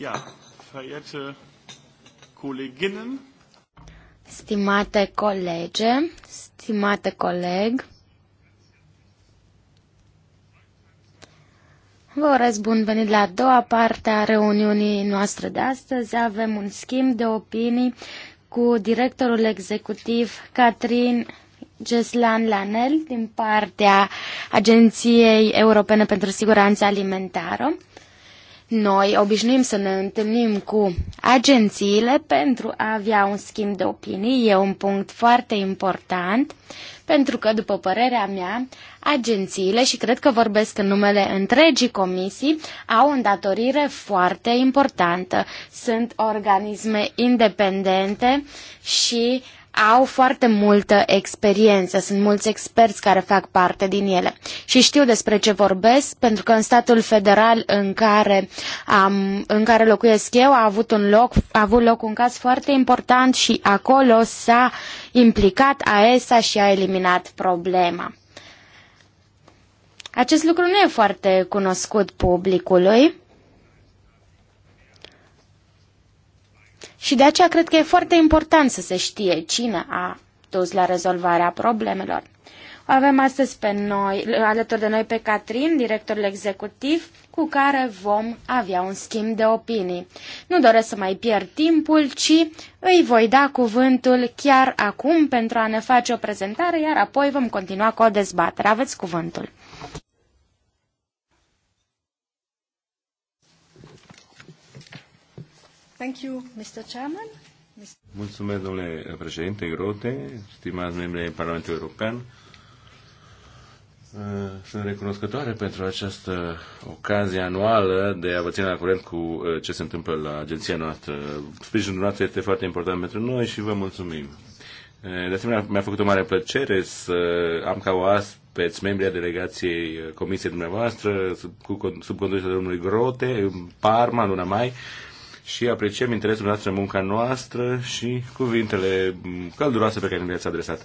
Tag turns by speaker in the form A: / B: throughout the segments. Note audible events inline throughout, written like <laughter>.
A: Ja, verehrte Kolleginnen.
B: Stimate colege, stimate coleg, Vă urez bun venit la a doua parte a reuniunii noastre de astăzi. Avem un schimb de opinii cu directorul executiv Catrin Geslan Lanel din partea Agenției Europene pentru Siguranță Alimentară. Noi obișnuim să ne întâlnim cu agențiile pentru a avea un schimb de opinii. E un punct foarte important pentru că, după părerea mea, agențiile, și cred că vorbesc în numele întregii comisii, au o îndatorire foarte importantă. Sunt organisme independente și au foarte multă experiență, sunt mulți experți care fac parte din ele și știu despre ce vorbesc, pentru că în statul federal în care, am, în care locuiesc eu a avut, un loc, a avut loc un caz foarte important și acolo s-a implicat AESA și a eliminat problema. Acest lucru nu e foarte cunoscut publicului. Și de aceea cred că e foarte important să se știe cine a dus la rezolvarea problemelor. O avem astăzi pe noi, alături de noi pe Catrin, directorul executiv, cu care vom avea un schimb de opinii. Nu doresc să mai pierd timpul, ci îi voi da cuvântul chiar acum pentru a ne face o prezentare, iar apoi vom continua cu o dezbatere. Aveți cuvântul. Thank you, Mr. Chairman.
A: Mulțumesc, domnule președinte Grote, stimați membri ai Parlamentului European. Uh, sunt recunoscătoare pentru această ocazie anuală de a vă ține la curent cu uh, ce se întâmplă la agenția noastră. Sprijinul dumneavoastră este foarte important pentru noi și vă mulțumim. Uh, de asemenea, mi-a făcut o mare plăcere să am ca oaspeți membri a delegației comisiei dumneavoastră sub, sub conducerea domnului Grote în Parma, luna mai, și apreciem interesul noastră, munca noastră și cuvintele călduroase pe care le-ați adresat.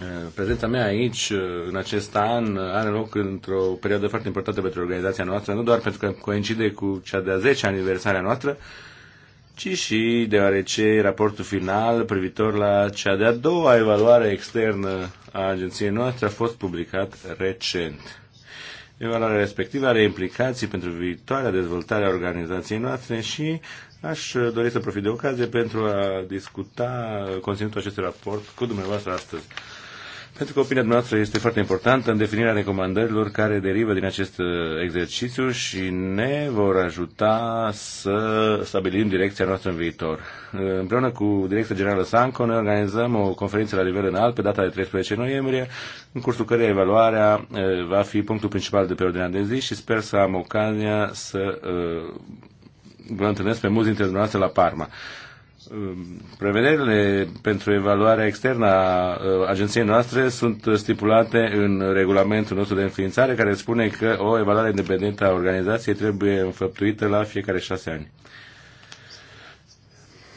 A: Eh, prezența mea aici, eh, în acest an, eh, are loc într-o perioadă foarte importantă pentru organizația noastră, nu doar pentru că coincide cu cea de-a 10 aniversare a noastră, ci și deoarece raportul final privitor la cea de-a doua evaluare externă a agenției noastre a fost publicat recent. Evaluarea respectivă are implicații pentru viitoarea dezvoltare a organizației noastre și aș dori să profit de ocazie pentru a discuta conținutul acestui raport cu dumneavoastră astăzi pentru că opinia noastră este foarte importantă în definirea recomandărilor care derivă din acest uh, exercițiu și ne vor ajuta să stabilim direcția noastră în viitor. Uh, împreună cu Direcția Generală Sanco ne organizăm o conferință la nivel înalt pe data de 13 noiembrie, în cursul căreia evaluarea uh, va fi punctul principal de pe ordinea de zi și sper să am ocazia să vă întâlnesc pe mulți dintre dumneavoastră la Parma. Um, prevederile pentru evaluarea externă a uh, agenției noastre sunt stipulate în regulamentul nostru de înființare, care spune că o evaluare independentă a organizației trebuie înfăptuită la fiecare șase ani.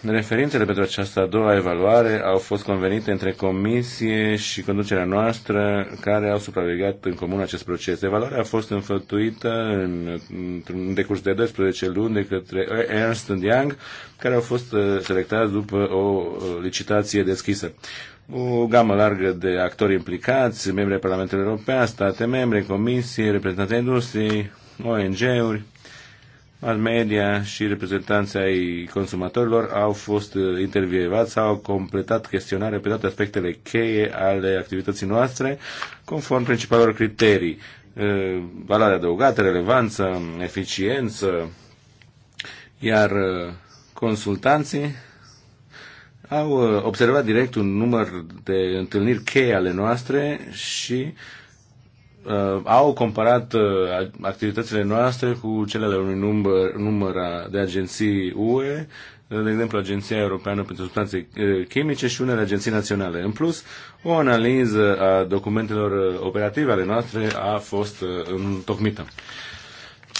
A: Referințele pentru această a doua evaluare au fost convenite între comisie și conducerea noastră care au supravegheat în comun acest proces. Evaluarea a fost înfătuită în, în decurs de 12 luni de către Ernst Young, care au fost uh, selectați după o uh, licitație deschisă. O gamă largă de actori implicați, membri ai Parlamentului European, state membre, comisie, reprezentanți industriei, ONG-uri, mass media și reprezentanții ai consumatorilor au fost uh, intervievați sau au completat chestionare pe toate aspectele cheie ale activității noastre, conform principalelor criterii. Uh, valoare adăugată, relevanță, eficiență, iar uh, consultanții au observat direct un număr de întâlniri cheie ale noastre și uh, uh, au comparat uh, activitățile noastre cu cele ale unui număr, număr de agenții UE, uh, de exemplu Agenția Europeană pentru Substanțe uh, Chimice și unele agenții naționale. În plus, o analiză a documentelor uh, operative ale noastre a fost uh, întocmită. Uh,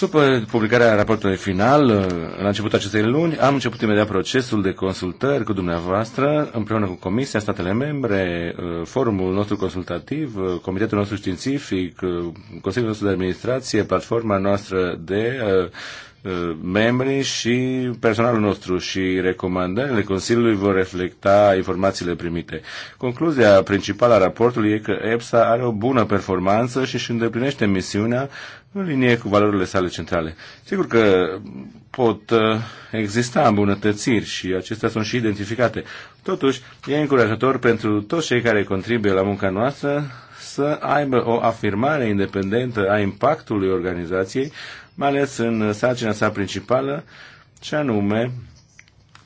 A: după publicarea raportului final, uh, la începutul acestei luni, am început imediat procesul de consultări cu dumneavoastră, împreună cu Comisia, statele membre, uh, forumul nostru consultativ, uh, comitetul nostru științific, Consiliul nostru de administrație, platforma noastră de membri și personalul nostru și recomandările Consiliului vor reflecta informațiile primite. Concluzia principală a raportului e că EPSA are o bună performanță și își îndeplinește misiunea în linie cu valorile sale centrale. Sigur că pot uh, exista îmbunătățiri și acestea sunt și identificate. Totuși, e încurajator pentru toți cei care contribuie la munca noastră să aibă o afirmare independentă a impactului organizației, mai ales în sarcina sa principală, și anume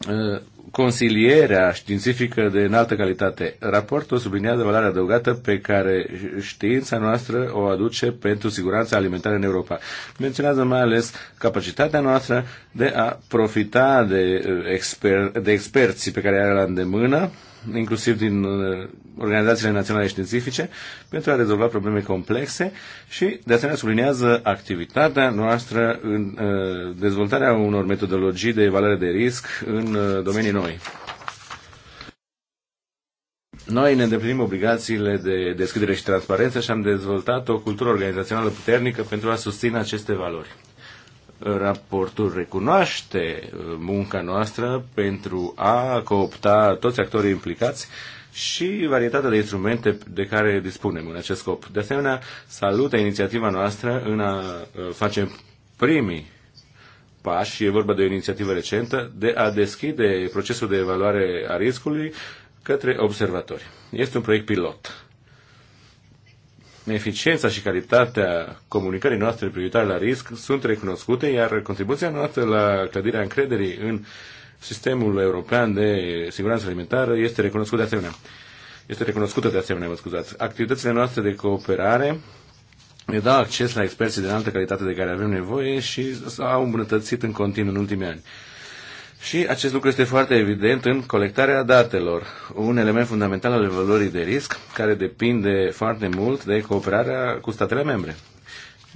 A: uh, consilierea științifică de înaltă calitate. Raportul subliniază valoarea adăugată pe care știința noastră o aduce pentru siguranța alimentară în Europa. Menționează mai ales capacitatea noastră de a profita de, eh, exper- de experții pe care are la îndemână inclusiv din uh, organizațiile naționale științifice, pentru a rezolva probleme complexe și, de asemenea, sublinează activitatea noastră în uh, dezvoltarea unor metodologii de evaluare de risc în uh, domenii noi. Noi ne îndeplinim obligațiile de deschidere și transparență și am dezvoltat o cultură organizațională puternică pentru a susține aceste valori. Raportul recunoaște uh, munca noastră pentru a coopta toți actorii implicați și varietatea de instrumente de care dispunem în acest scop. De asemenea, salută inițiativa noastră în a uh, face primii pași, e vorba de o inițiativă recentă, de a deschide procesul de evaluare a riscului către observatori. Este un proiect pilot eficiența și calitatea comunicării noastre privitoare la risc sunt recunoscute, iar contribuția noastră la clădirea încrederii în sistemul european de siguranță alimentară este recunoscută de asemenea. Este recunoscută de asemenea, vă scuzați. Activitățile noastre de cooperare ne dau acces la experții de înaltă calitate de care avem nevoie și s-au îmbunătățit în continuu în ultimii ani. Și acest lucru este foarte evident în colectarea datelor, un element fundamental al evaluării de risc, care depinde foarte mult de cooperarea cu statele membre.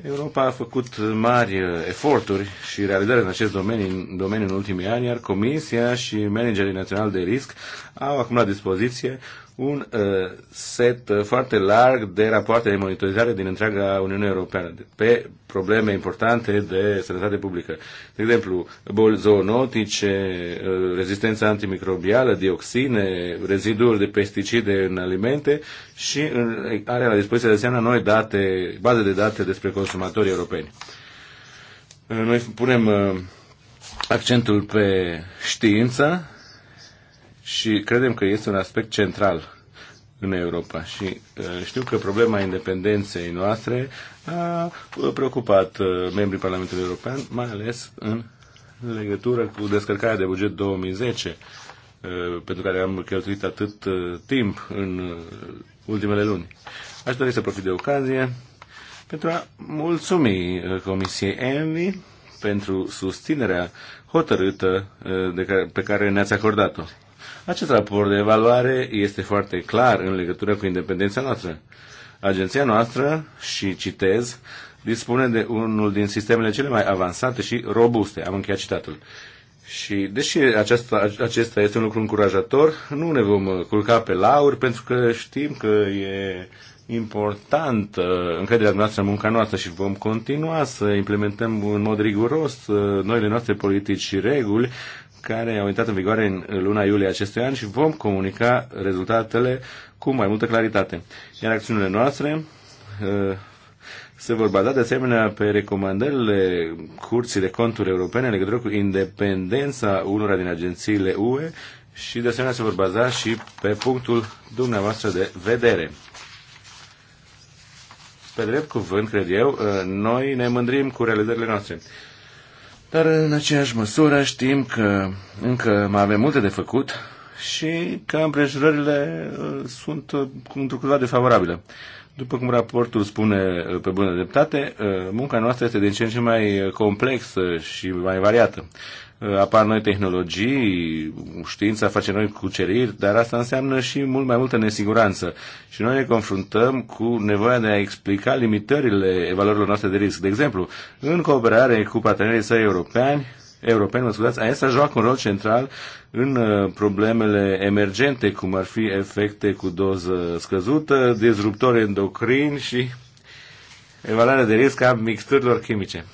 A: Europa a făcut mari eforturi și realizări în acest domeniu, în domeniu în ultimii ani, iar Comisia și managerii naționali de risc au acum la dispoziție un uh, set uh, foarte larg de rapoarte de monitorizare din întreaga Uniune Europeană pe probleme importante de sănătate publică. De exemplu, boli zoonotice, uh, rezistența antimicrobială, dioxine, reziduri de pesticide în alimente și în, are la dispoziție de asemenea noi date, baze de date despre consumatorii europeni. Uh, noi punem uh, accentul pe știință, și credem că este un aspect central în Europa și uh, știu că problema independenței noastre a uh, preocupat uh, membrii Parlamentului European, mai ales în legătură cu descărcarea de buget 2010, pentru care am cheltuit atât timp în ultimele luni. Aș dori să profit de ocazie pentru a mulțumi Comisiei ENVI pentru susținerea hotărâtă de care, pe care ne-ați acordat-o. Acest raport de evaluare este foarte clar în legătură cu independența noastră. Agenția noastră, și citez, dispune de unul din sistemele cele mai avansate și robuste. Am încheiat citatul. Și deși aceasta, acesta este un lucru încurajator, nu ne vom uh, culca pe lauri pentru că știm că e important încrederea noastră în munca noastră și vom continua să implementăm în mod riguros uh, noile noastre politici și reguli care au intrat în vigoare în luna iulie acestui an și vom comunica rezultatele cu mai multă claritate. Iar acțiunile noastre uh, se vor baza de asemenea pe recomandările Curții de Conturi Europene în legătură cu independența unora din agențiile UE și de asemenea se vor baza și pe punctul dumneavoastră de vedere. Pe drept cuvânt, cred eu, uh, noi ne mândrim cu realizările noastre. Dar în aceeași măsură știm că încă mai avem multe de făcut și că împrejurările uh, sunt uh, într-o cumva defavorabile. După cum raportul spune uh, pe bună dreptate, munca noastră este din ce în ce mai complexă și mai variată. Uh, apar noi tehnologii, știința face noi cuceriri, dar asta înseamnă și mult mai multă nesiguranță. Și noi ne confruntăm cu nevoia de a explica limitările valorilor noastre de risc. De exemplu, în cooperare cu partenerii săi europeni, europeni, mă scuzați, AESA joacă un rol central în uh, problemele emergente, cum ar fi efecte cu doză scăzută, dezruptori endocrini și evaluarea de risc a mixturilor chimice.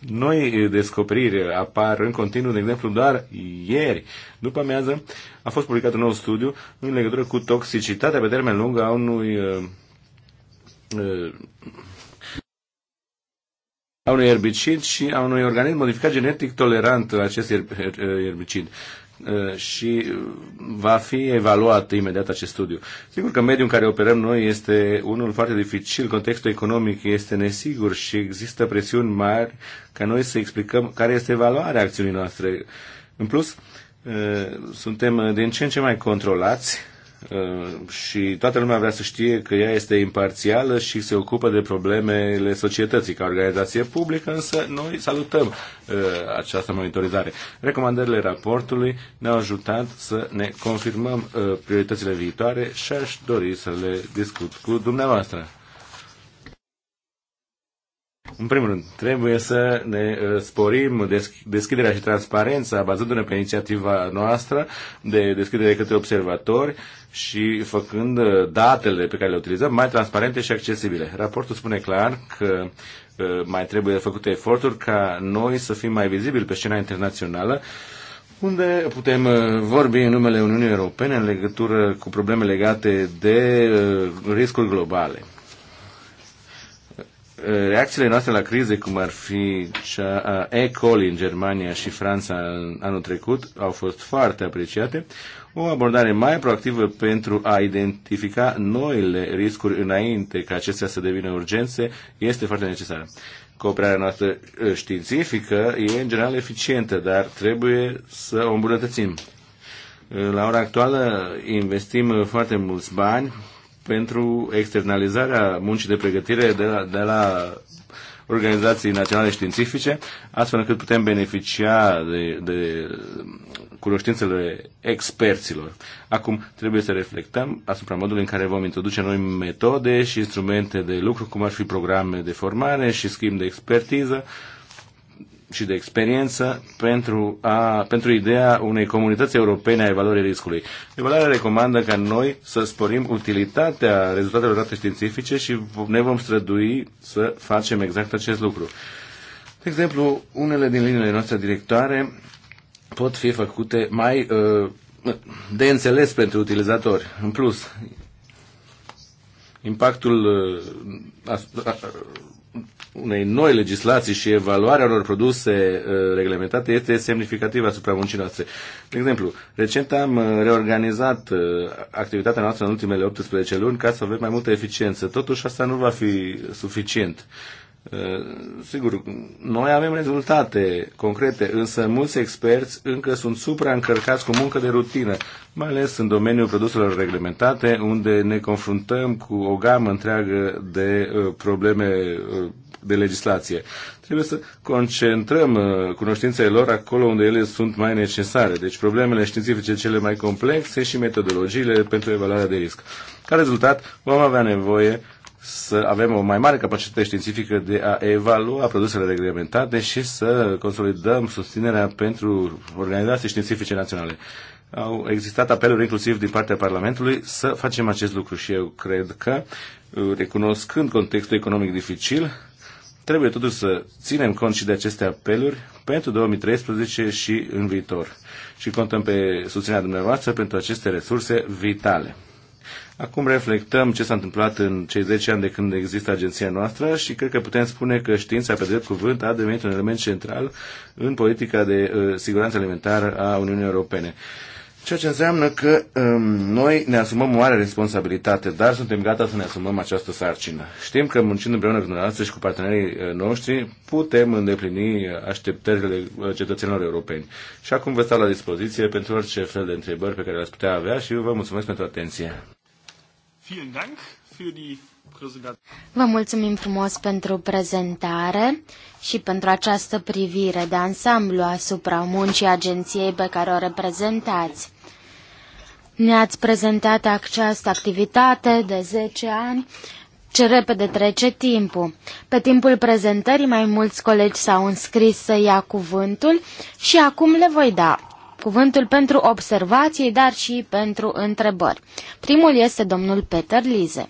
A: Noi descoperiri apar în continuu, de exemplu, doar ieri, după amiază, a fost publicat un nou studiu în legătură cu toxicitatea pe termen lung a unui uh, uh, a unui erbicid și a unui organism modificat genetic tolerant acest er- er- erbicid. Eh, și eh, va fi evaluat imediat acest studiu. Sigur că mediul în care operăm noi este unul foarte dificil, contextul economic este nesigur și există presiuni mari ca noi să explicăm care este valoarea acțiunii noastre. În plus, eh, suntem din ce în ce mai controlați Uh, și toată lumea vrea să știe că ea este imparțială și se ocupă de problemele societății ca organizație publică, însă noi salutăm uh, această monitorizare. Recomandările raportului ne-au ajutat să ne confirmăm uh, prioritățile viitoare și aș dori să le discut cu dumneavoastră. În primul rând, trebuie să ne uh, sporim deschiderea și transparența bazându-ne pe inițiativa noastră de deschidere către observatori și făcând uh, datele pe care le utilizăm mai transparente și accesibile. Raportul spune clar că uh, mai trebuie făcute eforturi ca noi să fim mai vizibili pe scena internațională unde putem vorbi în numele Uniunii Europene în legătură cu probleme legate de riscuri globale reacțiile noastre la crize, cum ar fi cea a E. coli în Germania și Franța anul trecut, au fost foarte apreciate. O abordare mai proactivă pentru a identifica noile riscuri înainte ca acestea să devină urgențe este foarte necesară. Cooperarea noastră eh, științifică e în general eficientă, dar trebuie să o îmbunătățim. Eh, la ora actuală investim eh, foarte mulți bani pentru externalizarea muncii de pregătire de la, de la organizații naționale științifice, astfel încât putem beneficia de, de cunoștințele experților. Acum trebuie să reflectăm asupra modului în care vom introduce noi metode și instrumente de lucru, cum ar fi programe de formare și schimb de expertiză, uh, și de experiență pentru, a, pentru ideea unei comunități europene a evaluării riscului. Evaluarea recomandă ca noi să sporim utilitatea rezultatelor date științifice și ne vom strădui să facem exact acest lucru. De exemplu, unele din liniile noastre directoare pot fi făcute mai uh, de înțeles pentru utilizatori. În plus, impactul uh, unei noi legislații și evaluarea unor produse uh, reglementate este semnificativă asupra muncii noastre. De exemplu, recent am uh, reorganizat uh, activitatea noastră în ultimele 18 luni ca să avem mai multă eficiență. Totuși asta nu va fi suficient Eh, sigur, noi avem rezultate concrete, însă mulți experți încă sunt supraîncărcați cu muncă de rutină, mai ales în domeniul produselor reglementate, unde ne confruntăm cu o gamă întreagă de eh, probleme eh, de legislație. Trebuie să concentrăm cunoștințele lor acolo unde ele sunt mai necesare, deci problemele științifice cele mai complexe și metodologiile pentru evaluarea de risc. Ca rezultat, vom avea nevoie să avem o mai mare capacitate științifică de a evalua produsele reglementate și să consolidăm susținerea pentru organizații științifice naționale. Au existat apeluri inclusiv din partea Parlamentului să facem acest lucru și eu cred că, recunoscând contextul economic dificil, trebuie totuși să ținem cont și de aceste apeluri pentru 2013 și în viitor. Și contăm pe susținerea dumneavoastră pentru aceste resurse vitale. Acum reflectăm ce s-a întâmplat în cei 10 ani de când există agenția noastră și cred că putem spune că știința, pe drept cuvânt, a devenit un element central în politica de uh, siguranță alimentară a Uniunii Europene. Ceea ce înseamnă că um, noi ne asumăm o mare responsabilitate, dar suntem gata să ne asumăm această sarcină. Știm că muncind împreună cu dumneavoastră și cu partenerii uh, noștri, putem îndeplini așteptările uh, cetățenilor europeni. Și acum vă stau la dispoziție pentru orice fel de întrebări pe care le-ați putea avea și vă mulțumesc pentru atenție.
B: Vă mulțumim frumos pentru prezentare și pentru această privire de ansamblu asupra muncii agenției pe care o reprezentați. Ne-ați prezentat această activitate de 10 ani. Ce repede trece timpul. Pe timpul prezentării mai mulți colegi s-au înscris să ia cuvântul și acum le voi da cuvântul pentru observații, dar și pentru întrebări. Primul este domnul Peter Lize.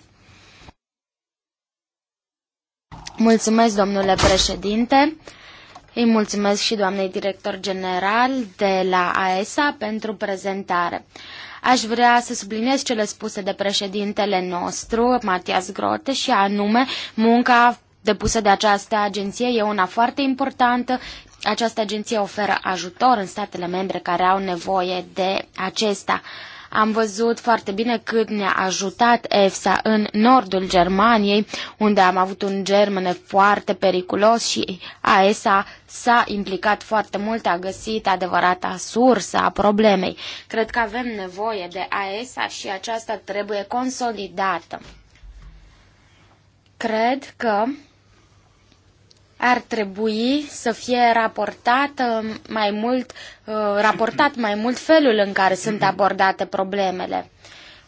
B: Mulțumesc, domnule președinte. Îi mulțumesc și doamnei director general de la AESA pentru prezentare. Aș vrea să subliniez cele spuse de președintele nostru, Matias Grote, și anume munca depusă de această agenție e una foarte importantă, această agenție oferă ajutor în statele membre care au nevoie de acesta. Am văzut foarte bine cât ne-a ajutat EFSA în nordul Germaniei, unde am avut un germen foarte periculos și AESA s-a implicat foarte mult, a găsit adevărata sursă a problemei. Cred că avem nevoie de AESA și aceasta trebuie consolidată. Cred că ar trebui să fie raportată mai mult, uh, raportat mai mult felul în care sunt abordate problemele.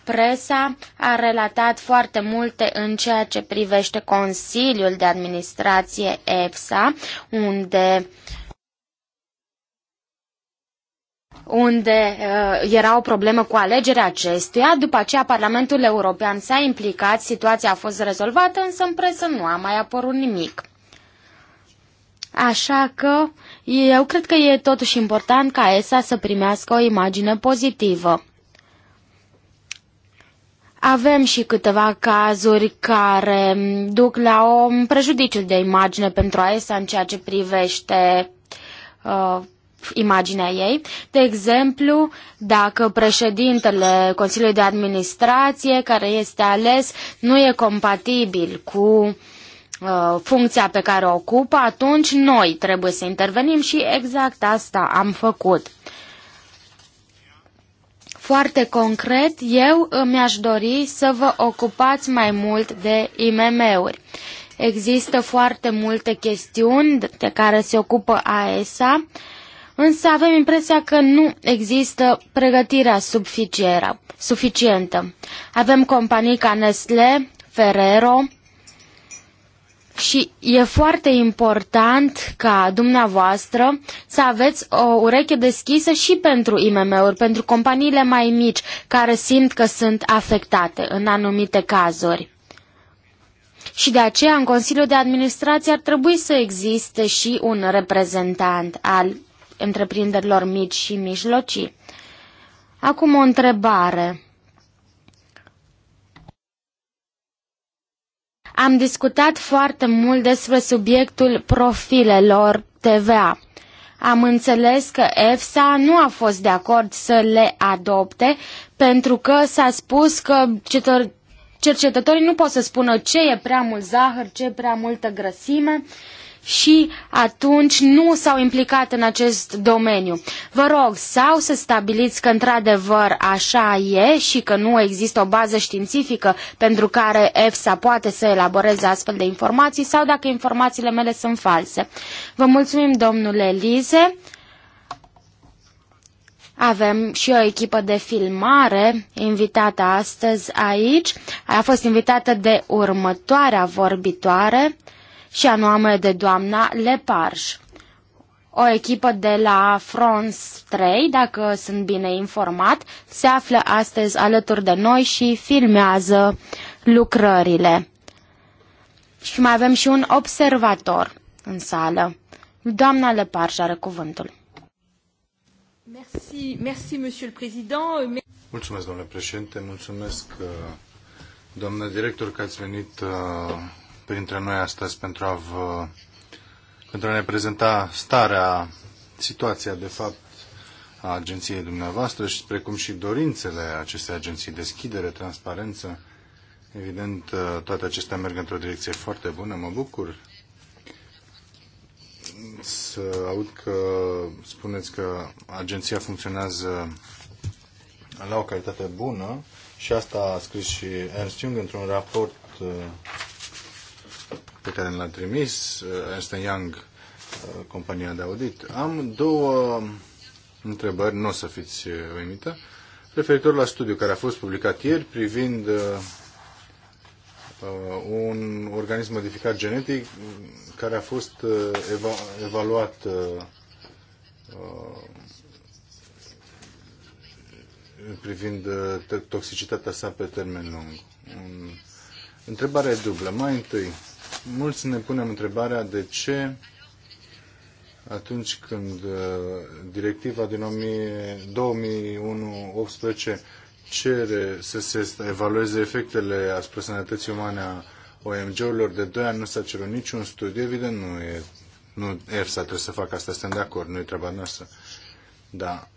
B: Presa a relatat foarte multe în ceea ce privește Consiliul de Administrație EFSA, unde unde uh, era o problemă cu alegerea acestuia. După aceea, Parlamentul European s-a implicat, situația a fost rezolvată, însă în presă nu a mai apărut nimic. Așa că eu cred că e totuși important ca ESA să primească o imagine pozitivă. Avem și câteva cazuri care duc la un prejudiciu de imagine pentru ESA în ceea ce privește uh, imaginea ei. De exemplu, dacă președintele Consiliului de Administrație, care este ales, nu e compatibil cu Uh, funcția pe care o ocupă, atunci noi trebuie să intervenim și exact asta am făcut. Foarte concret, eu mi-aș dori să vă ocupați mai mult de IMM-uri. Există foarte multe chestiuni de care se ocupă AESA, însă avem impresia că nu există pregătirea suficientă. Avem companii ca Nestle, Ferrero, și e foarte important ca dumneavoastră să aveți o ureche deschisă și pentru IMM-uri, pentru companiile mai mici care simt că sunt afectate în anumite cazuri. Și de aceea în Consiliul de Administrație ar trebui să existe și un reprezentant al întreprinderilor mici și mijlocii. Acum o întrebare. Am discutat foarte mult despre subiectul profilelor TVA. Am înțeles că EFSA nu a fost de acord să le adopte pentru că s-a spus că cercetătorii nu pot să spună ce e prea mult zahăr, ce e prea multă grăsime. Uh, și atunci nu s-au implicat în acest domeniu. Vă rog, sau să stabiliți că într-adevăr așa e și că nu există o bază științifică pentru care EFSA poate să elaboreze astfel de informații sau dacă informațiile mele sunt false. Vă mulțumim, domnule Lize. Avem și o echipă de filmare invitată astăzi aici. A fost invitată de următoarea vorbitoare și anume de doamna Leparj. O echipă de la France 3, dacă sunt bine informat, se află astăzi alături de noi și filmează lucrările. Și mai avem și un observator în sală. Doamna Leparj are cuvântul.
C: Merci, merci, monsieur le président. Mulțumesc, domnule președinte, mulțumesc, uh, doamnă director, că ați venit uh, printre noi astăzi pentru a, vă, pentru a ne prezenta starea, situația de fapt a agenției dumneavoastră și precum și dorințele acestei agenții, deschidere, transparență. Evident, toate acestea merg într-o direcție foarte bună, mă bucur să aud că spuneți că agenția funcționează la o calitate bună și asta a scris și Ernst Jung într-un raport uh, pe care l-a trimis uh, Ernst Young, uh, compania de audit. Am două întrebări, nu o să fiți uh, uimită, referitor la studiu care a fost publicat ieri privind un organism modificat genetic care a fost evaluat privind toxicitatea sa pe termen lung. Întrebarea dublă. Mai întâi, mulți ne punem întrebarea de ce atunci când uh, directiva din 2001-18 cere să se evalueze efectele asupra sănătății umane a OMG-urilor de 2 ani, nu s-a cerut niciun studiu, evident nu e nu EFSA trebuie să facă asta, suntem de acord, nu e treaba noastră. Da.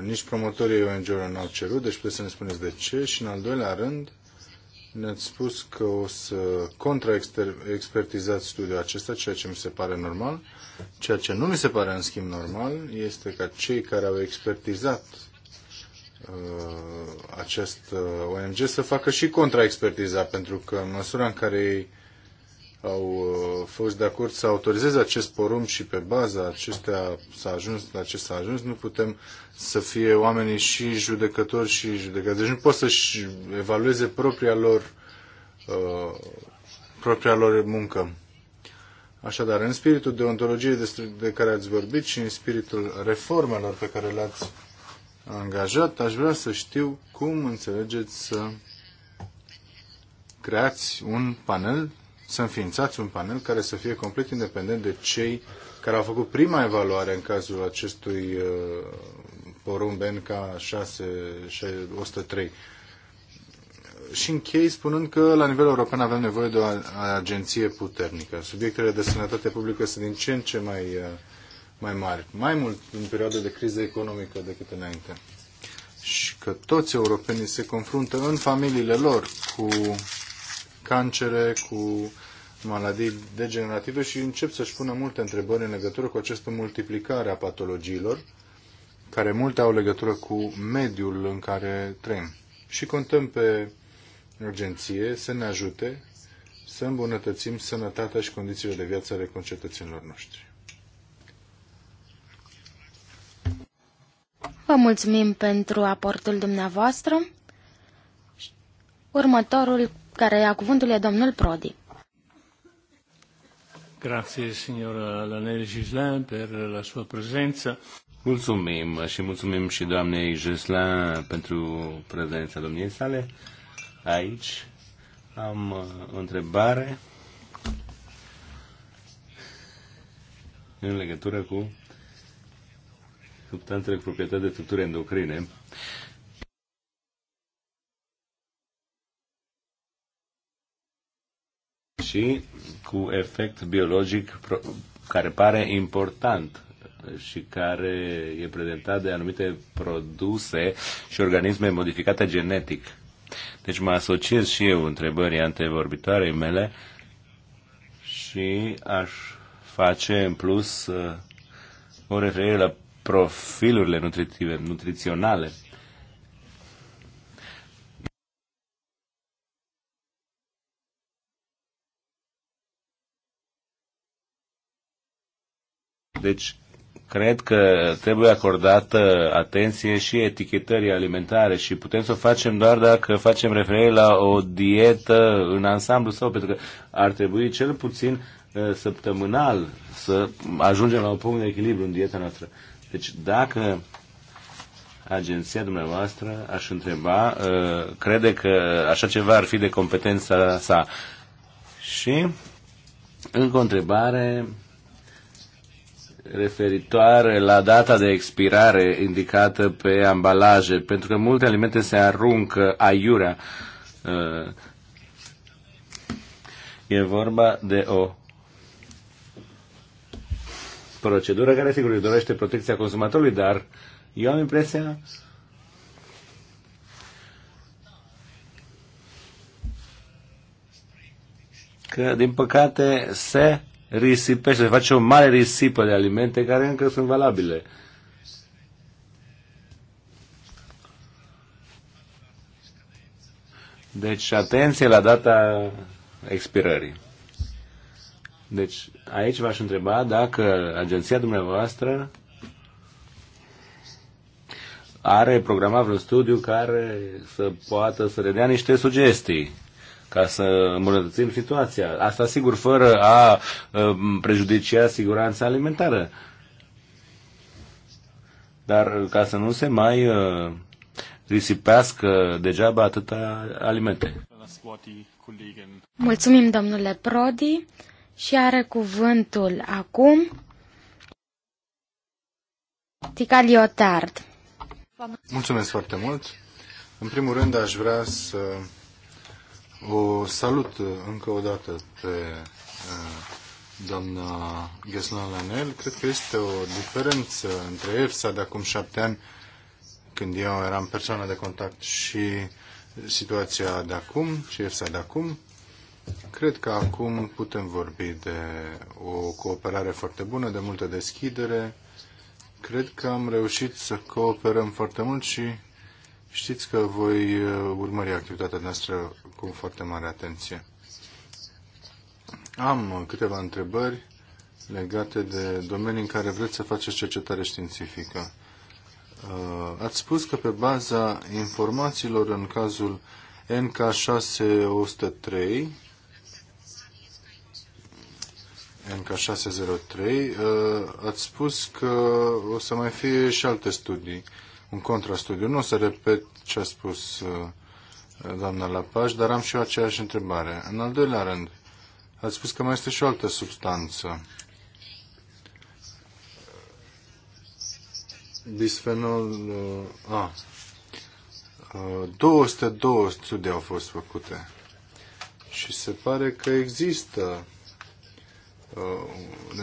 C: Nici promotorii ONG-urilor n-au cerut, deci puteți să ne spuneți de ce. Și în al doilea rând, ne-ați spus că o să contraexpertizați studiul acesta, ceea ce mi se pare normal. Ceea ce nu mi se pare în schimb normal este ca cei care au expertizat uh, acest ONG să facă și contraexpertiza, pentru că în măsura în care ei au uh, fost de acord să autorizeze acest porum și pe baza acestea s-a ajuns la ce s-a ajuns, nu putem să fie oamenii și judecători și judecători. Deci nu pot să-și evalueze propria lor, uh, propria lor muncă. Așadar, în spiritul deontologiei de care ați vorbit și în spiritul reformelor pe care le-ați angajat, aș vrea să știu cum înțelegeți să creați un panel să înființați un panel care să fie complet independent de cei care au făcut prima evaluare în cazul acestui uh, porumb NK 6103. Și închei spunând că la nivel european avem nevoie de o agenție puternică. Subiectele de sănătate publică sunt din ce în ce mai, uh, mai mari, mai mult în perioada de criză economică decât înainte. Și că toți europenii se confruntă în familiile lor cu cancere, cu maladii degenerative și încep să-și pună multe întrebări în legătură cu această multiplicare a patologiilor, care multe au legătură cu mediul în care trăim. Și contăm pe urgenție să ne ajute să îmbunătățim sănătatea și condițiile de viață ale concetățenilor noștri.
B: Vă mulțumim pentru aportul dumneavoastră. Următorul care ia cuvântul e domnul Prodi.
A: Grazie, signora Lanel Gislain, per la sua presenza. Mulțumim și mulțumim și doamnei Gislain pentru prezența domniei sale. Aici am o uh, întrebare în legătură cu substanțele proprietate de structuri endocrine. Uh, și cu efect biologic care pare important și care e prezentat de anumite produse și organisme modificate genetic. Deci mă asociez și eu întrebării antevorbitoarei mele și aș face în plus uh, o referire la profilurile nutritive, nutriționale Deci, cred că trebuie acordată atenție și etichetării alimentare și putem să o facem doar dacă facem referire la o dietă în ansamblu sau pentru că ar trebui cel puțin uh, săptămânal să ajungem la un punct de echilibru în dieta noastră. Deci dacă agenția dumneavoastră, aș întreba, uh, crede că așa ceva ar fi de competența sa. Și încă o întrebare referitoare la data de expirare indicată pe ambalaje, pentru că multe alimente se aruncă aiurea. Uh, e vorba de o procedură care, sigur, își dorește protecția consumatorului, dar eu am impresia că, din păcate, se risipește, se face o mare risipă de alimente care încă sunt valabile. Deci atenție la data expirării. Deci aici v-aș întreba dacă agenția dumneavoastră are programat vreun studiu care să poată să redea niște sugestii ca să îmbunătățim situația. Asta sigur fără a prejudicia siguranța alimentară. Dar uh, ca să nu se mai uh, risipească degeaba atâta alimente.
B: Mulțumim, domnule Prodi, și are cuvântul acum Tica Liotard.
C: Mulțumesc foarte mult. În primul rând aș vrea să o salut uh, încă o dată pe uh, doamna Gheslan Lanel. Cred că este o diferență între EFSA de acum șapte ani, când eu eram persoana de contact, și situația de acum, și EFSA de acum. Cred că acum putem vorbi de o cooperare foarte bună, de multă deschidere. Cred că am reușit să cooperăm foarte mult și știți că voi uh, urmări activitatea noastră cu foarte mare atenție. Am câteva întrebări legate de domenii în care vreți să faceți cercetare științifică. Uh, ați spus că pe baza informațiilor în cazul NK603, NK603, uh, ați spus că o să mai fie și alte studii, un contrastudiu. Nu o să repet ce a spus uh, doamna Lapaș, dar am și eu aceeași întrebare. În al doilea rând, ați spus că mai este și o altă substanță. Bisfenol uh, A. 202 uh, studii au fost făcute și se pare că există uh,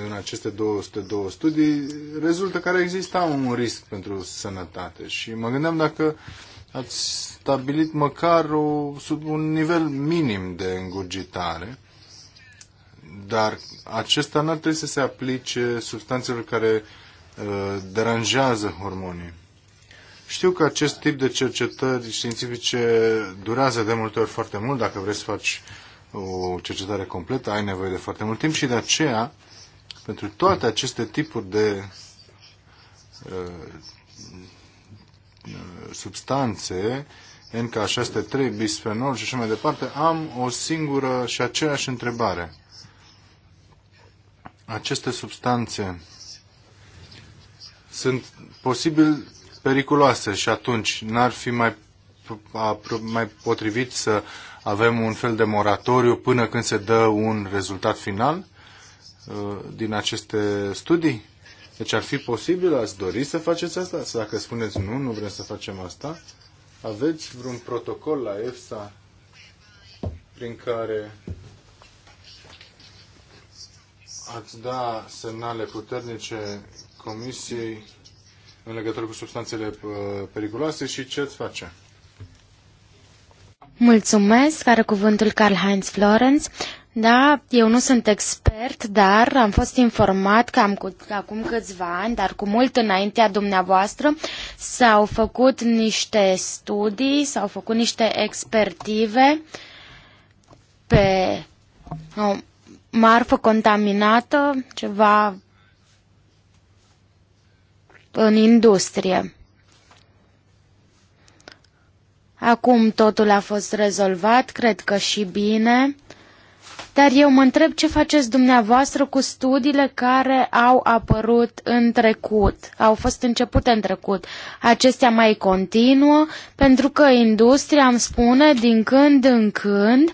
C: în aceste 202 studii rezultă care exista un risc pentru sănătate și mă gândeam dacă ați stabilit măcar o, sub un nivel minim de îngurgitare, dar acesta nu ar trebui să se aplice substanțelor care uh, deranjează hormonii. Știu că acest tip de cercetări științifice durează de multe ori foarte mult. Dacă vrei să faci o cercetare completă, ai nevoie de foarte mult timp și de aceea, pentru toate aceste tipuri de uh, Uh, substanțe, nk trei bisfenol și așa mai departe, am o singură și aceeași întrebare. Aceste substanțe sunt posibil periculoase și atunci n-ar fi mai, mai potrivit să avem un fel de moratoriu până când se dă un rezultat final uh, din aceste studii? Deci ar fi posibil, ați dori să faceți asta? Să dacă spuneți nu, nu vrem să facem asta, aveți vreun protocol la EFSA prin care ați da semnale puternice Comisiei în legătură cu substanțele uh, periculoase și ce ați face?
B: Mulțumesc, are cuvântul Karl-Heinz Florenz. Da, eu nu sunt expert, dar am fost informat că am cu, acum câțiva ani, dar cu mult înaintea dumneavoastră, s-au făcut niște studii, s-au făcut niște expertive pe o marfă contaminată, ceva în industrie. Acum totul a fost rezolvat, cred că și bine. Dar eu mă întreb ce faceți dumneavoastră cu studiile care au apărut în trecut, au fost începute în trecut. Acestea mai continuă pentru că industria îmi spune din când în când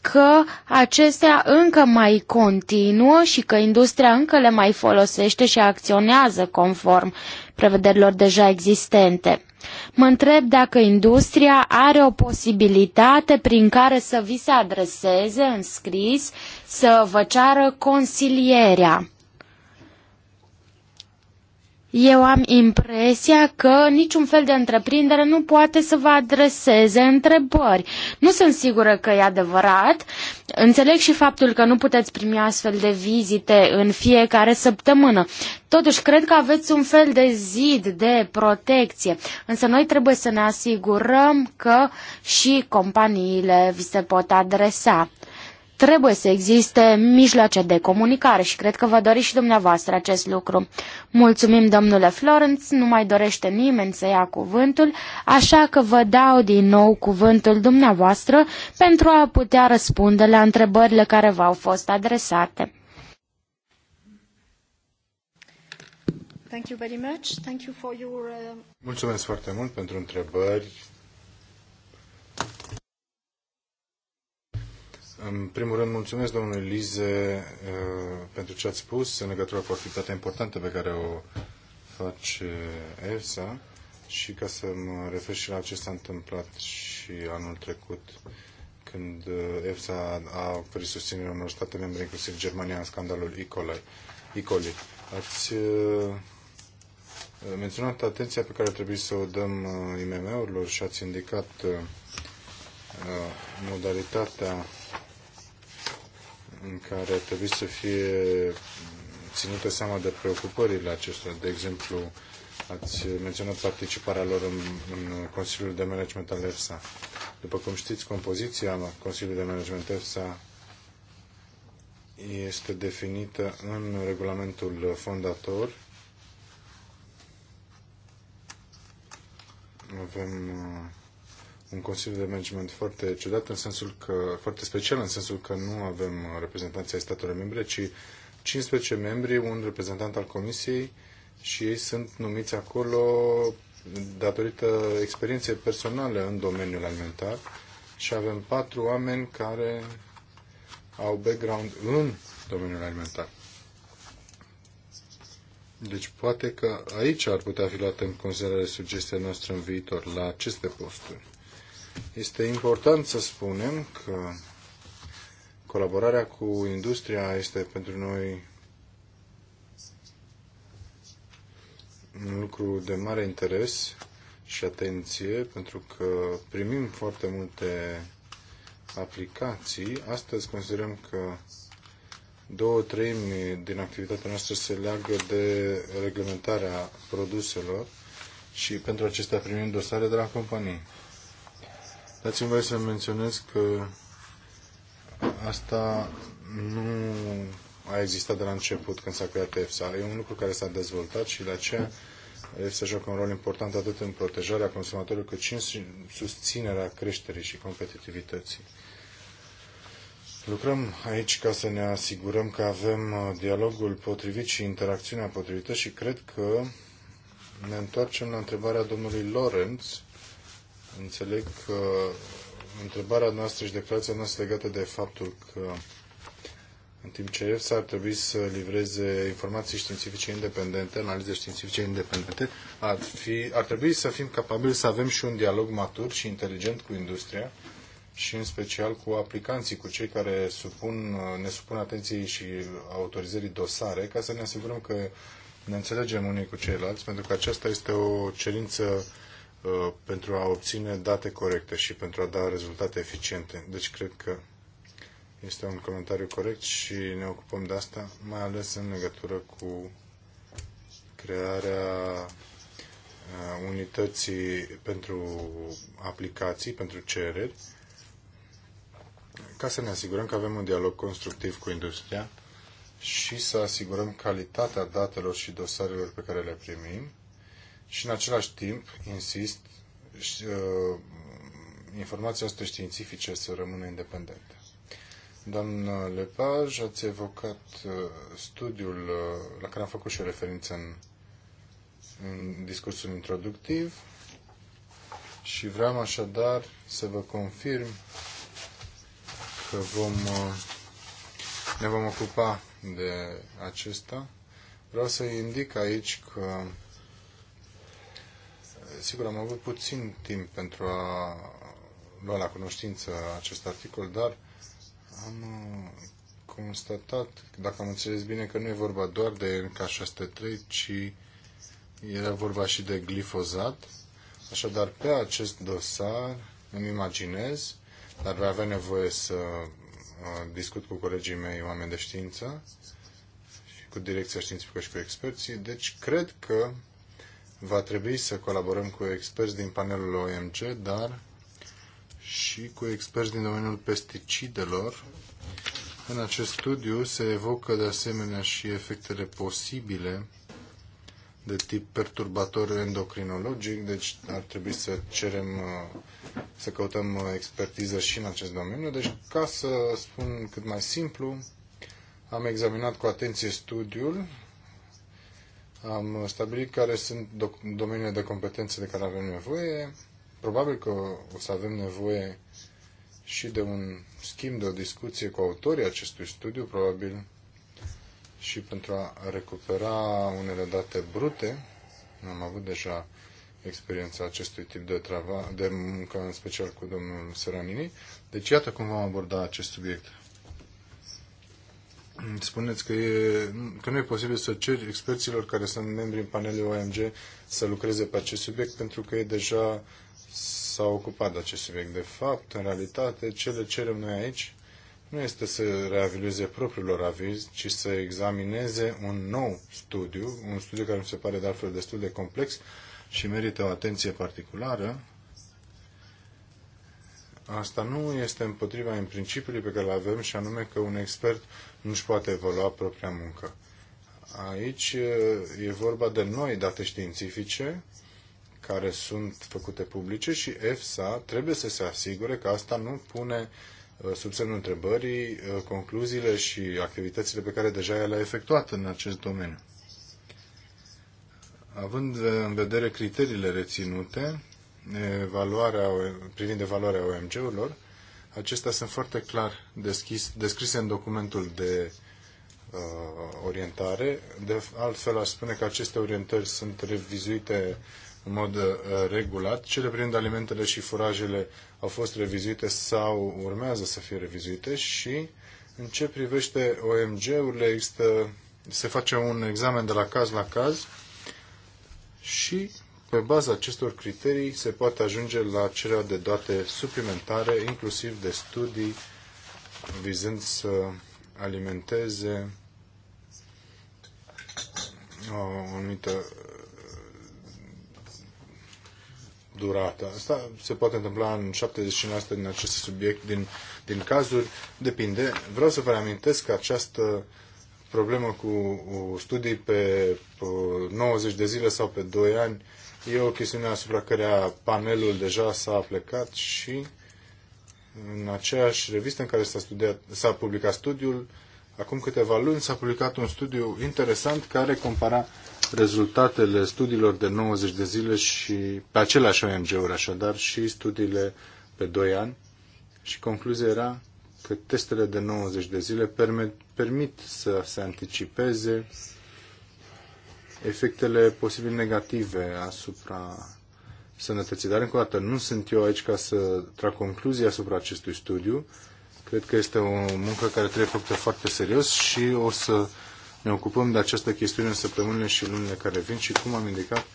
B: că acestea încă mai continuă și că industria încă le mai folosește și acționează conform prevederilor deja existente. Mă întreb dacă industria are o posibilitate prin care să vi se adreseze în scris, să vă ceară consilierea eu am impresia că niciun fel de întreprindere nu poate să vă adreseze întrebări. Nu sunt sigură că e adevărat. Înțeleg și faptul că nu puteți primi astfel de vizite în fiecare săptămână. Totuși, cred că aveți un fel de zid de protecție. Însă noi trebuie să ne asigurăm că și companiile vi se pot adresa. Trebuie să existe mijloace de comunicare și cred că vă doriți și dumneavoastră acest lucru. Mulțumim, domnule Florence, nu mai dorește nimeni să ia cuvântul, așa că vă dau din nou cuvântul dumneavoastră pentru a putea răspunde la întrebările care v-au fost adresate. Uh,
C: Mulțumesc foarte mult pentru întrebări, În primul rând, mulțumesc domnule Lize uh, pentru ce ați spus în legătură cu activitatea importantă pe care o face EFSA și ca să mă refer și la ce s-a întâmplat și anul trecut când uh, EFSA a oferit susținerea unor state membre, inclusiv Germania, în scandalul Icoli. Ați uh, menționat atenția pe care trebuie să o dăm IMM-urilor și ați indicat modalitatea în care ar trebui să fie ținută seama de preocupările acestora. De exemplu, ați menționat participarea lor în, în Consiliul de Management al EFSA. După cum știți, compoziția Consiliului de Management EFSA este definită în regulamentul fondator. Avem uh, un consiliu de management foarte ciudat, în sensul că, foarte special, în sensul că nu avem reprezentanții ai statelor membre, ci 15 membri, un reprezentant al Comisiei și ei sunt numiți acolo datorită experienței personale în domeniul alimentar și avem patru oameni care au background în domeniul alimentar. Deci poate că aici ar putea fi luată în considerare sugestia noastră în viitor la aceste posturi. Este important să spunem că colaborarea cu industria este pentru noi un lucru de mare interes și atenție, pentru că primim foarte multe aplicații. Astăzi considerăm că două treimi din activitatea noastră se leagă de reglementarea produselor și pentru acestea primim dosare de la companii. Dați-mi voie să menționez că asta nu a existat de la început când s-a creat EFSA. E un lucru care s-a dezvoltat și de aceea EFSA joacă un rol important atât în protejarea consumatorului cât și în susținerea creșterii și competitivității. Lucrăm aici ca să ne asigurăm că avem uh, dialogul potrivit și interacțiunea potrivită și cred că ne întoarcem la întrebarea domnului Lorenz Înțeleg că întrebarea noastră și declarația noastră legată de faptul că în timp ce EFSA ar trebui să livreze informații științifice independente, analize științifice independente, ar, fi, ar trebui să fim capabili să avem și un dialog matur și inteligent cu industria și în special cu aplicanții, cu cei care supun, ne supun atenției și autorizării dosare, ca să ne asigurăm că ne înțelegem unii cu ceilalți, pentru că aceasta este o cerință Uh, pentru a obține date corecte și pentru a da rezultate eficiente. Deci cred că este un comentariu corect și ne ocupăm de asta, mai ales în legătură cu crearea uh, unității pentru aplicații, pentru cereri, ca să ne asigurăm că avem un dialog constructiv cu industria și să asigurăm calitatea datelor și dosarelor pe care le primim și în același timp, insist, uh, informația asta științifice să rămână independentă. Doamna Lepage, ați evocat uh, studiul uh, la care am făcut și o referință în, în discursul introductiv și vreau așadar să vă confirm că vom, ne vom ocupa de acesta. Vreau să indic aici că sigur, am avut puțin timp pentru a lua la cunoștință acest articol, dar am uh, constatat, dacă am înțeles bine, că nu e vorba doar de NK603, ci era vorba și de glifozat. Așadar, pe acest dosar îmi imaginez, dar voi avea nevoie să uh, discut cu colegii mei, oameni de știință, și cu direcția științifică și cu experții. Deci, cred că Va trebui să colaborăm cu experți din panelul OMC, dar și cu experți din domeniul pesticidelor. În acest studiu se evocă de asemenea și efectele posibile de tip perturbator endocrinologic, deci ar trebui să cerem, uh, să căutăm uh, expertiză și în acest domeniu. Deci, ca să spun cât mai simplu, am examinat cu atenție studiul am stabilit care sunt domeniile de competențe de care avem nevoie. Probabil că o să avem nevoie și de un schimb, de o discuție cu autorii acestui studiu, probabil și pentru a recupera unele date brute. Am avut deja experiența acestui tip de, trava, de muncă, în special cu domnul Seranini. Deci iată cum vom aborda acest subiect spuneți că, e, că nu e posibil să ceri experților care sunt membri în panelul OMG să lucreze pe acest subiect pentru că ei deja s-au ocupat de acest subiect. De fapt, în realitate, ce le cerem noi aici nu este să propriul lor aviz, ci să examineze un nou studiu, un studiu care mi se pare de altfel destul de complex și merită o atenție particulară, Asta nu este împotriva în principiului pe care îl avem și anume că un expert nu își poate evolua propria muncă. Aici e vorba de noi date științifice care sunt făcute publice și EFSA trebuie să se asigure că asta nu pune sub semnul întrebării concluziile și activitățile pe care deja le-a efectuat în acest domeniu. Având în vedere criteriile reținute, evaluarea, privind evaluarea OMG-urilor. Acestea sunt foarte clar deschis, descrise în documentul de uh, orientare. De altfel, aș spune că aceste orientări sunt revizuite în mod uh, regulat. Cele privind alimentele și furajele au fost revizuite sau urmează să fie revizuite și în ce privește OMG-urile există, se face un examen de la caz la caz și pe baza acestor criterii se poate ajunge la cererea de date suplimentare, inclusiv de studii vizând să alimenteze o anumită uh, durată. Asta se poate întâmpla în 75% din aceste subiect, din, din cazuri, depinde. Vreau să vă reamintesc că această problemă cu studii pe 90 de zile sau pe 2 ani E o chestiune asupra care panelul deja s-a plecat și în aceeași revistă în care s-a, studiat, s-a publicat studiul, acum câteva luni s-a publicat un studiu interesant care compara rezultatele studiilor de 90 de zile și pe același ONG-uri așadar și studiile pe 2 ani și concluzia era că testele de 90 de zile permit, permit să se anticipeze efectele posibil negative asupra sănătății. Dar, încă o dată, nu sunt eu aici ca să trag concluzii asupra acestui studiu. Cred că este o muncă care trebuie făcută foarte serios și o să ne ocupăm de această chestiune în săptămânile și lunile care vin și, cum am indicat,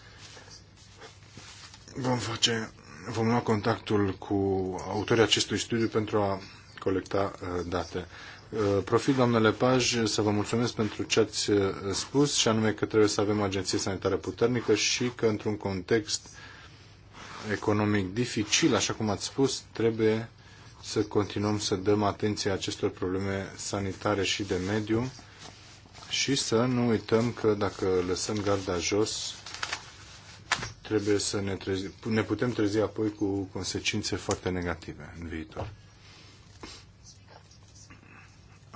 C: vom face, vom lua contactul cu autorii acestui studiu pentru a colecta uh, date. Uh, profit, doamnele Lepaj, să vă mulțumesc pentru ce ați uh, spus, și anume că trebuie să avem agenție sanitară puternică și că într-un context economic dificil, așa cum ați spus, trebuie să continuăm să dăm atenție acestor probleme sanitare și de mediu și să nu uităm că dacă lăsăm garda jos, trebuie să ne, trezi, ne putem trezi apoi cu consecințe foarte negative în viitor.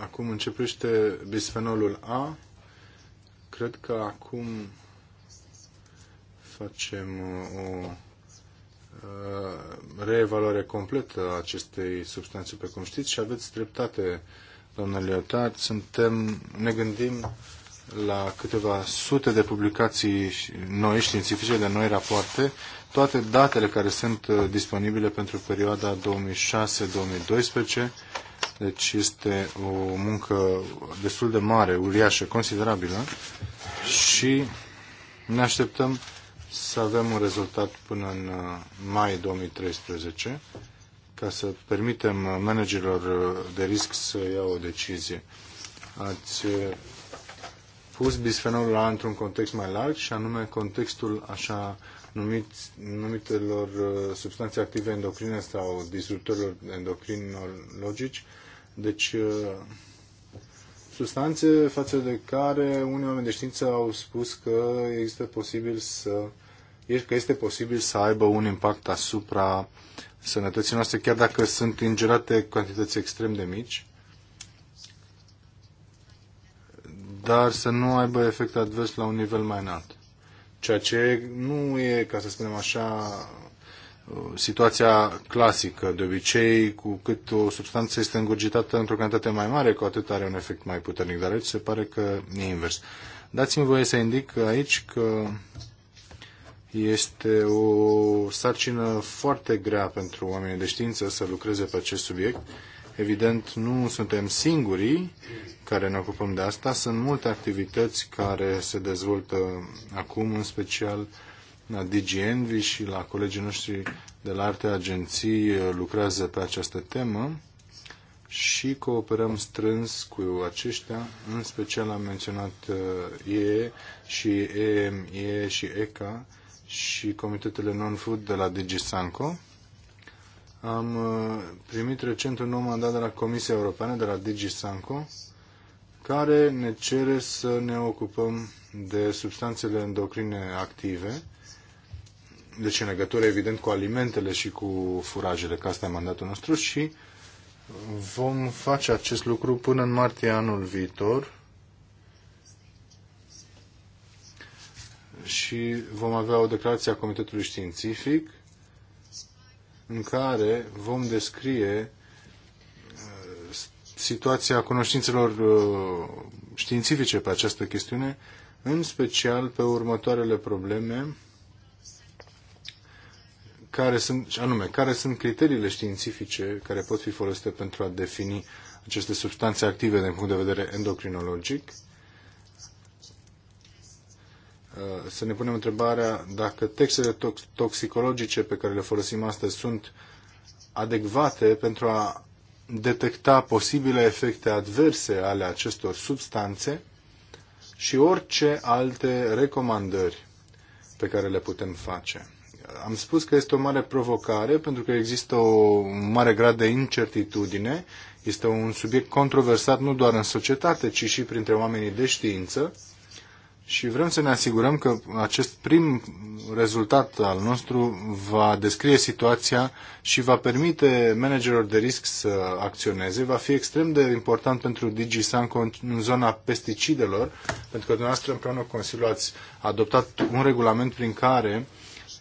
C: Acum începește bisfenolul A. Cred că acum facem uh, o uh, reevaluare completă a acestei substanțe, pe cum știți, și aveți dreptate, domnule Leotard. Suntem, ne gândim la câteva sute de publicații noi, științifice, de noi rapoarte, toate datele care sunt uh, disponibile pentru perioada 2006-2012, deci este o muncă destul de mare, uriașă, considerabilă și ne așteptăm să avem un rezultat până în uh, mai 2013 ca să permitem uh, managerilor de risc să ia o decizie. Ați pus bisfenolul A într-un context mai larg și anume contextul așa numit, numitelor uh, substanțe active endocrine sau disruptorilor endocrinologici. Deci uh, substanțe față de care unii oameni de știință au spus că este posibil să că este posibil să aibă un impact asupra sănătății noastre, chiar dacă sunt ingerate cantități extrem de mici. dar să nu aibă efect advers la un nivel mai înalt. Ceea ce nu e, ca să spunem așa, uh, situația clasică. De obicei, cu cât o substanță este îngurgitată într-o cantitate mai mare, cu atât are un efect mai puternic. Dar aici se pare că e invers. Dați-mi voie să indic aici că este o sarcină foarte grea pentru oamenii de știință să lucreze pe acest subiect Evident, nu suntem singurii care ne ocupăm de asta. Sunt multe activități care se dezvoltă acum, în special la DGNV și la colegii noștri de la alte agenții lucrează pe această temă și cooperăm strâns cu aceștia, în special am menționat IE uh, și EMIE și ECA și comitetele non-food de la DigiSanco. Am uh, primit recent un nou mandat de la Comisia Europeană, de la DG Sanco, care ne cere să ne ocupăm de substanțele endocrine active, deci în legătură evident cu alimentele și cu furajele, că asta e mandatul nostru și vom face acest lucru până în martie anul viitor și vom avea o declarație a Comitetului Științific în care vom descrie uh, situația cunoștințelor uh, științifice pe această chestiune, în special pe următoarele probleme care sunt, anume, care sunt criteriile științifice care pot fi folosite pentru a defini aceste substanțe active din punct de vedere endocrinologic Uh, să ne punem întrebarea dacă textele toxicologice pe care le folosim astăzi sunt adecvate pentru a detecta posibile efecte adverse ale acestor substanțe și orice alte recomandări pe care le putem face. Uh, am spus că este o mare provocare pentru că există o mare grad de incertitudine, este un subiect controversat nu doar în societate, ci și printre oamenii de știință și vrem să ne asigurăm că acest prim rezultat al nostru va descrie situația și va permite managerilor de risc să acționeze. Va fi extrem de important pentru DigiSan în zona pesticidelor, pentru că dumneavoastră împreună cu Consiliul ați adoptat un regulament prin care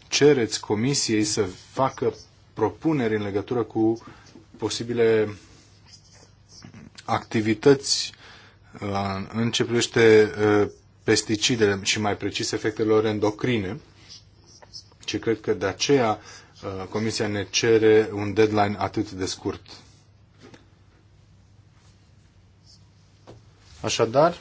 C: cereți Comisiei să facă propuneri în legătură cu posibile activități uh, în ce privește uh, pesticidele și mai precis efectelor endocrine. Și cred că de aceea uh, Comisia ne cere un deadline atât de scurt. Așadar,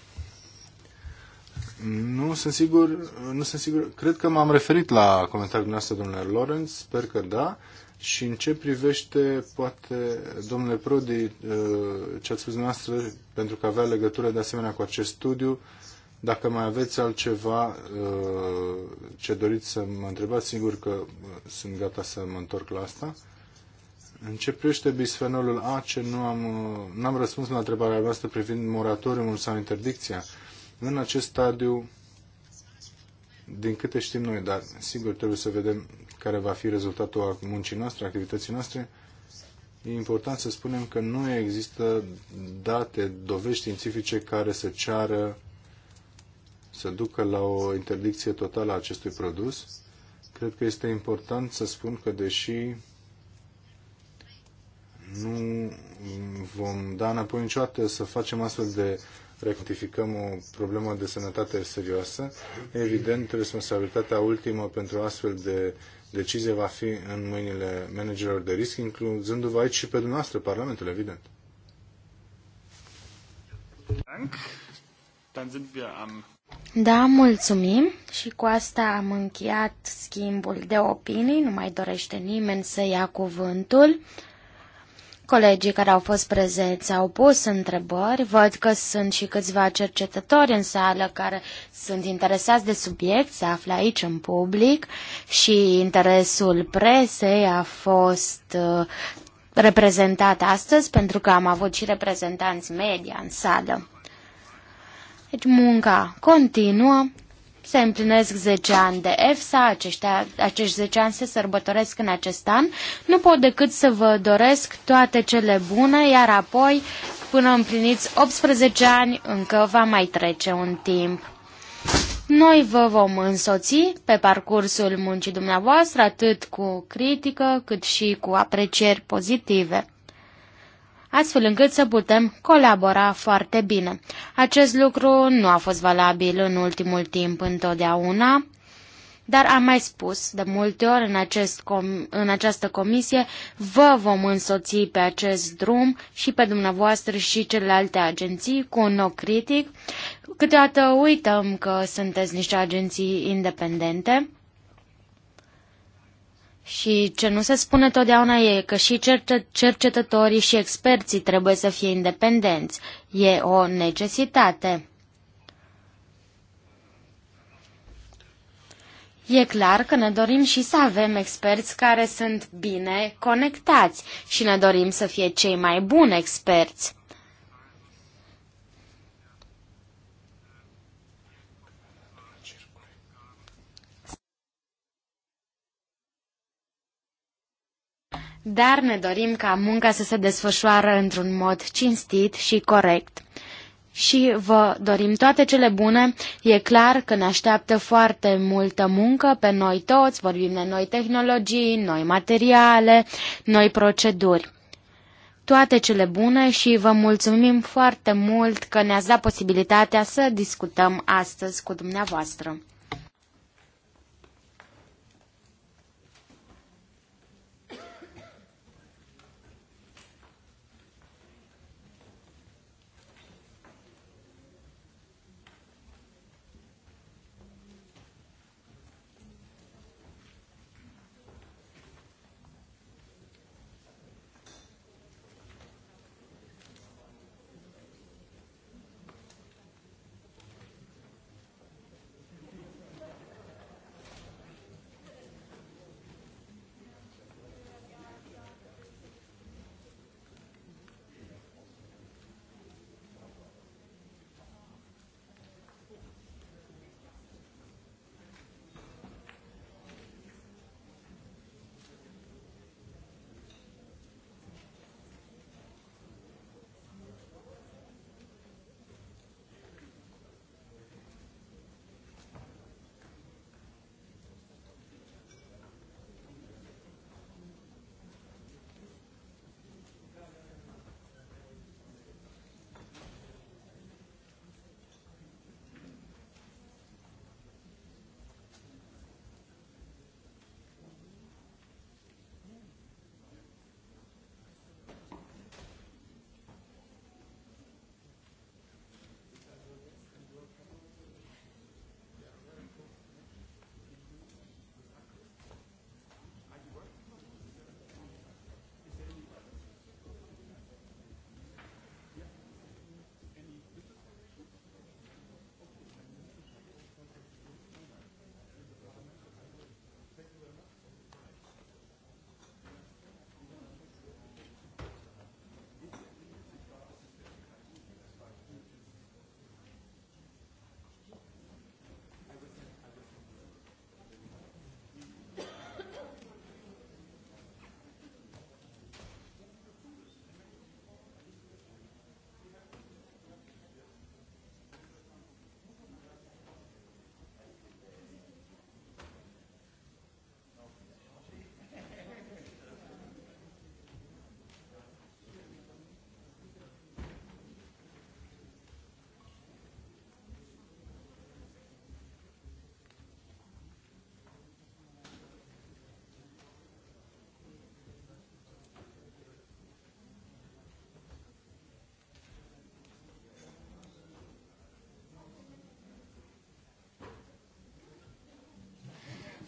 C: nu sunt sigur, nu sunt sigur. Cred că m-am referit la comentariul dumneavoastră, domnule Lawrence, sper că da. Și în ce privește, poate, domnule Prodi, uh, ce ați spus dumneavoastră, pentru că avea legătură de asemenea cu acest studiu, dacă mai aveți altceva uh, ce doriți să mă întrebați, sigur că uh, sunt gata să mă întorc la asta. În ce privește bisfenolul A, ce nu am, uh, n-am răspuns la întrebarea noastră privind moratoriumul sau interdicția. În acest stadiu, din câte știm noi, dar sigur trebuie să vedem care va fi rezultatul muncii noastre, activității noastre, e important să spunem că nu există date, dovești științifice care să ceară să ducă la o interdicție totală a acestui produs. Cred că este important să spun că deși nu vom da înapoi niciodată să facem astfel de rectificăm o problemă de sănătate serioasă. Evident, responsabilitatea ultimă pentru astfel de decizie va fi în mâinile managerilor de risc, incluzându-vă aici și pe dumneavoastră, Parlamentul, evident. Dank. Dann sind wir
B: am da, mulțumim și cu asta am încheiat schimbul de opinii, nu mai dorește nimeni să ia cuvântul. Colegii care au fost prezenți au pus întrebări, văd că sunt și câțiva cercetători în sală care sunt interesați de subiect, se află aici în public și interesul presei a fost uh, reprezentat astăzi pentru că am avut și reprezentanți media în sală. Deci munca continuă, se împlinesc 10 ani de EFSA, aceștia, acești 10 ani se sărbătoresc în acest an. Nu pot decât să vă doresc toate cele bune, iar apoi, până împliniți 18 ani, încă va mai trece un timp. Noi vă vom însoți pe parcursul muncii dumneavoastră, atât cu critică, cât și cu aprecieri pozitive astfel încât să putem colabora foarte bine. Acest lucru nu a fost valabil în ultimul timp întotdeauna, dar am mai spus de multe ori în, acest com- în această comisie, vă vom însoți pe acest drum și pe dumneavoastră și celelalte agenții cu un nou critic. Câteodată uităm că sunteți niște agenții independente și ce nu se spune totdeauna e că și cercetătorii și experții trebuie să fie independenți. E o necesitate. E clar că ne dorim și să avem experți care sunt bine conectați și ne dorim să fie cei mai buni experți. dar ne dorim ca munca să se desfășoară într-un mod cinstit și corect. Și vă dorim toate cele bune. E clar că ne așteaptă foarte multă muncă pe noi toți, vorbim de noi tehnologii, noi materiale, noi proceduri. Toate cele bune și vă mulțumim foarte mult că ne-ați dat posibilitatea să discutăm astăzi cu dumneavoastră.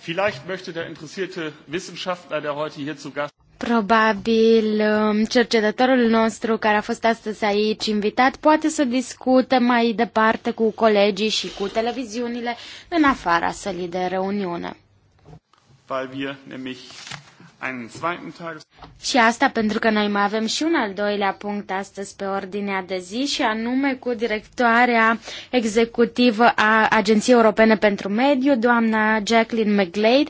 B: Vielleicht möchte der interessierte
A: Wissenschaftler, der heute hier zu Gast
B: Probabil um, cercetătorul nostru care a fost astăzi aici invitat poate să discute mai departe cu colegii și cu televiziunile în afara sălii de reuniune. Weil wir nämlich einen zweiten Tages și asta pentru că noi mai avem și un al doilea punct astăzi pe ordinea de zi și anume cu directoarea executivă a Agenției Europene pentru Mediu, doamna Jacqueline McGlade.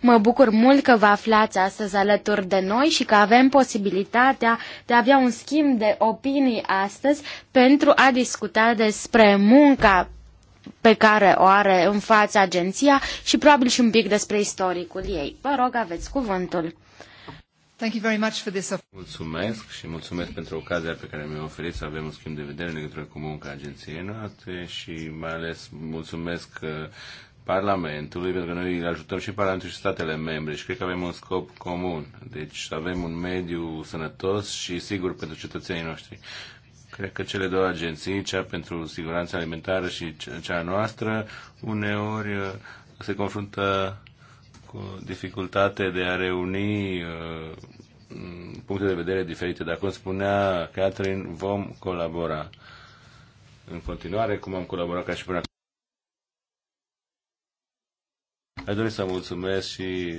B: Mă bucur mult că vă aflați astăzi alături de noi și că avem posibilitatea de a avea un schimb de opinii astăzi pentru a discuta despre munca pe care o are în fața agenția și probabil și un pic despre istoricul ei. Vă rog, aveți cuvântul. Thank you very much for this.
A: Mulțumesc și mulțumesc pentru ocazia pe care mi-a oferit să avem un schimb de vedere în legătură cu munca agenției noastre și mai ales mulțumesc uh, Parlamentului, pentru că noi îl ajutăm și Parlamentul și statele membre și cred că avem un scop comun. Deci să avem un mediu sănătos și sigur pentru cetățenii noștri. Cred că cele două agenții, cea pentru siguranța alimentară și cea noastră, uneori uh, se confruntă cu dificultate de a reuni uh, puncte de vedere diferite. Dar cum spunea Catherine, vom colabora în continuare, cum am colaborat ca și până acum. Aș dori să mulțumesc și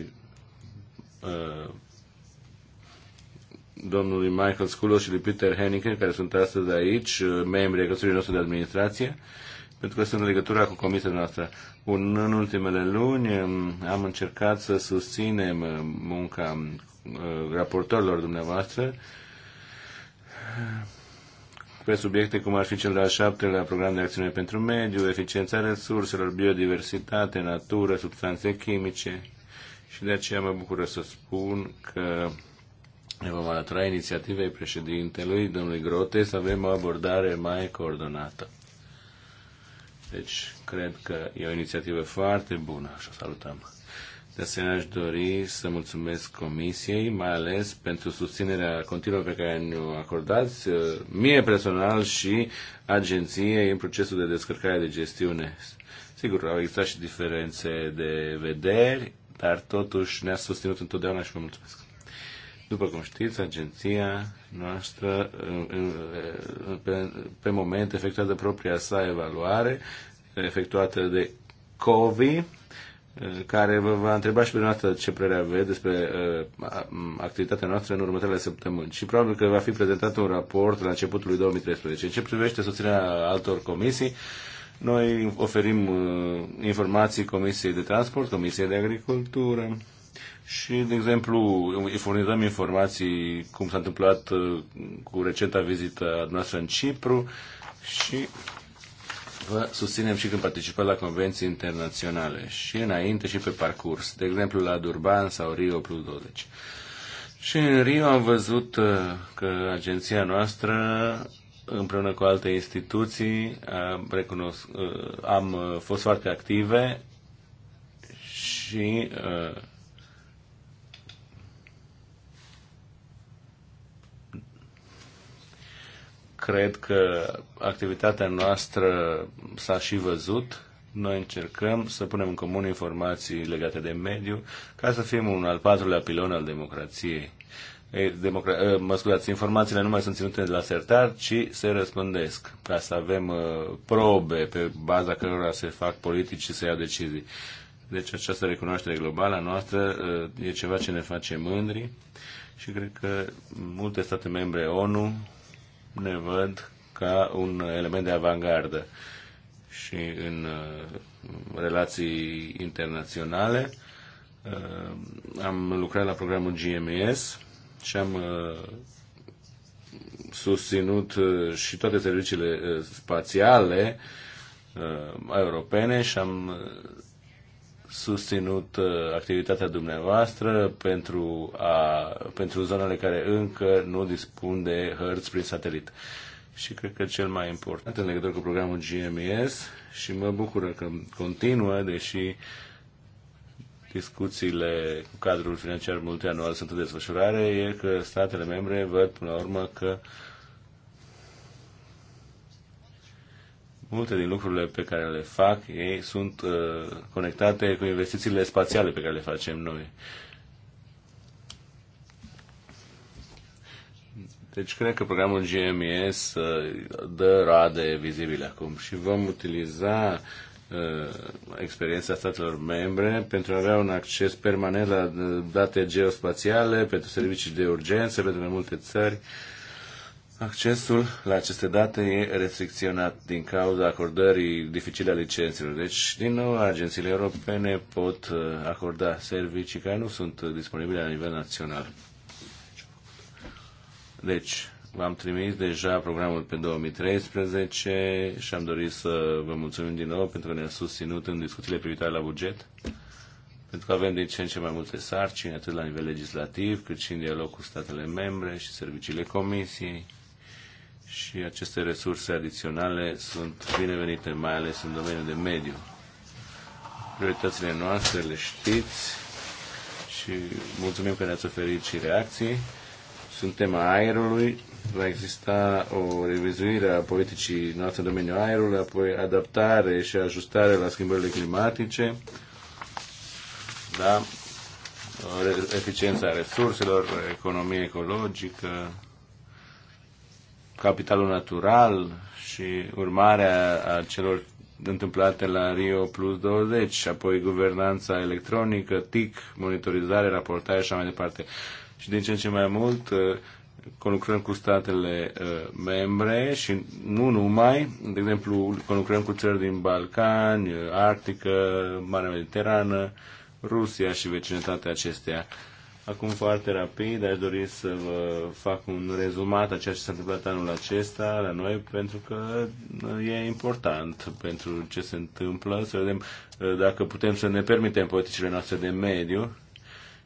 A: uh, domnului Michael Sculo și lui Peter Henniken, care sunt astăzi aici, membri ai Consiliului nostru de administrație, pentru că sunt legătura cu comisia noastră. Bun, în ultimele luni um, am încercat să susținem um, munca um, raportorilor dumneavoastră pe subiecte cum ar fi cel de-al șaptelea program de acțiune pentru mediu, eficiența resurselor, biodiversitate, natură, substanțe chimice. Și de aceea mă bucur să spun că ne vom alătura inițiativei președintelui, domnului Grote, să avem o abordare mai coordonată. Deci, cred că e o inițiativă foarte bună și o salutăm. De asemenea, aș dori să mulțumesc Comisiei, mai ales pentru susținerea continuă pe care ne-o acordați, uh, mie personal și agenției în procesul de descărcare de gestiune. Sigur, au existat și diferențe de vederi, dar totuși ne-a susținut întotdeauna și vă mulțumesc. După cum știți, agenția noastră pe, moment efectuează propria sa evaluare, efectuată de COVI, eh, care vă va întreba și pe dumneavoastră ce părere aveți despre uh, activitatea noastră în următoarele săptămâni. Și probabil că va fi prezentat un raport la începutul lui 2013. În ce privește susținerea altor comisii, noi oferim uh, informații Comisiei de Transport, Comisiei de Agricultură, și, de exemplu, îi furnizăm informații cum s-a întâmplat uh, cu recenta vizită a noastră în Cipru și vă susținem și când participați la convenții internaționale și înainte și pe parcurs, de exemplu la Durban sau Rio Plus 20. Și în Rio am văzut uh, că agenția noastră împreună cu alte instituții am, recunosc, uh, am fost foarte active și uh, cred că activitatea noastră s-a și văzut. Noi încercăm să punem în comun informații legate de mediu ca să fim un al patrulea pilon al democrației. Ei, democra- ă, mă scuzați, informațiile nu mai sunt ținute de la sertar, ci se răspândesc ca să avem ă, probe pe baza cărora se fac politici și se iau decizii. Deci această recunoaștere globală a noastră ă, e ceva ce ne face mândri și cred că multe state membre ONU ne văd ca un element de avangardă și în uh, relații internaționale. Uh, am lucrat la programul GMS și am uh, susținut și toate serviciile spațiale europene și am susținut uh, activitatea dumneavoastră pentru, a, pentru zonele care încă nu dispun de hărți prin satelit. Și cred că cel mai important în legătură cu programul GMS și mă bucură că continuă, deși discuțiile cu cadrul financiar multianual sunt în desfășurare, e că statele membre văd până la urmă că uh, multe din lucrurile pe care le fac ei sunt uh, conectate cu investițiile spațiale pe care le facem noi. Deci cred că programul GMS uh, dă rade vizibile acum și vom utiliza uh, experiența statelor membre pentru a avea un acces permanent la uh, date geospațiale, pentru servicii de urgență, pentru mai multe țări. Uh, Accesul la aceste date e restricționat din cauza acordării dificile a licențelor. Deci, din nou, agențiile europene pot uh, acorda servicii care nu sunt disponibile la nivel național. Deci, v-am trimis deja programul pe 2013 și am dorit să vă mulțumim din nou pentru că ne-a susținut în discuțiile privitoare la buget, pentru că avem din ce în ce mai multe sarcini, atât la nivel legislativ, cât și în dialog cu statele membre și serviciile comisiei și aceste resurse adiționale sunt binevenite, mai ales în domeniul de mediu. Prioritățile noastre le știți și mulțumim că ne-ați oferit și reacții. Sunt tema aerului, va exista o revizuire a politicii noastre în domeniul aerului, apoi adaptare și ajustare la schimbările climatice, da? eficiența resurselor, economie ecologică, capitalul natural și urmarea a celor întâmplate la Rio Plus 20, apoi guvernanța electronică, TIC, monitorizare, raportare și așa mai departe. Și din ce în ce mai mult uh, conlucrăm cu statele uh, membre și nu numai, de exemplu, conlucrăm cu țări din Balcani, uh, Arctică, Marea Mediterană, Rusia și vecinătatea acesteia. Acum foarte rapid aș dori să vă fac un rezumat a ceea ce s-a întâmplat anul acesta la noi pentru că uh, e important pentru ce se întâmplă, să vedem uh, dacă putem să ne permitem politicile noastre de mediu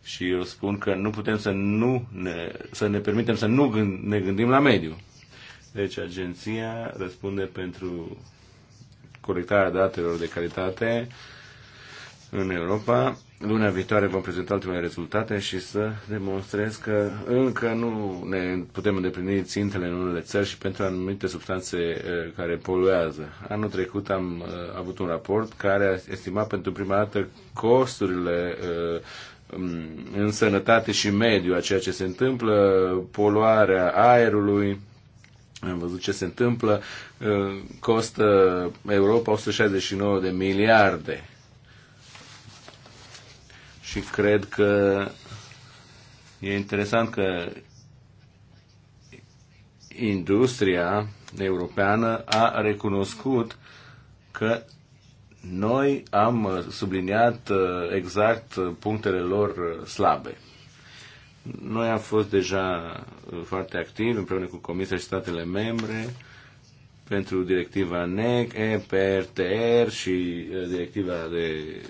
A: și eu spun că nu putem să nu ne, să ne permitem să nu gând, ne gândim la mediu. Deci agenția răspunde pentru colectarea datelor de calitate, uh, în Europa. Luna viitoare vom prezenta ultimele rezultate și să demonstrez că încă nu ne putem îndeplini țintele în unele țări și pentru anumite substanțe eh, care poluează. Anul trecut am eh, avut un raport care a estimat pentru prima dată costurile eh, în sănătate și mediu a ceea ce se întâmplă, poluarea aerului, am văzut ce se întâmplă, costă Europa 169 de miliarde și cred că e interesant că industria europeană a recunoscut că noi am subliniat uh, exact uh, punctele lor uh, slabe. Noi am fost deja foarte activi împreună cu Comisia și statele membre pentru directiva NEC, EPRTR și directiva de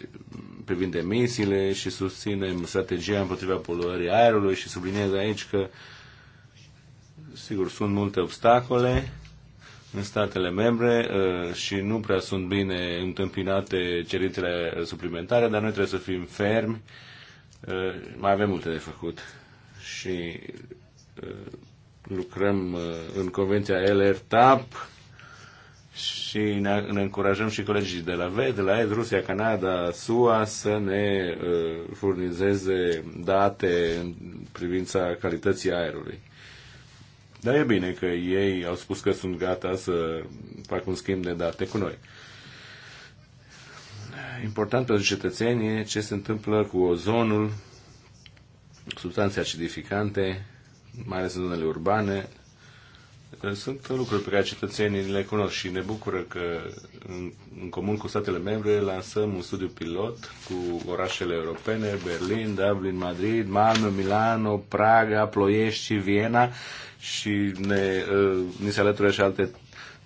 A: privind emisiile și susținem strategia împotriva poluării aerului și subliniez aici că, sigur, sunt multe obstacole în statele membre uh, și nu prea sunt bine întâmpinate cerințele suplimentare, dar noi trebuie să fim fermi. Uh, mai avem multe de făcut și uh, lucrăm în convenția LR-TAP și ne încurajăm și colegii de la VED, de la ED, Rusia, Canada, SUA să ne uh, furnizeze date în privința calității aerului. Dar e bine că ei au spus că sunt gata să fac un schimb de date cu noi. Important pentru cetățeni ce se întâmplă cu ozonul, substanțe acidificante, mai ales în zonele urbane, Eh, sunt lucruri pe care cetățenii le cunosc și ne bucură că în, în comun cu statele membre lansăm un studiu pilot cu orașele europene, Berlin, Dublin, Madrid, Malmö, Milano, Praga, Ploiești și Viena și ne, eh, ni se alătură și alte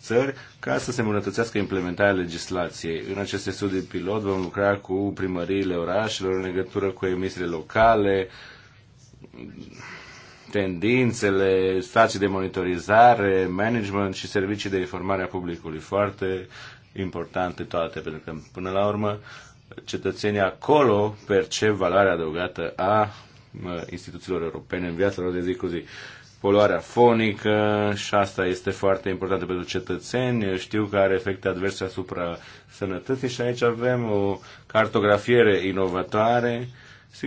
A: țări ca să se îmbunătățească implementarea legislației. În aceste studii pilot vom lucra cu primăriile orașelor în legătură cu emisiile locale, tendințele, stații de monitorizare, management și servicii de informare a publicului. Foarte importante toate, pentru că până la urmă cetățenii acolo percep valoarea adăugată a instituțiilor europene în viața lor de zi cu zi. Poluarea fonică și asta este foarte importantă pentru cetățeni. Știu că are efecte adverse asupra sănătății și aici avem o cartografiere inovatoare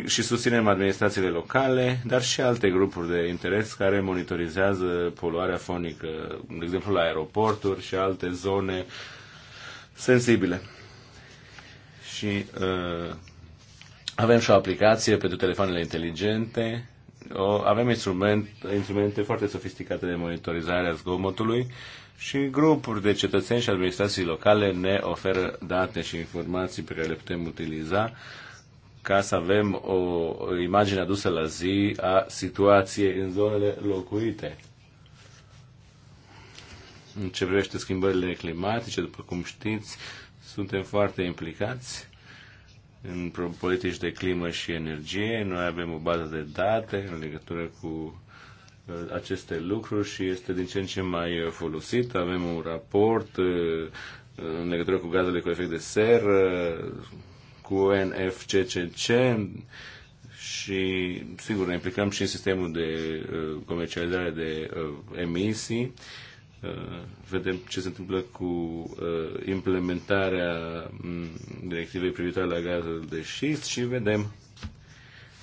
A: și susținem administrațiile locale, dar și alte grupuri de interes care monitorizează poluarea fonică, de exemplu la aeroporturi și alte zone sensibile. Și uh, avem și o aplicație pentru telefoanele inteligente, o, avem instrument, instrumente foarte sofisticate de monitorizare a zgomotului și grupuri de cetățeni și administrații locale ne oferă date și informații pe care le putem utiliza uh, ca să avem o imagine adusă la zi a situației în zonele locuite. În ce privește schimbările climatice, după cum știți, suntem foarte implicați în politici de climă și energie. Noi avem o bază de date în legătură cu uh, aceste lucruri și este din ce în ce mai uh, folosit. Avem un raport uh, în legătură cu gazele cu efect de seră, cu NFCCC și, sigur, ne implicăm și în sistemul de uh, comercializare de uh, emisii. Uh, vedem ce se întâmplă cu uh, implementarea um, directivei privitoare la gazul de șist și vedem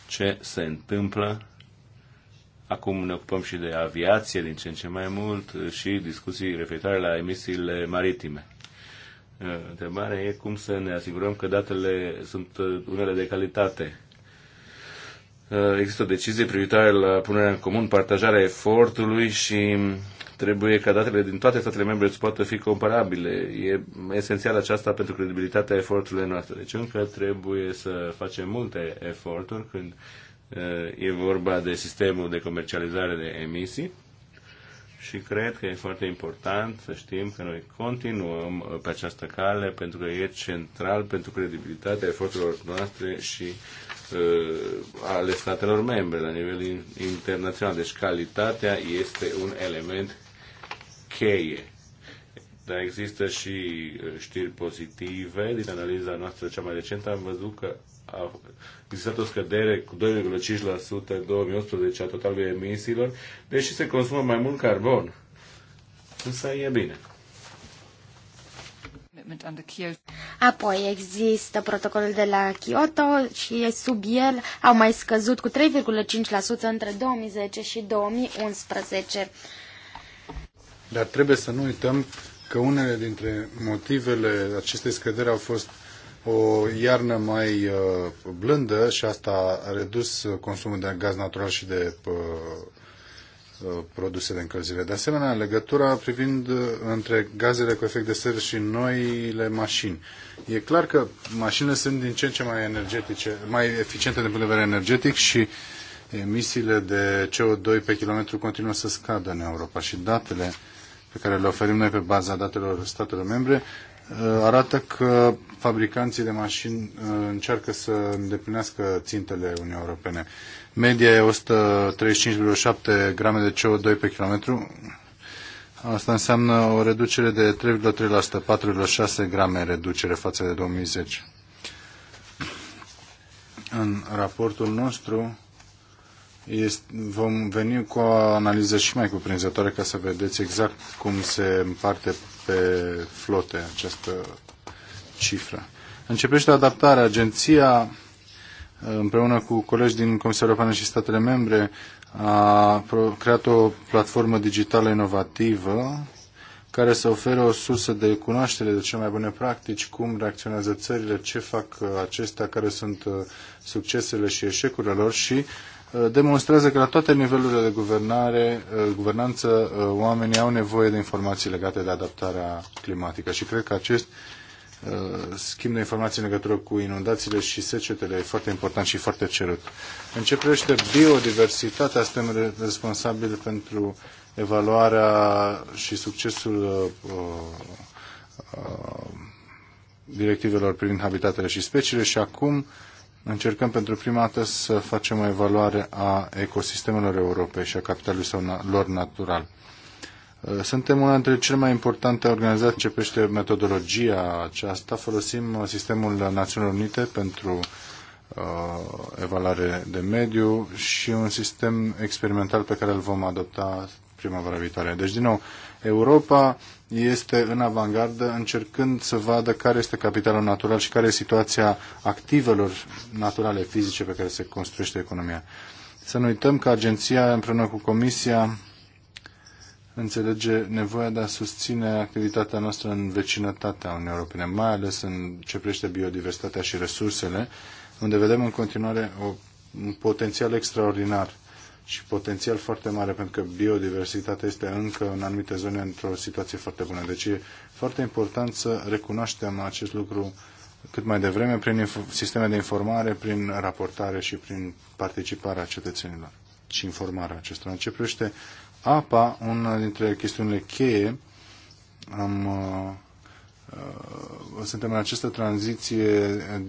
A: ce se întâmplă. Acum ne ocupăm și de aviație din ce în ce mai mult uh, și discuții referitoare la emisiile maritime. Uh, întrebarea e cum să ne asigurăm că datele sunt uh, unele de calitate. Uh, există o decizie privitoare la punerea în comun, partajarea efortului și trebuie ca datele din toate statele membre să poată fi comparabile. E esențial aceasta pentru credibilitatea eforturilor noastre. Deci încă trebuie să facem multe eforturi când e vorba de sistemul de comercializare de emisii și cred că e foarte important să știm că noi continuăm pe această cale pentru că e central pentru credibilitatea eforturilor noastre și uh, ale statelor membre la nivel internațional. Deci calitatea este un element cheie. Dar există și uh, știri pozitive. Din analiza noastră cea mai recentă am văzut că a existat o scădere cu 2,5% în 2018 a totalului emisiilor, deși se consumă mai mult carbon. Însă e bine.
B: Apoi există protocolul de la Kyoto și sub el au mai scăzut cu 3,5% între 2010 și 2011.
C: Dar trebuie să nu uităm că unele dintre motivele acestei scăderi au fost o iarnă mai uh, blândă și asta a redus uh, consumul de gaz natural și de uh, produse de încălzire. De asemenea, legătura privind între gazele cu efect de seră și noile mașini. E clar că mașinile sunt din ce în ce mai energetice, mai eficiente din punct de vedere energetic și emisiile de CO2 pe kilometru continuă să scadă în Europa și datele pe care le oferim noi pe baza datelor statelor membre arată că fabricanții de mașini uh, încearcă să îndeplinească țintele Uniunii Europene. Media e 135,7 grame de CO2 pe kilometru. Asta înseamnă o reducere de 3,3%, 4,6 grame reducere față de 2010. În raportul nostru este, vom veni cu o analiză și mai cuprinzătoare ca să vedeți exact cum se împarte pe flote această cifră. Începește adaptarea. Agenția, împreună cu colegi din Comisia Europeană și statele membre, a creat o platformă digitală inovativă care să ofere o sursă de cunoaștere de cele mai bune practici, cum reacționează țările, ce fac acestea, care sunt uh, succesele și eșecurile lor și uh, demonstrează că la toate nivelurile de guvernare, uh, guvernanță, oamenii au nevoie de informații legate de adaptarea climatică și cred că acest Uh, schimb de informații în legătură cu inundațiile și secetele e foarte important și foarte cerut. În ce privește biodiversitatea, suntem responsabili pentru evaluarea și succesul uh, uh, directivelor privind habitatele și speciile și acum încercăm pentru prima dată să facem o evaluare a ecosistemelor europei și a capitalului lor natural. Uh, suntem una dintre cele mai importante organizații ce pește metodologia aceasta. Folosim uh, sistemul Națiunilor Unite pentru uh, evaluare de mediu și un sistem experimental pe care îl vom adopta primăvara viitoare. Deci, din nou, Europa este în avangardă încercând să vadă care este capitalul natural și care este situația activelor naturale fizice pe care se construiește economia. Să nu uităm că agenția împreună cu Comisia înțelege nevoia de a susține activitatea noastră în vecinătatea Uniunii Europene, mai ales în ce privește biodiversitatea și resursele, unde vedem în continuare o, un potențial extraordinar și potențial foarte mare, pentru că biodiversitatea este încă în anumite zone într-o situație foarte bună. Deci e foarte important să recunoaștem acest lucru cât mai devreme prin sisteme de informare, prin raportare și prin participarea cetățenilor și informarea acestora. În ce privește apa, una dintre chestiunile cheie, am, uh, uh, suntem în această tranziție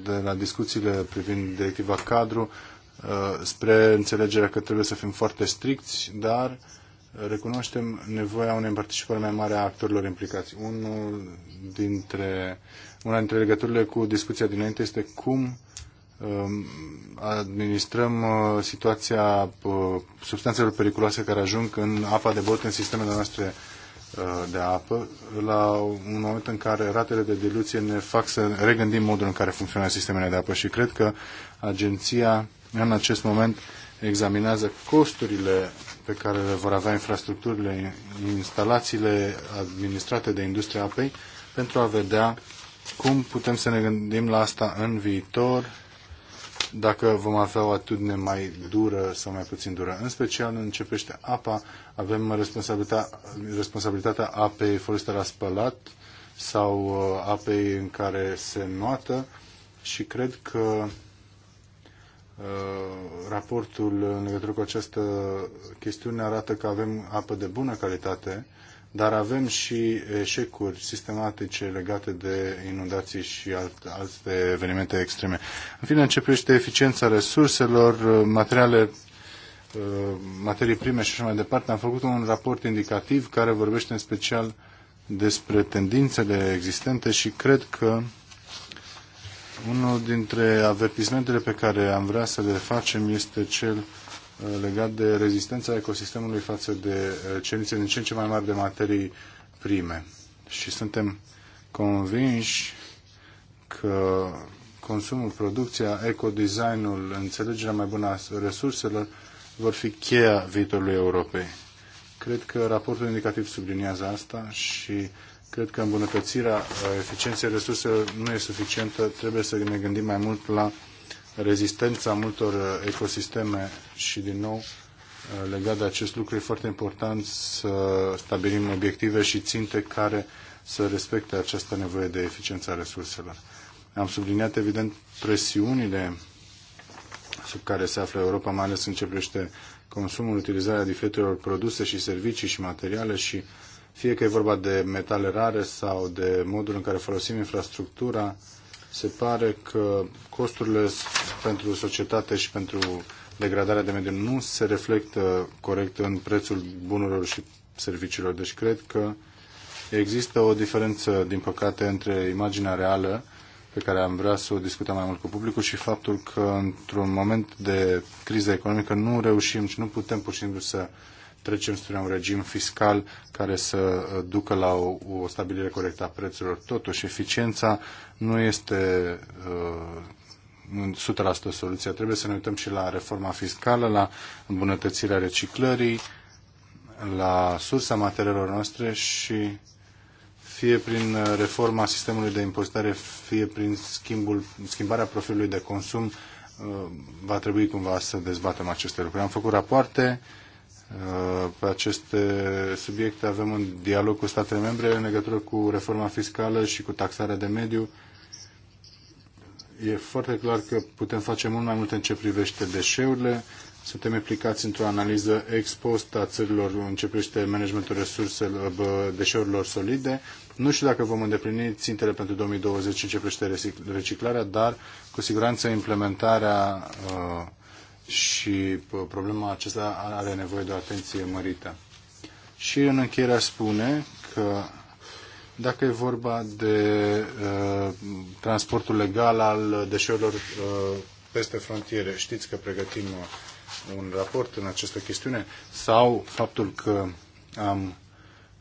C: de la discuțiile privind directiva cadru uh, spre înțelegerea că trebuie să fim foarte stricți, dar recunoaștem nevoia unei participări mai mare a actorilor implicați. Unul dintre, una dintre legăturile cu discuția dinainte este cum uh, Um, administrăm uh, situația uh, substanțelor periculoase care ajung în apa de bot, în sistemele noastre uh, de apă, la un moment în care ratele de diluție ne fac să regândim modul în care funcționează sistemele de apă și cred că agenția în acest moment examinează costurile pe care le vor avea infrastructurile, instalațiile administrate de industria apei pentru a vedea cum putem să ne gândim la asta în viitor dacă vom avea o atitudine mai dură sau mai puțin dură. În special în ce privește apa, avem responsabilitatea, responsabilitatea apei folosite la spălat sau uh, apei în care se noată și cred că uh, raportul în legătură cu această chestiune arată că avem apă de bună calitate dar avem și eșecuri sistematice legate de inundații și alte evenimente extreme. În fine, începește eficiența resurselor, materiale materii prime și așa mai departe, am făcut un raport indicativ care vorbește în special despre tendințele existente și cred că unul dintre avertismentele pe care am vrea să le facem este cel Uh, legat de rezistența ecosistemului față de uh, cerințe din ce în ce mai mari de materii prime. Și suntem convinși că consumul, producția, ecodesignul, înțelegerea mai bună a resurselor vor fi cheia viitorului Europei. Cred că raportul indicativ subliniază asta și cred că îmbunătățirea uh, eficienței resurselor nu e suficientă, trebuie să ne gândim mai mult la rezistența multor uh, ecosisteme și, din nou, uh, legat de acest lucru, e foarte important să stabilim obiective și ținte care să respecte această nevoie de eficiență a resurselor. Am subliniat, evident, presiunile sub care se află Europa, mai ales în ce privește consumul, utilizarea diferitelor produse și servicii și materiale și fie că e vorba de metale rare sau de modul în care folosim infrastructura, uh, se pare că costurile pentru societate și pentru degradarea de mediu nu se reflectă corect în prețul bunurilor și serviciilor. Deci cred că există o diferență, din păcate, între imaginea reală pe care am vrea să o discutăm mai mult cu publicul și faptul că într-un moment de criză economică nu reușim și nu putem pur și simplu să trecem spre un regim fiscal care să uh, ducă la o, o stabilire corectă a prețurilor. Totuși, eficiența nu este uh, 100% soluția. Trebuie să ne uităm și la reforma fiscală, la îmbunătățirea reciclării, la sursa materialelor noastre și fie prin uh, reforma sistemului de impozitare, fie prin schimbul, schimbarea profilului de consum, uh, va trebui cumva să dezbatem aceste lucruri. Am făcut rapoarte, Uh, pe aceste subiecte avem un dialog cu statele membre în legătură cu reforma fiscală și cu taxarea de mediu. E foarte clar că putem face mult mai multe în ce privește deșeurile. Suntem implicați într-o analiză ex post a țărilor în ce privește managementul resurselor deșeurilor solide. Nu știu dacă vom îndeplini țintele pentru 2020 în ce privește reciclarea, dar cu siguranță implementarea uh, și problema acesta are nevoie de o atenție mărită. Și în încheierea spune că dacă e vorba de uh, transportul legal al deșeurilor uh, peste frontiere, știți că pregătim uh, un raport în această chestiune, sau faptul că am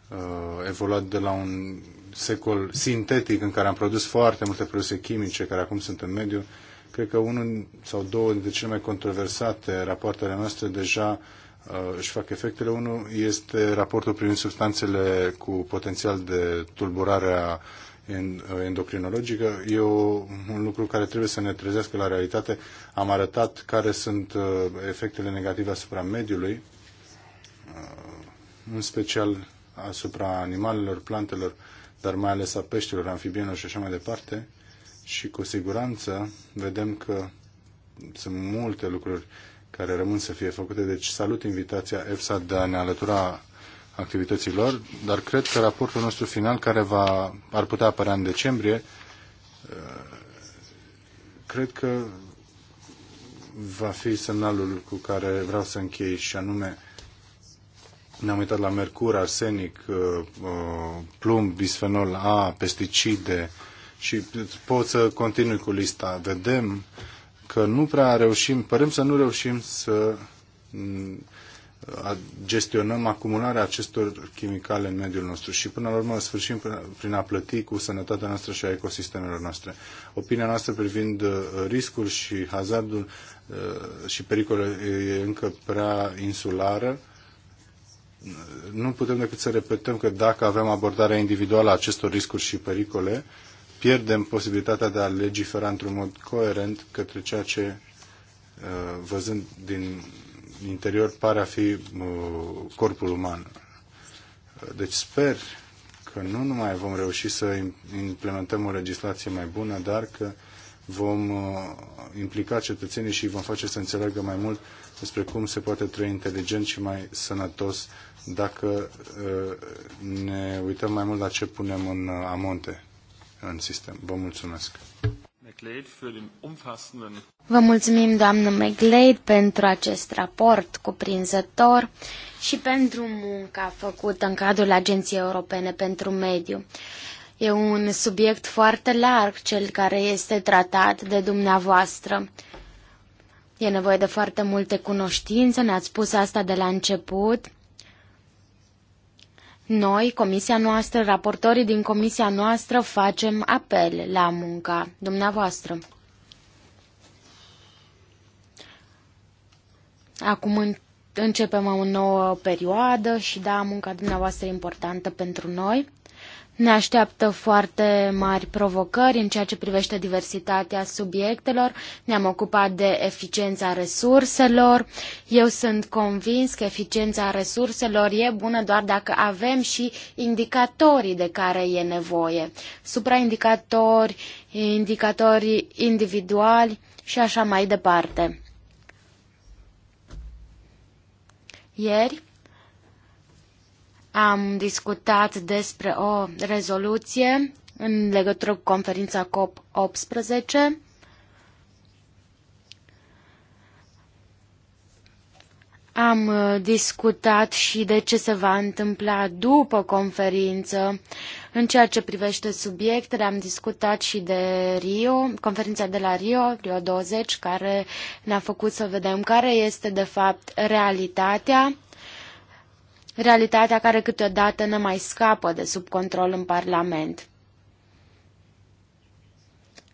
C: uh, evoluat de la un secol sintetic în care am produs foarte multe produse chimice care acum sunt în mediu, uh, Cred că unul sau două dintre cele mai controversate rapoartele noastre deja uh, își fac efectele. Unul este raportul privind substanțele cu potențial de tulburare a uh, endocrinologică. E o, un lucru care trebuie să ne trezească la realitate. Am arătat care sunt uh, efectele negative asupra mediului, uh, în special asupra animalelor, plantelor, dar mai ales a peștilor, amfibienilor și așa mai departe și cu siguranță vedem că sunt multe lucruri care rămân să fie făcute. Deci salut invitația EFSA de a ne alătura activităților, dar cred că raportul nostru final, care va, ar putea apărea în decembrie, eh, cred că va fi semnalul cu care vreau să închei și anume ne-am uitat la mercur, arsenic, eh, eh, plumb, bisfenol A, pesticide, și pot să continui cu lista. Vedem că nu prea reușim, părem să nu reușim să mm, gestionăm acumularea acestor chimicale în mediul nostru și până la urmă sfârșim prin a plăti cu sănătatea noastră și a ecosistemelor noastre. Opinia noastră privind uh, riscul și hazardul uh, și pericolul e încă prea insulară. Nu putem decât să repetăm că dacă avem abordarea individuală a acestor riscuri și pericole, pierdem posibilitatea de a legifera într-un mod coerent către ceea ce, uh, văzând din interior, pare a fi uh, corpul uman. Deci sper că nu numai vom reuși să implementăm o legislație mai bună, dar că vom uh, implica cetățenii și vom face să înțeleagă mai mult despre cum se poate trăi inteligent și mai sănătos dacă ne uităm mai mult la ce punem în amonte în sistem. Vă mulțumesc!
B: Vă mulțumim, doamnă McLeod, pentru acest raport cuprinzător și pentru munca făcută în cadrul Agenției Europene pentru Mediu. E un subiect foarte larg cel care este tratat de dumneavoastră. E nevoie de foarte multe cunoștințe, ne-ați spus asta de la început. Noi, comisia noastră, raportorii din comisia noastră, facem apel la munca dumneavoastră. Acum începem o nouă perioadă și da, munca dumneavoastră e importantă pentru noi. Ne așteaptă foarte mari provocări în ceea ce privește diversitatea subiectelor. Ne-am ocupat de eficiența resurselor. Eu sunt convins că eficiența resurselor e bună doar dacă avem și indicatorii de care e nevoie. Supraindicatori, indicatori individuali și așa mai departe. Ieri, am discutat despre o rezoluție în legătură cu conferința COP18. Am uh, discutat și de ce se va întâmpla după conferință. În ceea ce privește subiectele, am discutat și de Rio, conferința de la Rio, Rio 20, care ne-a făcut să vedem care este de fapt realitatea realitatea care câteodată ne mai scapă de sub control în Parlament.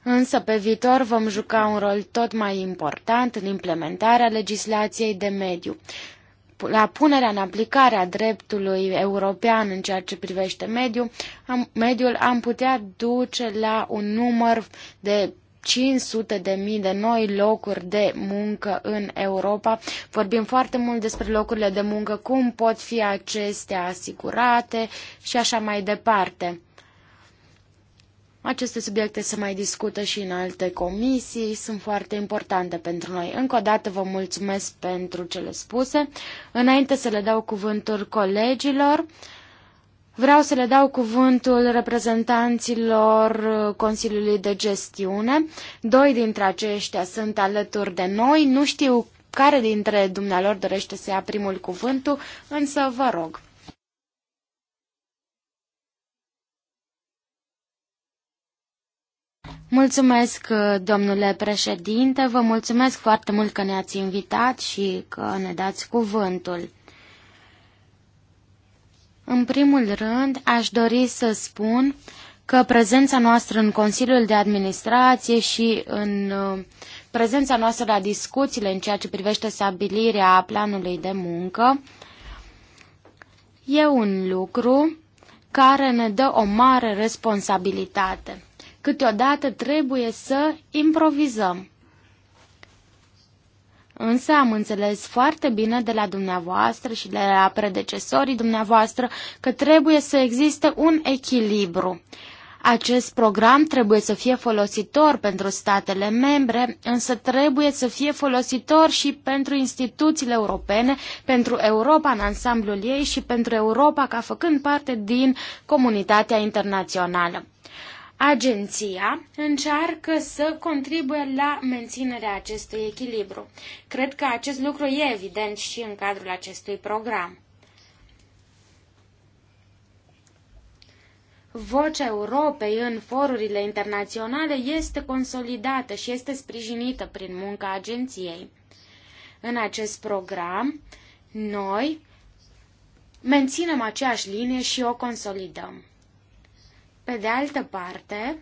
B: Însă pe viitor vom juca un rol tot mai important în implementarea legislației de mediu. La punerea în aplicare a dreptului european în ceea ce privește mediu, am, mediul am putea duce la un număr de 500 de mii de noi locuri de muncă în Europa. Vorbim foarte mult despre locurile de muncă, cum pot fi acestea asigurate și așa mai departe. Aceste subiecte se mai discută și în alte comisii, sunt foarte importante pentru noi. Încă o dată vă mulțumesc pentru cele spuse. Înainte să le dau cuvântul colegilor, Vreau să le dau cuvântul reprezentanților Consiliului de Gestiune. Doi dintre aceștia sunt alături de noi. Nu știu care dintre dumnealor dorește să ia primul cuvântul, însă vă rog. Mulțumesc, domnule președinte, vă mulțumesc foarte mult că ne-ați invitat și că ne dați cuvântul. În primul rând, aș dori să spun că prezența noastră în Consiliul de Administrație și în uh, prezența noastră la discuțiile în ceea ce privește stabilirea planului de muncă e un lucru care ne dă o mare responsabilitate. Câteodată trebuie să improvizăm. Însă am înțeles foarte bine de la dumneavoastră și de la predecesorii dumneavoastră că trebuie să existe un echilibru. Acest program trebuie să fie folositor pentru statele membre, însă trebuie să fie folositor și pentru instituțiile europene, pentru Europa în ansamblul ei și pentru Europa ca făcând parte din comunitatea internațională. Agenția încearcă să contribuie la menținerea acestui echilibru. Cred că acest lucru e evident și în cadrul acestui program. Vocea Europei în forurile internaționale este consolidată și este sprijinită prin munca agenției. În acest program, noi menținem aceeași linie și o consolidăm. Pe de altă parte,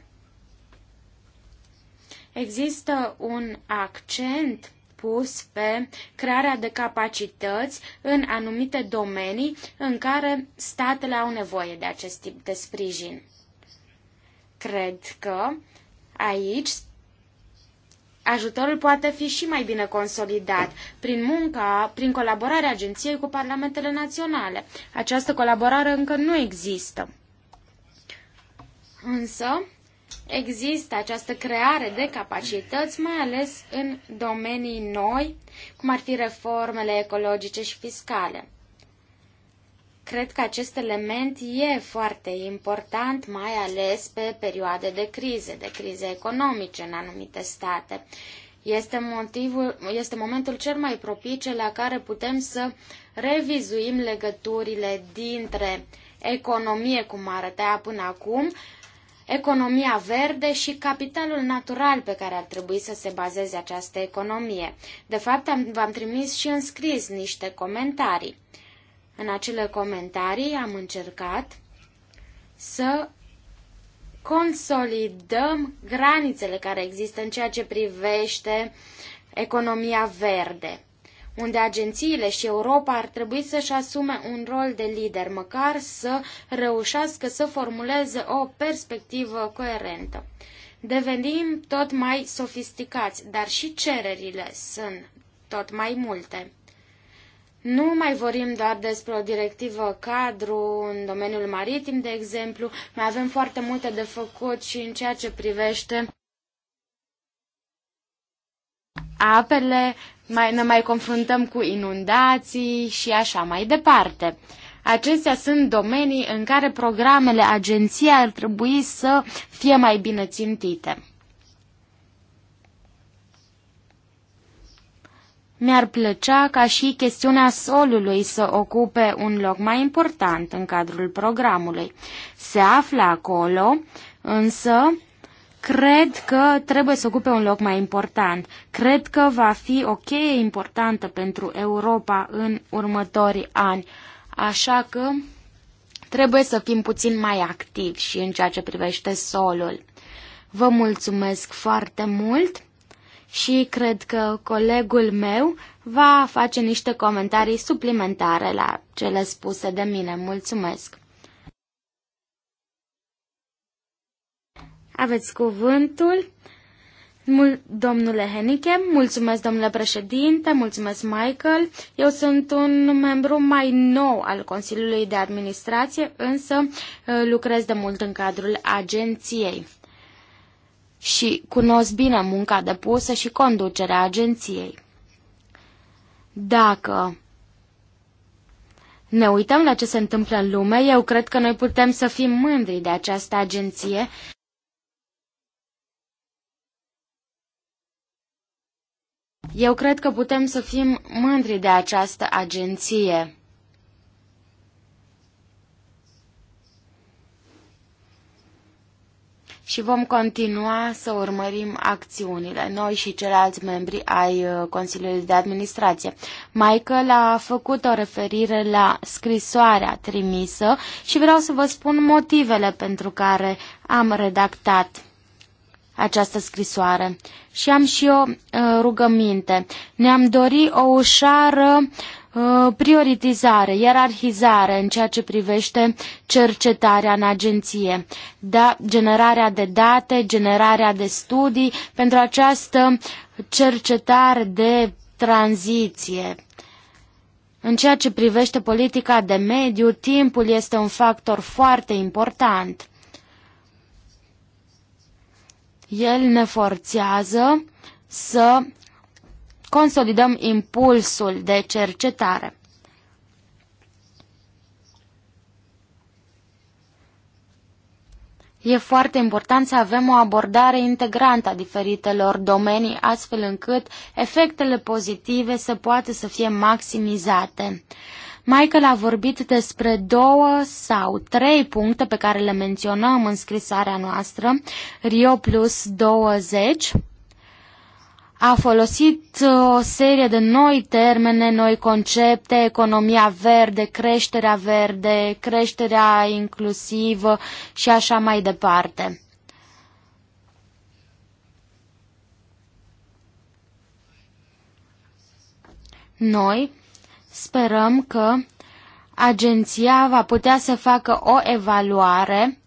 B: există un accent pus pe crearea de capacități în anumite domenii în care statele au nevoie de acest tip de sprijin. Cred că aici ajutorul poate fi și mai bine consolidat prin munca, prin colaborarea agenției cu parlamentele naționale. Această colaborare încă nu există. Însă, există această creare de capacități, mai ales în domenii noi, cum ar fi reformele ecologice și fiscale. Cred că acest element e foarte important, mai ales pe perioade de crize, de crize economice în anumite state. Este, motivul, este momentul cel mai propice la care putem să revizuim legăturile dintre economie, cum arăta până acum, economia verde și capitalul natural pe care ar trebui să se bazeze această economie. De fapt, am, v-am trimis și în scris niște comentarii. În acele comentarii am încercat să consolidăm granițele care există în ceea ce privește economia verde unde agențiile și Europa ar trebui să-și asume un rol de lider, măcar să reușească să formuleze o perspectivă coerentă. Devenim tot mai sofisticați, dar și cererile sunt tot mai multe. Nu mai vorbim doar despre o directivă cadru în domeniul maritim, de exemplu, mai avem foarte multe de făcut și în ceea ce privește apele, mai, ne mai confruntăm cu inundații și așa mai departe. Acestea sunt domenii în care programele agenției ar trebui să fie mai bine țintite. Mi-ar plăcea ca și chestiunea solului să ocupe un loc mai important în cadrul programului. Se află acolo, însă cred că trebuie să ocupe un loc mai important. Cred că va fi o cheie importantă pentru Europa în următorii ani. Așa că trebuie să fim puțin mai activi și în ceea ce privește solul. Vă mulțumesc foarte mult și cred că colegul meu va face niște comentarii suplimentare la cele spuse de mine. Mulțumesc! Aveți cuvântul. Mul- domnule Henike, mulțumesc domnule președinte, mulțumesc Michael. Eu sunt un membru mai nou al Consiliului de Administrație, însă ă, lucrez de mult în cadrul agenției și cunosc bine munca depusă și conducerea agenției. Dacă ne uităm la ce se întâmplă în lume, eu cred că noi putem să fim mândri de această agenție Eu cred că putem să fim mândri de această agenție. și vom continua să urmărim acțiunile, noi și ceilalți membri ai uh, Consiliului de Administrație. Michael a făcut o referire la scrisoarea trimisă și vreau să vă spun motivele pentru care am redactat această scrisoare. Și am și o uh, rugăminte. Ne-am dori o ușoară uh, prioritizare, ierarhizare în ceea ce privește cercetarea în agenție, da, generarea de date, generarea de studii pentru această cercetare de tranziție. În ceea ce privește politica de mediu, timpul este un factor foarte important. El ne forțează să consolidăm impulsul de cercetare. E foarte important să avem o abordare integrantă a diferitelor domenii, astfel încât efectele pozitive să poată să fie maximizate. Michael a vorbit despre două sau trei puncte pe care le menționăm în scrisarea noastră, Rio Plus 20, a folosit uh, o serie de noi termene, noi concepte, economia verde, creșterea verde, creșterea inclusivă și așa mai departe. Noi Sperăm că agenția va putea să facă o evaluare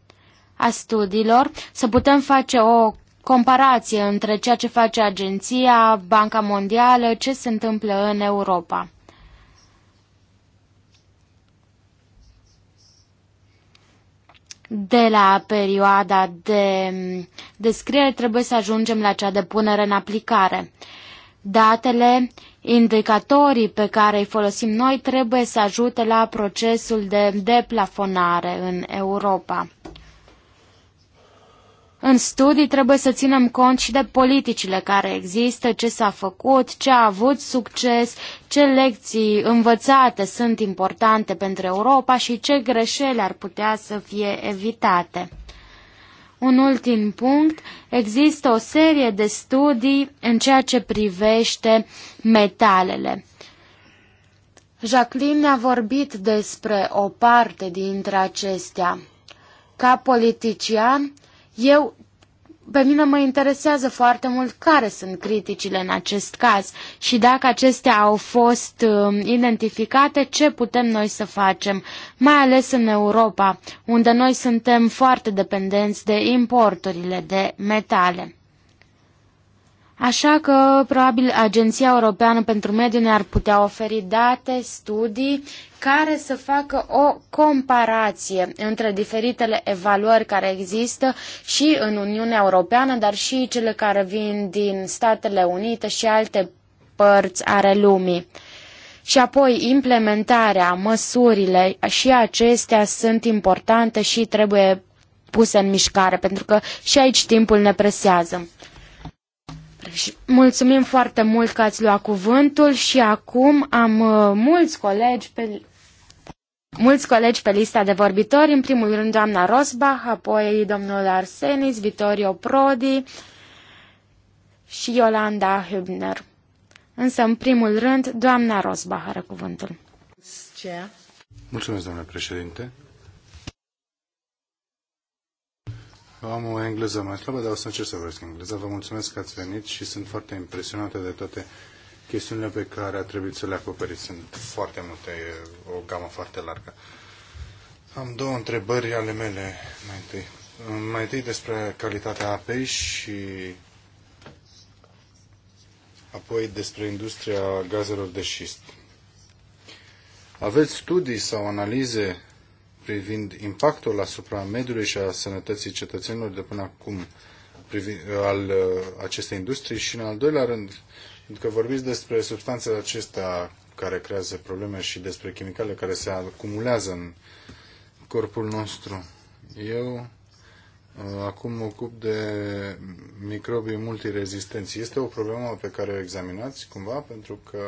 B: a studiilor, să putem face o comparație între ceea ce face agenția, Banca Mondială, ce se întâmplă în Europa. De la perioada de descriere trebuie să ajungem la cea de punere în aplicare. Datele Indicatorii pe care îi folosim noi trebuie să ajute la procesul de deplafonare în Europa. În studii trebuie să ținem cont și de politicile care există, ce s-a făcut, ce a avut succes, ce lecții învățate sunt importante pentru Europa și ce greșeli ar putea să fie evitate. Un ultim punct, există o serie de studii în ceea ce privește metalele. Jacqueline a vorbit despre o parte dintre acestea. Ca politician, eu pe mine mă interesează foarte mult care sunt criticile în acest caz și dacă acestea au fost um, identificate, ce putem noi să facem, mai ales în Europa, unde noi suntem foarte dependenți de importurile de metale. Așa că probabil Agenția Europeană pentru Mediu ne-ar putea oferi date, studii care să facă o comparație între diferitele evaluări care există și în Uniunea Europeană, dar și cele care vin din Statele Unite și alte părți ale lumii. Și apoi implementarea, măsurile și acestea sunt importante și trebuie puse în mișcare, pentru că și aici timpul ne presează. Mulțumim foarte mult că ați luat cuvântul și acum am uh, mulți colegi pe mulți colegi pe lista de vorbitori, în primul rând doamna Rosbach, apoi domnul Arsenis, Vittorio Prodi și Iolanda Hübner. Însă, în primul rând, doamna Rosbach are cuvântul.
C: Mulțumesc, domnule președinte. Am o engleză mai slabă, dar o să încerc să vorbesc engleză. Vă mulțumesc că ați venit și sunt foarte impresionată de toate chestiunile pe care a trebuit să le acoperiți. Sunt foarte multe, e o gamă foarte largă. Am două întrebări ale mele mai întâi. Mai întâi despre calitatea apei și apoi despre industria gazelor de șist. Aveți studii sau analize privind impactul asupra mediului și a sănătății cetățenilor de până acum al uh, acestei industrii și, în al doilea rând, pentru că vorbiți despre substanțele acestea care creează probleme și despre chimicale care se acumulează în corpul nostru. Eu uh, acum mă ocup de microbii multirezistenți. Este o problemă pe care o examinați cumva pentru că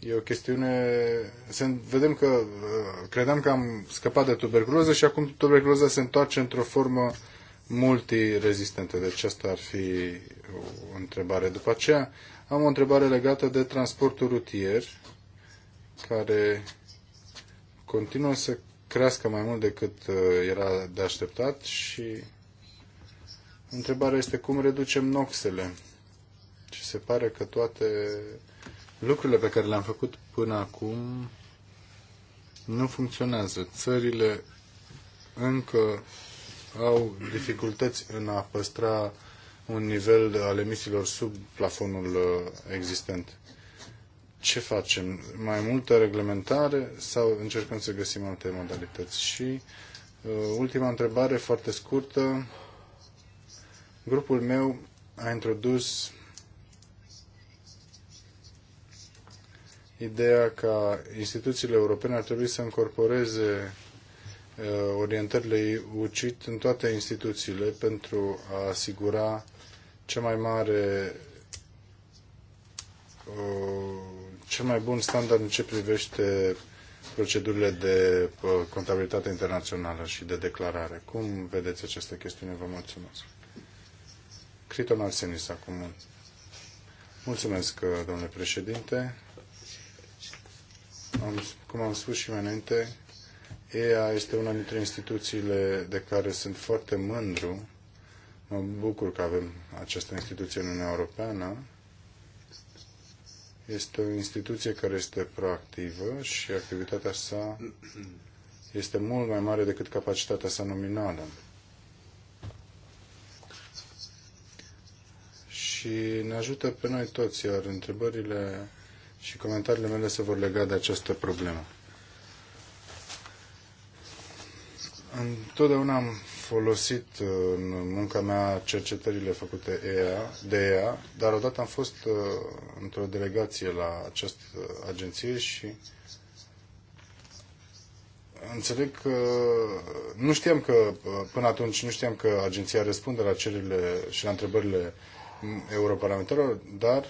C: E o chestiune... Vedem că credeam că am scăpat de tuberculoză și acum tuberculoza se întoarce într-o formă multirezistentă. Deci asta ar fi o întrebare. După aceea am o întrebare legată de transportul rutier, care continuă să crească mai mult decât uh, era de așteptat și întrebarea este cum reducem noxele. Și se pare că toate lucrurile pe care le-am făcut până acum nu funcționează. Țările încă au dificultăți în a păstra un nivel al emisiilor sub plafonul uh, existent. Ce facem? Mai multă reglementare sau încercăm să găsim alte modalități? Și uh, ultima întrebare, foarte scurtă. Grupul meu a introdus ideea că instituțiile europene ar trebui să incorporeze uh, orientările UCIT în toate instituțiile pentru a asigura cea mai mare uh, cel mai bun standard în ce privește procedurile de uh, contabilitate internațională și de declarare. Cum vedeți această chestiune? Vă mulțumesc. Criton Arsenis acum. Mulțumesc, domnule președinte am, cum am spus și mai înainte, EA este una dintre instituțiile de care sunt foarte mândru. Mă bucur că avem această instituție în Uniunea Europeană. Este o instituție care este proactivă și activitatea sa este mult mai mare decât capacitatea sa nominală. Și ne ajută pe noi toți, iar întrebările și comentariile mele se vor lega de această problemă. Întotdeauna am folosit uh, în munca mea cercetările făcute EA, de EA, dar odată am fost uh, într-o delegație la această agenție și înțeleg că nu știam că, uh, până atunci, nu știam că agenția răspunde la cererile și la întrebările europarlamentarilor, dar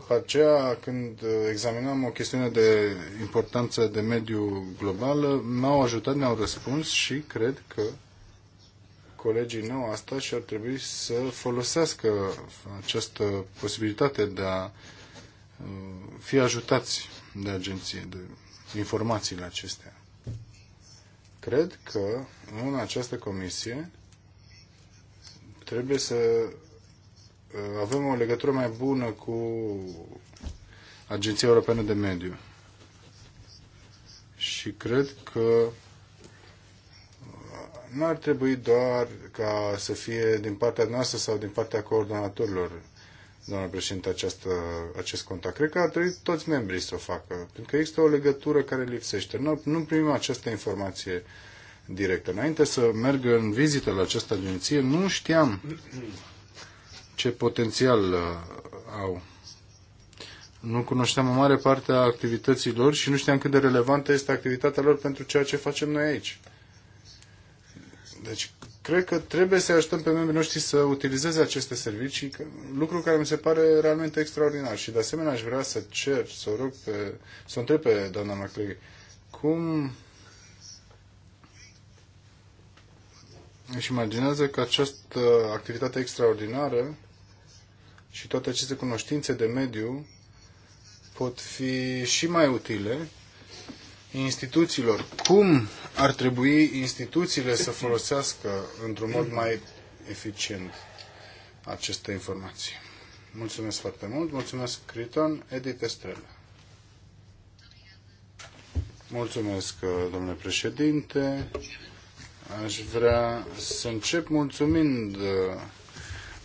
C: după aceea, când examinam o chestiune de importanță de mediu global, m-au ajutat, ne au răspuns și cred că colegii nou asta și ar trebui să folosească această posibilitate de a uh, fi ajutați de agenție, de informațiile acestea. Cred că în această comisie trebuie să avem o legătură mai bună cu Agenția Europeană de Mediu. Și cred că uh, nu ar trebui doar ca să fie din partea noastră sau din partea coordonatorilor, doamna președinte, această, acest contact. Cred că ar trebui toți membrii să o facă, pentru că există o legătură care lipsește. Nu, nu primim această informație directă. Înainte să merg în vizită la această agenție, nu știam ce potențial uh, au. Nu cunoșteam o mare parte a activității lor și nu știam cât de relevantă este activitatea lor pentru ceea ce facem noi aici. Deci, cred că trebuie să ajutăm pe membrii noștri să utilizeze aceste servicii, lucru care mi se pare realmente extraordinar. Și, de asemenea, aș vrea să cer, să rog pe, să întreb pe doamna McLeary, cum își imaginează că această activitate extraordinară și toate aceste cunoștințe de mediu pot fi și mai utile instituțiilor. Cum ar trebui instituțiile să folosească într-un mod mai eficient aceste informații? Mulțumesc foarte mult, mulțumesc Criton, Edith Estrela. Mulțumesc, domnule președinte. Aș vrea să încep mulțumind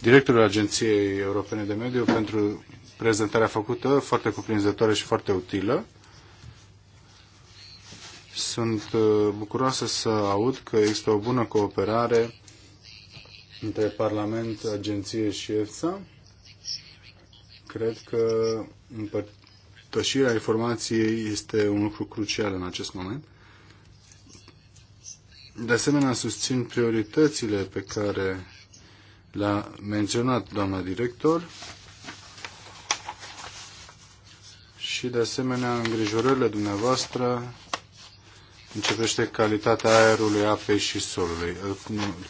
C: directorul Agenției Europene de Mediu pentru prezentarea făcută, foarte cuprinzătoare și foarte utilă. Sunt uh, bucuroasă să aud că există o bună cooperare între Parlament, Agenție și EFSA. Cred că împărtășirea informației este un lucru crucial în acest moment. De asemenea, susțin prioritățile pe care l a menționat doamna director și de asemenea îngrijorările dumneavoastră începește calitatea aerului, apei și solului.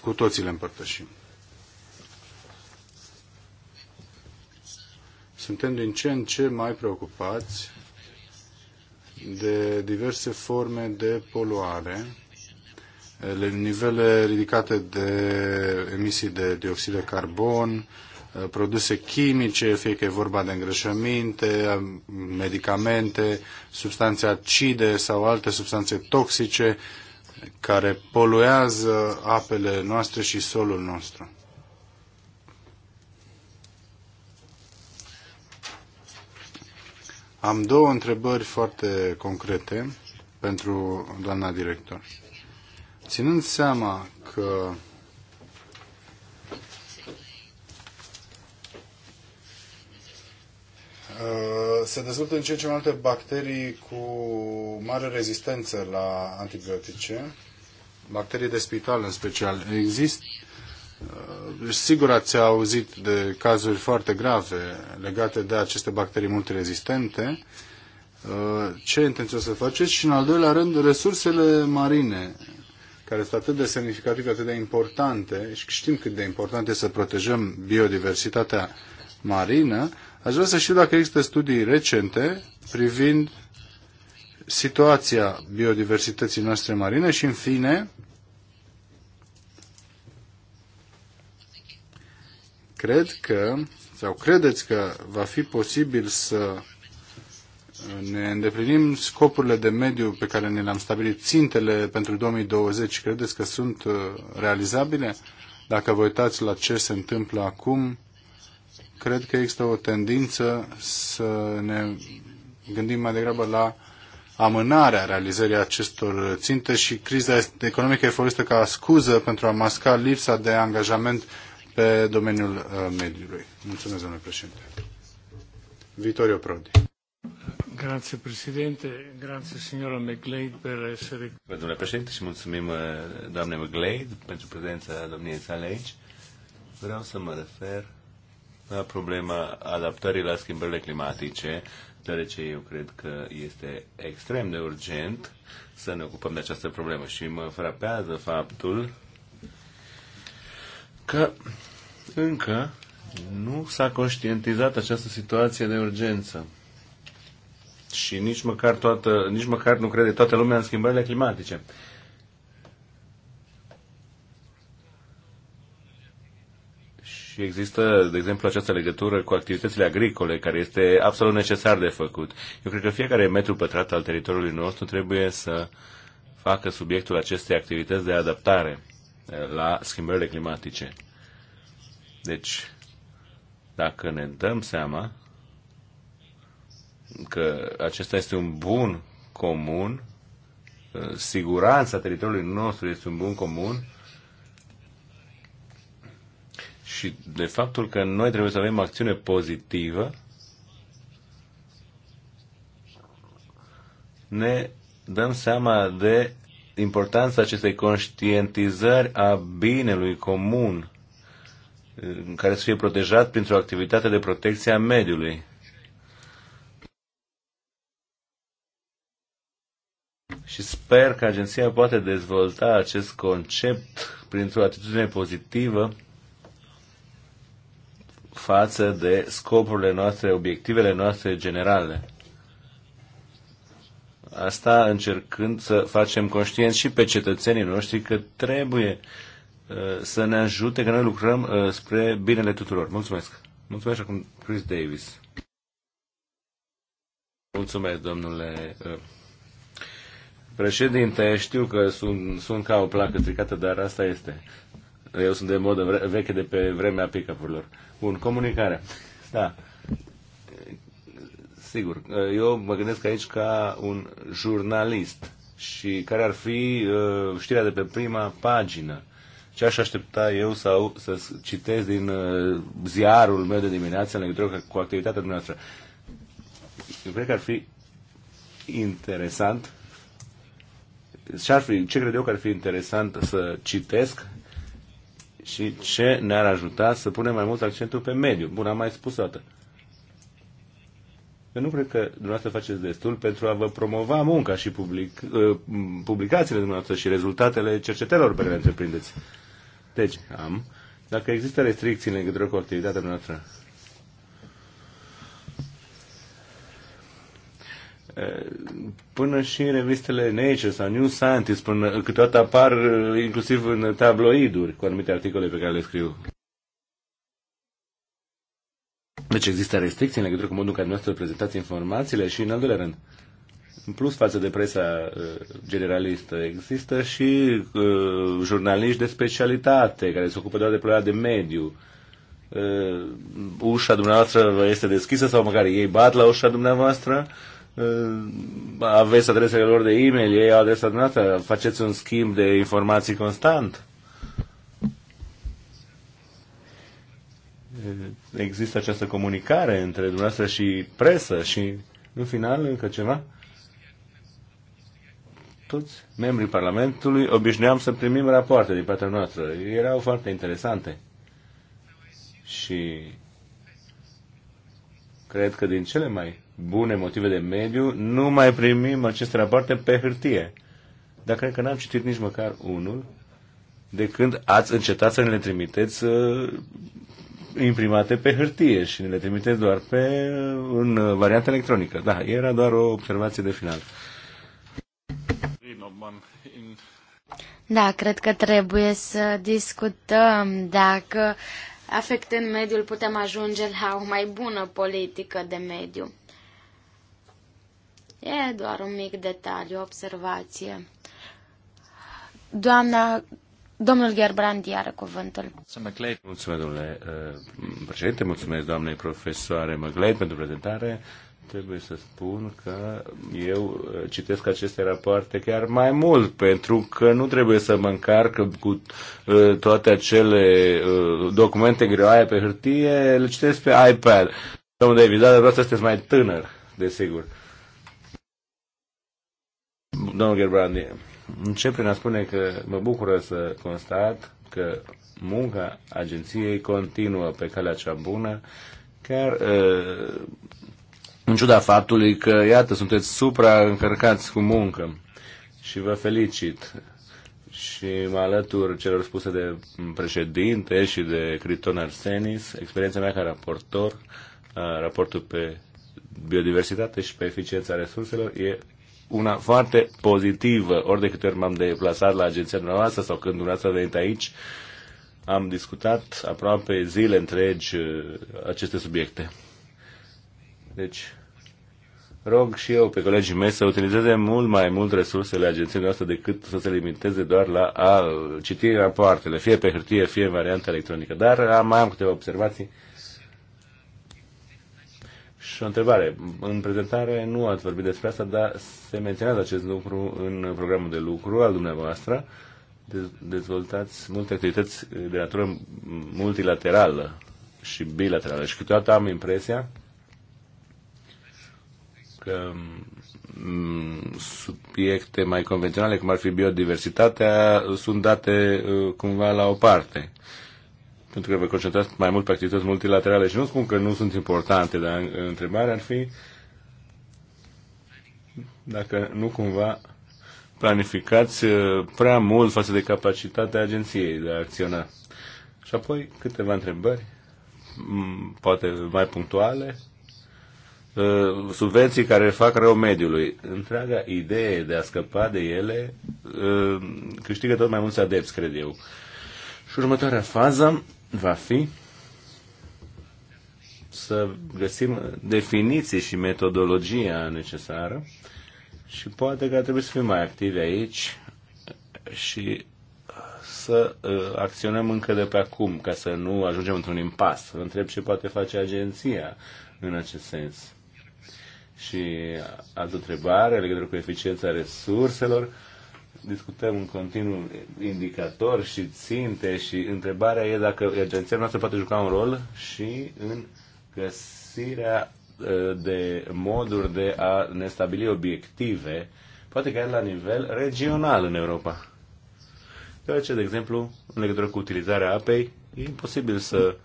C: Cu toții le împărtășim. Suntem din ce în ce mai preocupați de diverse forme de poluare nivele ridicate de emisii de dioxid de carbon, uh, produse chimice, fie că e vorba de îngrășăminte, medicamente, substanțe acide sau alte substanțe toxice care poluează apele noastre și solul nostru. Am două întrebări foarte concrete pentru doamna director. Ținând seama că uh, se dezvoltă în ce ce mai multe bacterii cu mare rezistență la antibiotice, bacterii de spital în special. Există, uh, sigur ați auzit de cazuri foarte grave legate de aceste bacterii multirezistente. Uh, ce intenționați să faceți? Și în al doilea rând, resursele marine care sunt atât de semnificative, atât de importante și știm cât de important este să protejăm biodiversitatea marină, aș vrea să știu dacă există studii recente privind situația biodiversității noastre marine și, în fine, cred că, sau credeți că va fi posibil să ne îndeplinim scopurile de mediu pe care ne le-am stabilit, țintele pentru 2020, credeți că sunt uh, realizabile? Dacă vă uitați la ce se întâmplă acum, cred că există o tendință să ne gândim mai degrabă la amânarea realizării acestor ținte și criza economică e folosită ca scuză pentru a masca lipsa de angajament pe domeniul uh, mediului. Mulțumesc, domnule președinte. Vitorio Prodi.
A: Grazie Presidente, grazie signora McGlade per essere... Domnule președinte și mulțumim eh, doamnei McGlade pentru prezența domniei sale aici. Vreau să mă refer la problema adaptării la schimbările climatice, deoarece eu cred că este extrem de urgent să ne ocupăm de această problemă și mă frapează faptul că încă nu s-a conștientizat această situație de urgență și nici măcar, toată, nici măcar nu crede toată lumea în schimbările climatice. Și există, de exemplu, această legătură cu activitățile agricole, care este absolut necesar de făcut. Eu cred că fiecare metru pătrat al teritoriului nostru trebuie să facă subiectul acestei activități de adaptare eh, la schimbările climatice. Deci, dacă ne dăm seama că acesta este un bun comun, uh, siguranța teritoriului nostru este un bun comun și de faptul că noi trebuie să avem acțiune pozitivă ne dăm seama de importanța acestei conștientizări a binelui comun uh, care să fie protejat printr-o activitate de protecție a mediului. și sper că agenția poate dezvolta acest concept printr-o atitudine pozitivă față de scopurile noastre, obiectivele noastre generale. Asta încercând să facem conștienți și pe cetățenii noștri că trebuie uh, să ne ajute, că noi lucrăm uh, spre binele tuturor. Mulțumesc! Mulțumesc acum Chris Davis. Mulțumesc, domnule uh, Președinte, știu că sunt, sunt ca o placă stricată, dar asta este. Eu sunt de modă veche de pe vremea pick urilor Bun, comunicarea. Da. Sigur, eu mă gândesc aici ca un jurnalist și care ar fi uh, știrea de pe prima pagină. Ce aș aștepta eu sau să citesc din uh, ziarul meu de dimineață în legătură cu activitatea dumneavoastră? Eu cred că ar fi interesant ce, ar fi, ce cred eu că ar fi interesant să citesc și ce ne-ar ajuta să punem mai mult accentul pe mediu. Bun, am mai spus o dată. Eu nu cred că dumneavoastră faceți destul pentru a vă promova munca și public, ă, publicațiile dumneavoastră și rezultatele cercetărilor pe care le întreprindeți. Deci, am. Dacă există restricții în legătură cu activitatea dumneavoastră, până și în revistele Nature sau New Scientist, până câteodată apar inclusiv în tabloiduri cu anumite articole pe care le scriu. Deci există restricții în legătură cu modul în care dumneavoastră prezentați informațiile și, în al doilea rând, în plus față de presa generalistă, există și uh, jurnaliști de specialitate care se ocupă doar de problema de mediu. Uh, ușa dumneavoastră este deschisă sau măcar ei bat la ușa dumneavoastră? Uh, Uh, aveți adresele lor de e-mail, ei au adresa dumneavoastră, faceți un schimb de informații constant. Uh, există această comunicare între dumneavoastră și presă și, în final, încă ceva? Toți membrii Parlamentului obișnuiam să primim rapoarte din partea noastră. Erau foarte interesante. Și cred că din cele mai bune motive de mediu, nu mai primim aceste rapoarte pe hârtie. Dar cred că n-am citit nici măcar unul de când ați încetat să ne le trimiteți uh, imprimate pe hârtie și ne le trimiteți doar pe, uh, în uh, variantă electronică. Da, era doar o observație de final.
B: Da, cred că trebuie să discutăm dacă afectând mediul putem ajunge la o mai bună politică de mediu. E doar un mic detaliu, observație. Doamna Domnul Gerbrandi are cuvântul.
A: Mulțumesc, domnule uh, președinte, mulțumesc doamnei profesoare Măglei pentru prezentare. Trebuie să spun că eu uh, citesc aceste rapoarte chiar mai mult, pentru că nu trebuie să mă încarc cu uh, toate acele documente greoaie pe hârtie, le citesc pe iPad. Domnul David, da, dar vreau să sunteți mai tânăr, desigur. Domnul Gerbrandi, încep prin a spune că mă bucură să constat că munca agenției continuă pe calea cea bună, chiar în ciuda faptului că, iată, sunteți supraîncărcați cu muncă și vă felicit și mă alătur celor spuse de președinte și de Criton Arsenis, experiența mea ca raportor, raportul pe biodiversitate și pe eficiența resurselor e una foarte pozitivă. Ori de câte ori m-am deplasat la agenția dumneavoastră sau când dumneavoastră a venit aici, am discutat aproape zile întregi uh, aceste subiecte. Deci, rog și eu pe colegii mei să utilizeze mult mai mult resursele agenției noastre decât să se limiteze doar la a uh, citi rapoartele, fie pe hârtie, fie în varianta electronică. Dar am, uh, mai am câteva observații și o întrebare. În prezentare nu ați vorbit despre asta, dar se menționează acest lucru în programul de lucru al dumneavoastră. Dezvoltați multe activități de natură multilaterală și bilaterală. Și câteodată am impresia că mm, subiecte mai convenționale, cum ar fi biodiversitatea, sunt date uh, cumva la o parte pentru că vă concentrați mai mult pe activități multilaterale și nu spun că nu sunt importante, dar întrebarea ar fi dacă nu cumva planificați uh, prea mult față de capacitatea agenției de a acționa. Și apoi câteva întrebări, poate mai punctuale, uh, subvenții care fac rău mediului. Întreaga idee de a scăpa de ele uh, câștigă tot mai mulți adepți, cred eu. Și următoarea fază va fi să găsim definiții și metodologia necesară și poate că trebuie să fim mai activi aici și uh, să uh, acționăm încă de pe acum, ca să nu ajungem într-un impas. întreb ce poate face agenția în acest sens. Și uh, altă întrebare legătură cu eficiența resurselor. Uh, discutăm în continuu indicatori și ținte și întrebarea e dacă agenția noastră poate juca un rol și în găsirea ă, de moduri de a ne stabili obiective, poate chiar la nivel regional în Europa. Deoarece, de exemplu, în legătură cu utilizarea apei, e imposibil să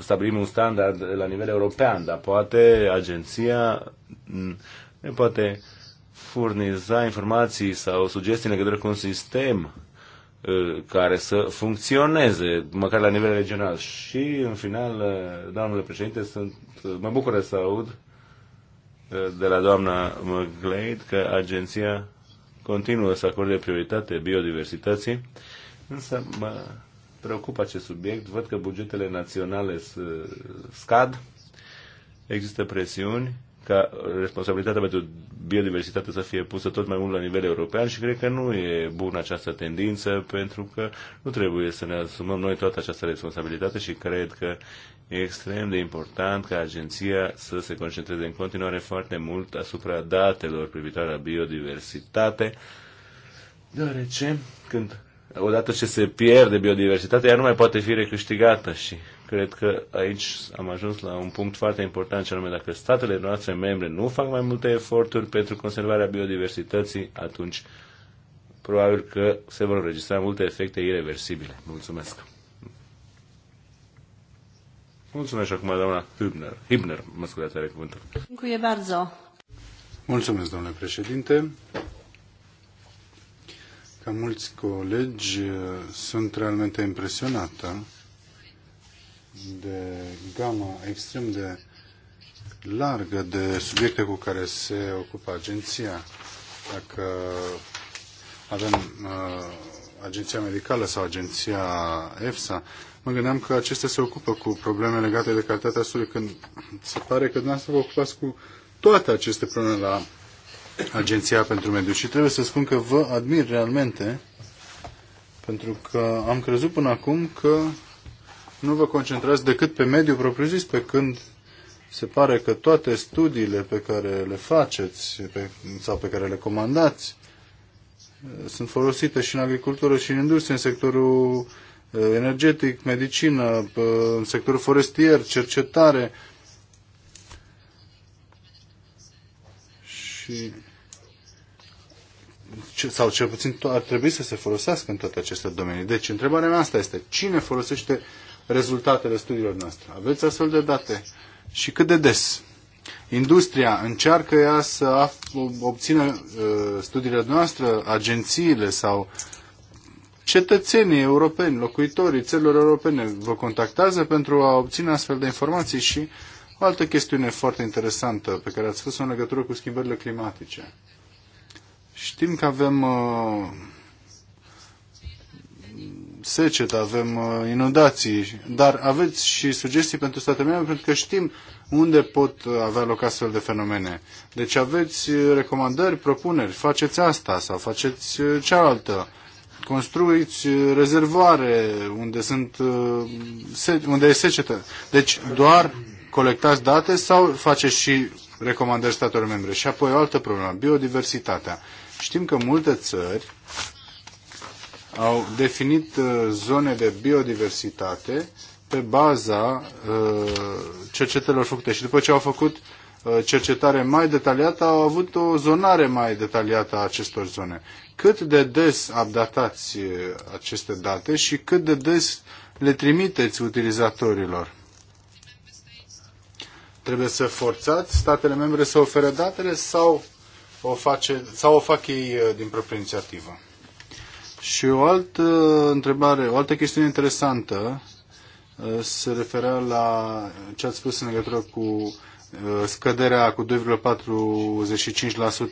A: stabilim un standard la nivel european, dar poate agenția ne poate uh, furniza informații sau sugestii în legătură cu un sistem uh, care să funcționeze, măcar la nivel regional. Și, în final, uh, doamnele președinte, sunt, uh, mă bucură să aud de la doamna McGlade că agenția continuă să acorde prioritate biodiversității, însă mă preocupă acest subiect. Văd că bugetele naționale scad, există presiuni ca responsabilitatea pentru biodiversitate să fie pusă tot mai mult la nivel european și cred că nu e bună această tendință pentru că nu trebuie să ne asumăm noi toată această responsabilitate și cred că e extrem de important ca agenția să se concentreze în continuare foarte mult asupra datelor privitoare la biodiversitate, deoarece când odată ce se pierde biodiversitatea, ea nu mai poate fi recâștigată și cred că aici am ajuns la un punct foarte important, ce anume dacă statele noastre membre nu fac mai multe eforturi pentru conservarea biodiversității, atunci probabil că se vor registra multe efecte irreversibile. Mulțumesc! Mulțumesc acum, doamna Hübner. Hübner, mă scuzați, are cuvântul. bardzo. Mulțumesc, domnule președinte.
C: Ca mulți colegi, sunt realmente impresionată de gama extrem de largă de subiecte cu care se ocupă agenția. Dacă avem uh, agenția medicală sau agenția EFSA, mă gândeam că acestea se ocupă cu probleme legate de calitatea solului, când se pare că dumneavoastră vă ocupați cu toate aceste probleme la Agenția pentru Mediu. Și trebuie să spun că vă admir realmente, pentru că am crezut până acum că nu vă concentrați decât pe mediul propriu-zis, pe când se pare că toate studiile pe care le faceți pe, sau pe care le comandați uh, sunt folosite și în agricultură și în industrie, în sectorul uh, energetic, medicină, în sectorul forestier, cercetare. Și sau cel puțin ar trebui să se folosească în toate aceste domenii. Deci, întrebarea mea asta este, cine folosește uh, rezultatele studiilor noastre. Aveți astfel de date? Și cât de des? Industria încearcă ea să obțină uh, studiile noastre, agențiile sau cetățenii europeni, locuitorii țărilor europene vă contactează pentru a obține astfel de informații și o altă chestiune foarte interesantă pe care ați spus-o în legătură cu schimbările climatice. Știm că avem uh, secetă, avem uh, inundații, dar aveți și sugestii pentru statele membre, pentru că știm unde pot uh, avea loc astfel de fenomene. Deci aveți uh, recomandări, propuneri, faceți asta sau faceți cealaltă, construiți rezervoare unde, sunt, unde e secetă. Deci doar colectați date sau faceți și recomandări statelor membre. Și apoi o altă problemă, biodiversitatea. Știm că multe țări au definit uh, zone de biodiversitate pe baza uh, cercetărilor făcute și după ce au făcut uh, cercetare mai detaliată, au avut o zonare mai detaliată a acestor zone. Cât de des updatați aceste date și cât de des le trimiteți utilizatorilor? Trebuie să forțați statele membre să ofere datele sau o, face, sau o fac ei din proprie inițiativă? Și o altă întrebare, o altă chestiune interesantă uh, se referea la ce ați spus în legătură cu uh, scăderea cu 2,45%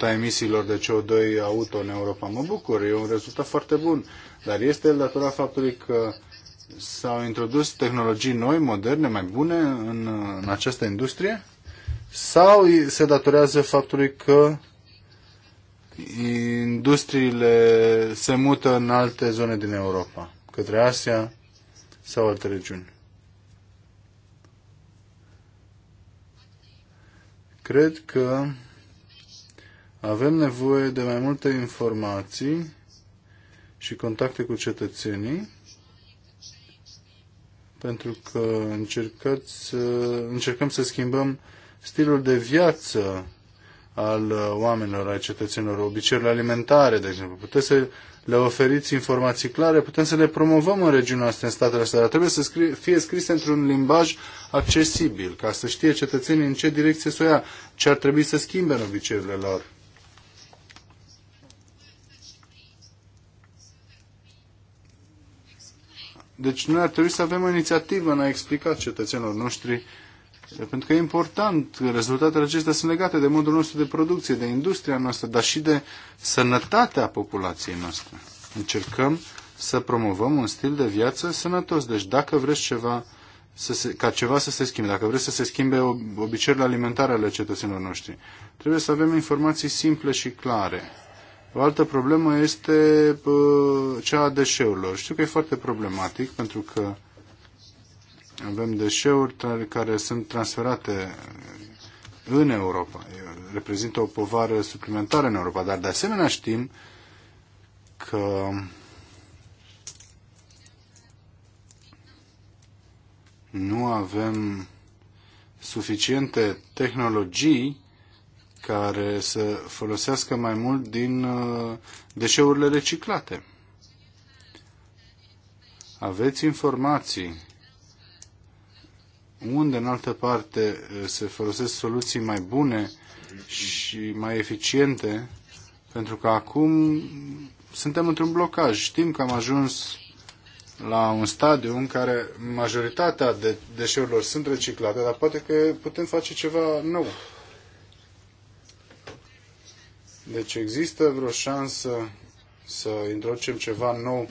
C: a emisiilor de CO2 auto în Europa. Mă bucur, e un rezultat foarte bun, dar este el datora faptului că s-au introdus tehnologii noi, moderne, mai bune în, în această industrie? Sau se datorează faptului că industriile se mută în alte zone din Europa, către Asia sau alte regiuni. Cred că avem nevoie de mai multe informații și contacte cu cetățenii pentru că încercăm să schimbăm stilul de viață al uh, oamenilor, ai cetățenilor, obiceiurile alimentare, de exemplu. Puteți să le oferiți informații clare, putem să le promovăm în regiunea asta, în statele astea, dar trebuie să scrie, fie scris într-un limbaj accesibil, ca să știe cetățenii în ce direcție să o ia, ce ar trebui să schimbe în obiceiurile lor. Deci noi ar trebui să avem o inițiativă în a explica cetățenilor noștri pentru că e important, rezultatele acestea sunt legate de modul nostru de producție, de industria noastră, dar și de sănătatea populației noastre. Încercăm să promovăm un stil de viață sănătos. Deci dacă vreți ceva să se, ca ceva să se schimbe, dacă vreți să se schimbe obiceiurile alimentare ale cetățenilor noștri, trebuie să avem informații simple și clare. O altă problemă este uh, cea a deșeurilor. Știu că e foarte problematic pentru că avem deșeuri care sunt transferate în Europa. Reprezintă o povară suplimentară în Europa, dar de asemenea știm că nu avem suficiente tehnologii care să folosească mai mult din uh, deșeurile reciclate. Aveți informații unde în altă parte eh, se folosesc soluții mai bune și mai eficiente, pentru că acum suntem într-un blocaj. Știm că am ajuns la un stadiu în care majoritatea de deșeurilor sunt reciclate, dar poate că putem face ceva nou. Deci există vreo șansă să introducem ceva nou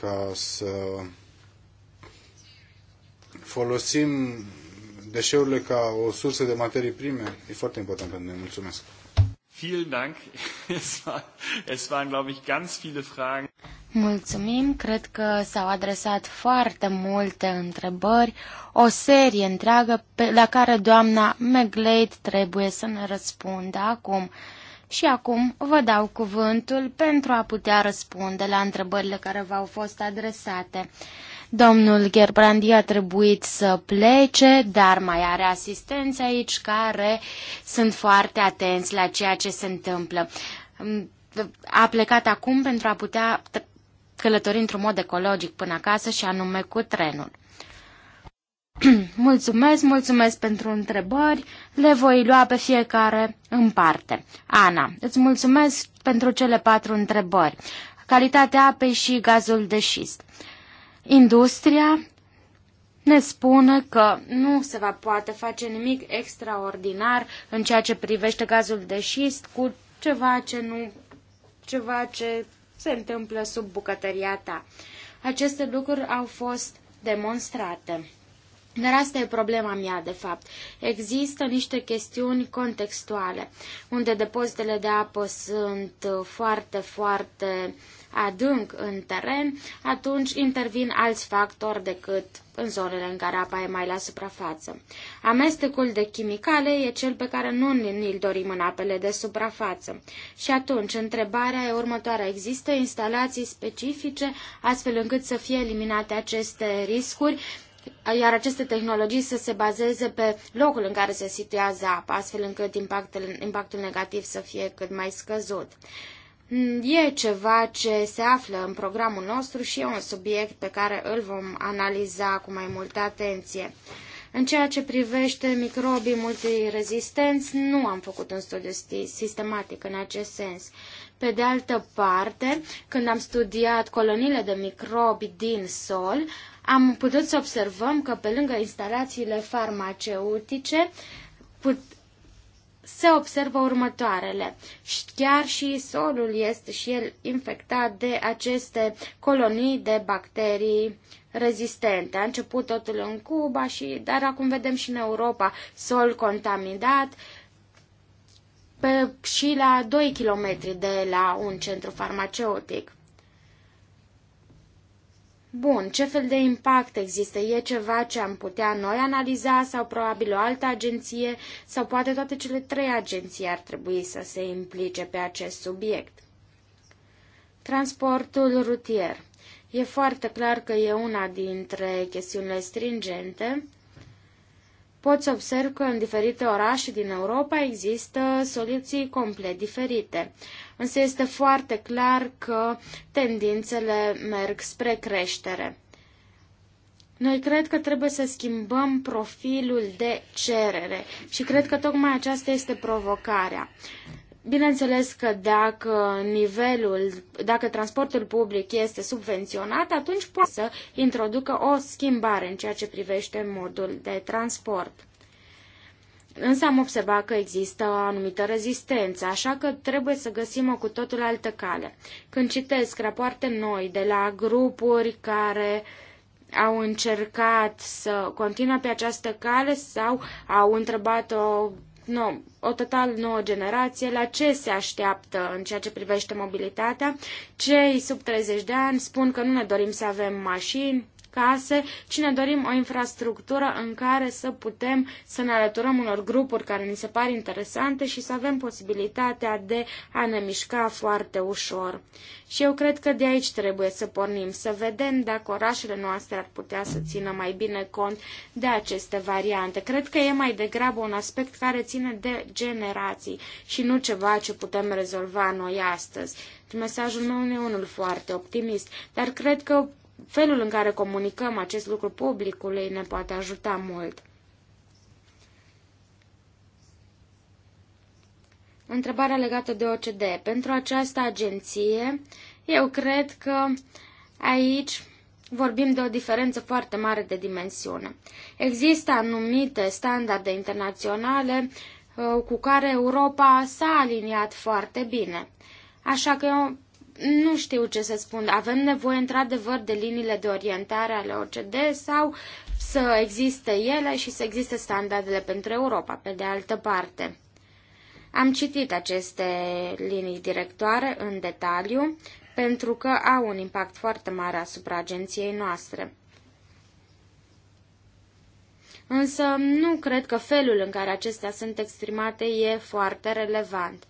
C: ca să folosim deșeurile ca o sursă de materii prime, e foarte important pentru noi. Mulțumesc!
B: Vielen Dank. <laughs> Es, war, es waren, glaube ich, ganz viele Fragen. Mulțumim, cred că s-au adresat foarte multe întrebări, o serie întreagă pe, la care doamna McGlade trebuie să ne răspundă acum. Și acum vă dau cuvântul pentru a putea răspunde la întrebările care v-au fost adresate. Domnul Gerbrandi a trebuit să plece, dar mai are asistenți aici care sunt foarte atenți la ceea ce se întâmplă. Mm, a plecat acum pentru a putea călători într-un mod ecologic până acasă și anume cu trenul. <clears throat> Mulțumesc, mulțumesc pentru întrebări. Le voi lua pe fiecare în parte. Ana, îți mulțumesc pentru cele patru întrebări. Calitatea apei și gazul de șist. Industria ne spune că nu se va poate face nimic extraordinar în ceea ce privește gazul de șist cu ceva ce nu ceva ce se întâmplă sub bucătăria ta. Aceste lucruri au fost demonstrate. Dar asta e problema mea, de fapt. Există niște chestiuni contextuale, unde depozitele de apă sunt foarte, foarte uh, adânc în teren, atunci intervin alți factori decât în zonele în care apa e mai la suprafață. Amestecul de chimicale e cel pe care nu ni-l dorim în apele de suprafață. Și atunci, întrebarea e următoarea. Există instalații specifice astfel încât să fie eliminate aceste riscuri iar aceste tehnologii să se bazeze pe locul în care se situează apa, astfel încât impactul, impactul negativ să fie cât mai scăzut. Mm, e ceva ce se află în programul nostru și e un subiect pe care îl vom analiza cu mai multă atenție. În ceea ce privește microbii multirezistenți, nu am făcut un studiu sistematic în acest sens. Pe de altă parte, când am studiat coloniile de microbi din sol, am putut să observăm că pe lângă instalațiile farmaceutice, put- se observă următoarele. Chiar și solul este și el infectat de aceste colonii de bacterii rezistente. A început totul în Cuba, și, dar acum vedem și în Europa sol contaminat pe, și la 2 km de la un centru farmaceutic. Bun, ce fel de impact există? E ceva ce am putea noi analiza sau probabil o altă agenție sau poate toate cele trei agenții ar trebui să se implice pe acest subiect? Transportul rutier. E foarte clar că e una dintre chestiunile stringente pot să observ că în diferite orașe din Europa există soluții complet diferite. Însă este foarte clar că tendințele merg spre creștere. Noi cred că trebuie să schimbăm profilul de cerere și cred că tocmai aceasta este provocarea. Bineînțeles că dacă nivelul, dacă transportul public este subvenționat, atunci poate să introducă o schimbare în ceea ce privește modul de transport. Însă am observat că există o anumită rezistență, așa că trebuie să găsim o cu totul altă cale. Când citesc rapoarte noi de la grupuri care au încercat să continuă pe această cale sau au întrebat o nou, o total nouă generație, la ce se așteaptă în ceea ce privește mobilitatea. Cei sub 30 de ani spun că nu ne dorim să avem mașini, case, ci ne dorim o infrastructură în care să putem să ne alăturăm unor grupuri care ni se par interesante și să avem posibilitatea de a ne mișca foarte ușor. Și eu cred că de aici trebuie să pornim, să vedem dacă orașele noastre ar putea să țină mai bine cont de aceste variante. Cred că e mai degrabă un aspect care ține de generații și nu ceva ce putem rezolva noi astăzi. Mesajul meu nu e unul foarte optimist, dar cred că Felul în care comunicăm acest lucru publicului ne poate ajuta mult. Întrebarea legată de OCD. Pentru această agenție, eu cred că aici vorbim de o diferență foarte mare de dimensiune. Există anumite standarde internaționale uh, cu care Europa s-a aliniat foarte bine. Așa că eu nu știu ce să spun. Avem nevoie într-adevăr de liniile de orientare ale OCD sau să existe ele și să existe standardele pentru Europa, pe de altă parte. Am citit aceste linii directoare în detaliu pentru că au un impact foarte mare asupra agenției noastre. Însă nu cred că felul în care acestea sunt exprimate e foarte relevant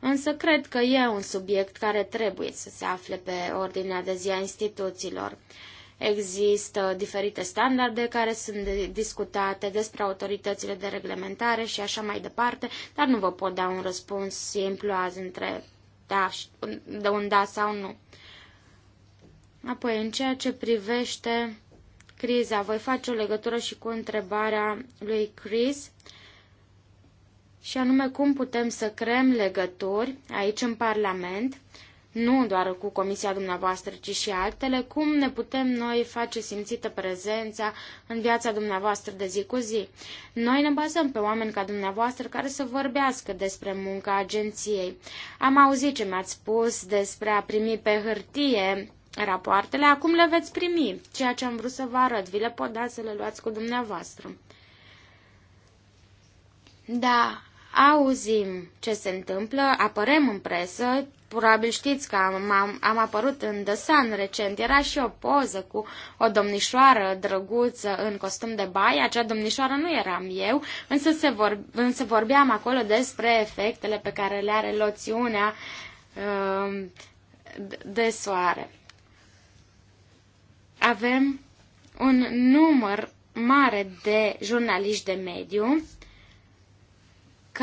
B: însă cred că e un subiect care trebuie să se afle pe ordinea de zi a instituțiilor. Există diferite standarde care sunt discutate despre autoritățile de reglementare și așa mai departe, dar nu vă pot da un răspuns simplu azi între da și, de un da sau nu. Apoi, în ceea ce privește criza, voi face o legătură și cu întrebarea lui Chris. Uh, și anume cum putem să creăm legături aici în Parlament, nu doar cu comisia dumneavoastră, ci și altele, cum ne putem noi face simțită prezența în viața dumneavoastră de zi cu zi. Noi ne bazăm pe oameni ca dumneavoastră care să vorbească despre munca agenției. Am auzit ce mi-ați spus despre a primi pe hârtie rapoartele, acum le veți primi, ceea ce am vrut să vă arăt. Vi le pot da să le luați cu dumneavoastră. Da, auzim ce se întâmplă, apărem în presă, probabil știți că am, am, am apărut în The Sun recent, era și o poză cu o domnișoară drăguță în costum de baie, acea domnișoară nu eram eu, însă, se vor, însă vorbeam acolo despre efectele pe care le are loțiunea uh, de soare. Avem un număr mare de jurnaliști de mediu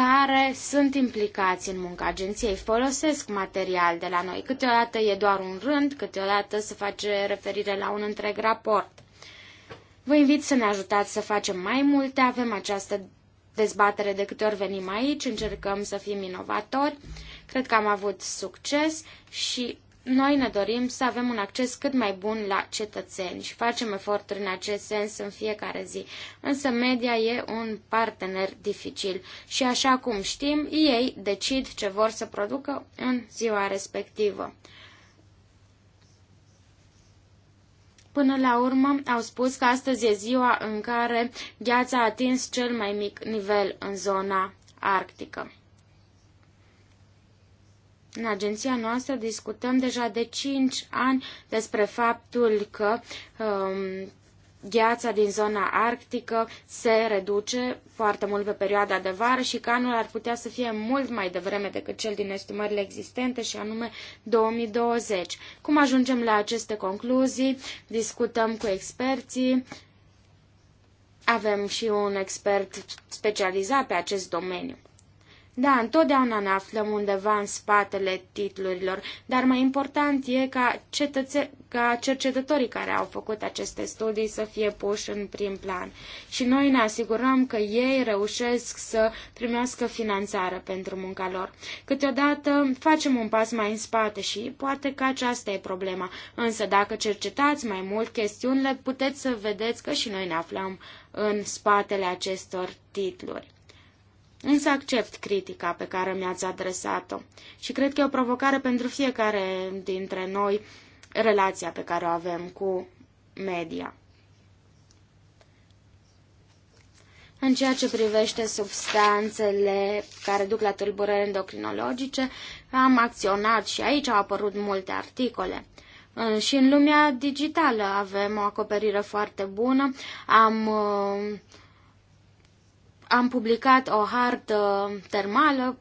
B: care sunt implicați în munca agenției, folosesc material de la noi. Câteodată e doar un rând, câteodată se face referire la un întreg raport. Vă invit să ne ajutați să facem mai multe, avem această dezbatere de câte ori venim aici, încercăm să fim inovatori, cred că am avut succes și noi ne dorim să avem un acces cât mai bun la cetățeni și facem eforturi în acest sens în fiecare zi. Însă media e un partener dificil și așa cum știm, ei decid ce vor să producă în ziua respectivă. Până la urmă, au spus că astăzi e ziua în care gheața a atins cel mai mic nivel în zona arctică. În agenția noastră discutăm deja de 5 ani despre faptul că um, gheața din zona arctică se reduce foarte mult pe perioada de vară și că anul ar putea să fie mult mai devreme decât cel din estimările existente și anume 2020. Cum ajungem la aceste concluzii? Discutăm cu experții. Avem și un expert specializat pe acest domeniu. Da, întotdeauna ne aflăm undeva în spatele titlurilor, dar mai important e ca, cetățe- ca cercetătorii care au făcut aceste studii să fie puși în prim plan. Și noi ne asigurăm că ei reușesc să primească finanțare pentru munca lor. Câteodată facem un pas mai în spate și poate că aceasta e problema. Însă dacă cercetați mai mult chestiunile, puteți să vedeți că și noi ne aflăm în spatele acestor titluri. Însă accept critica pe care mi-ați adresat-o și cred că e o provocare pentru fiecare dintre noi relația pe care o avem cu media. În ceea ce privește substanțele care duc la tulburări endocrinologice, am acționat și aici au apărut multe articole. Și în lumea digitală avem o acoperire foarte bună, am uh, am publicat o hartă termală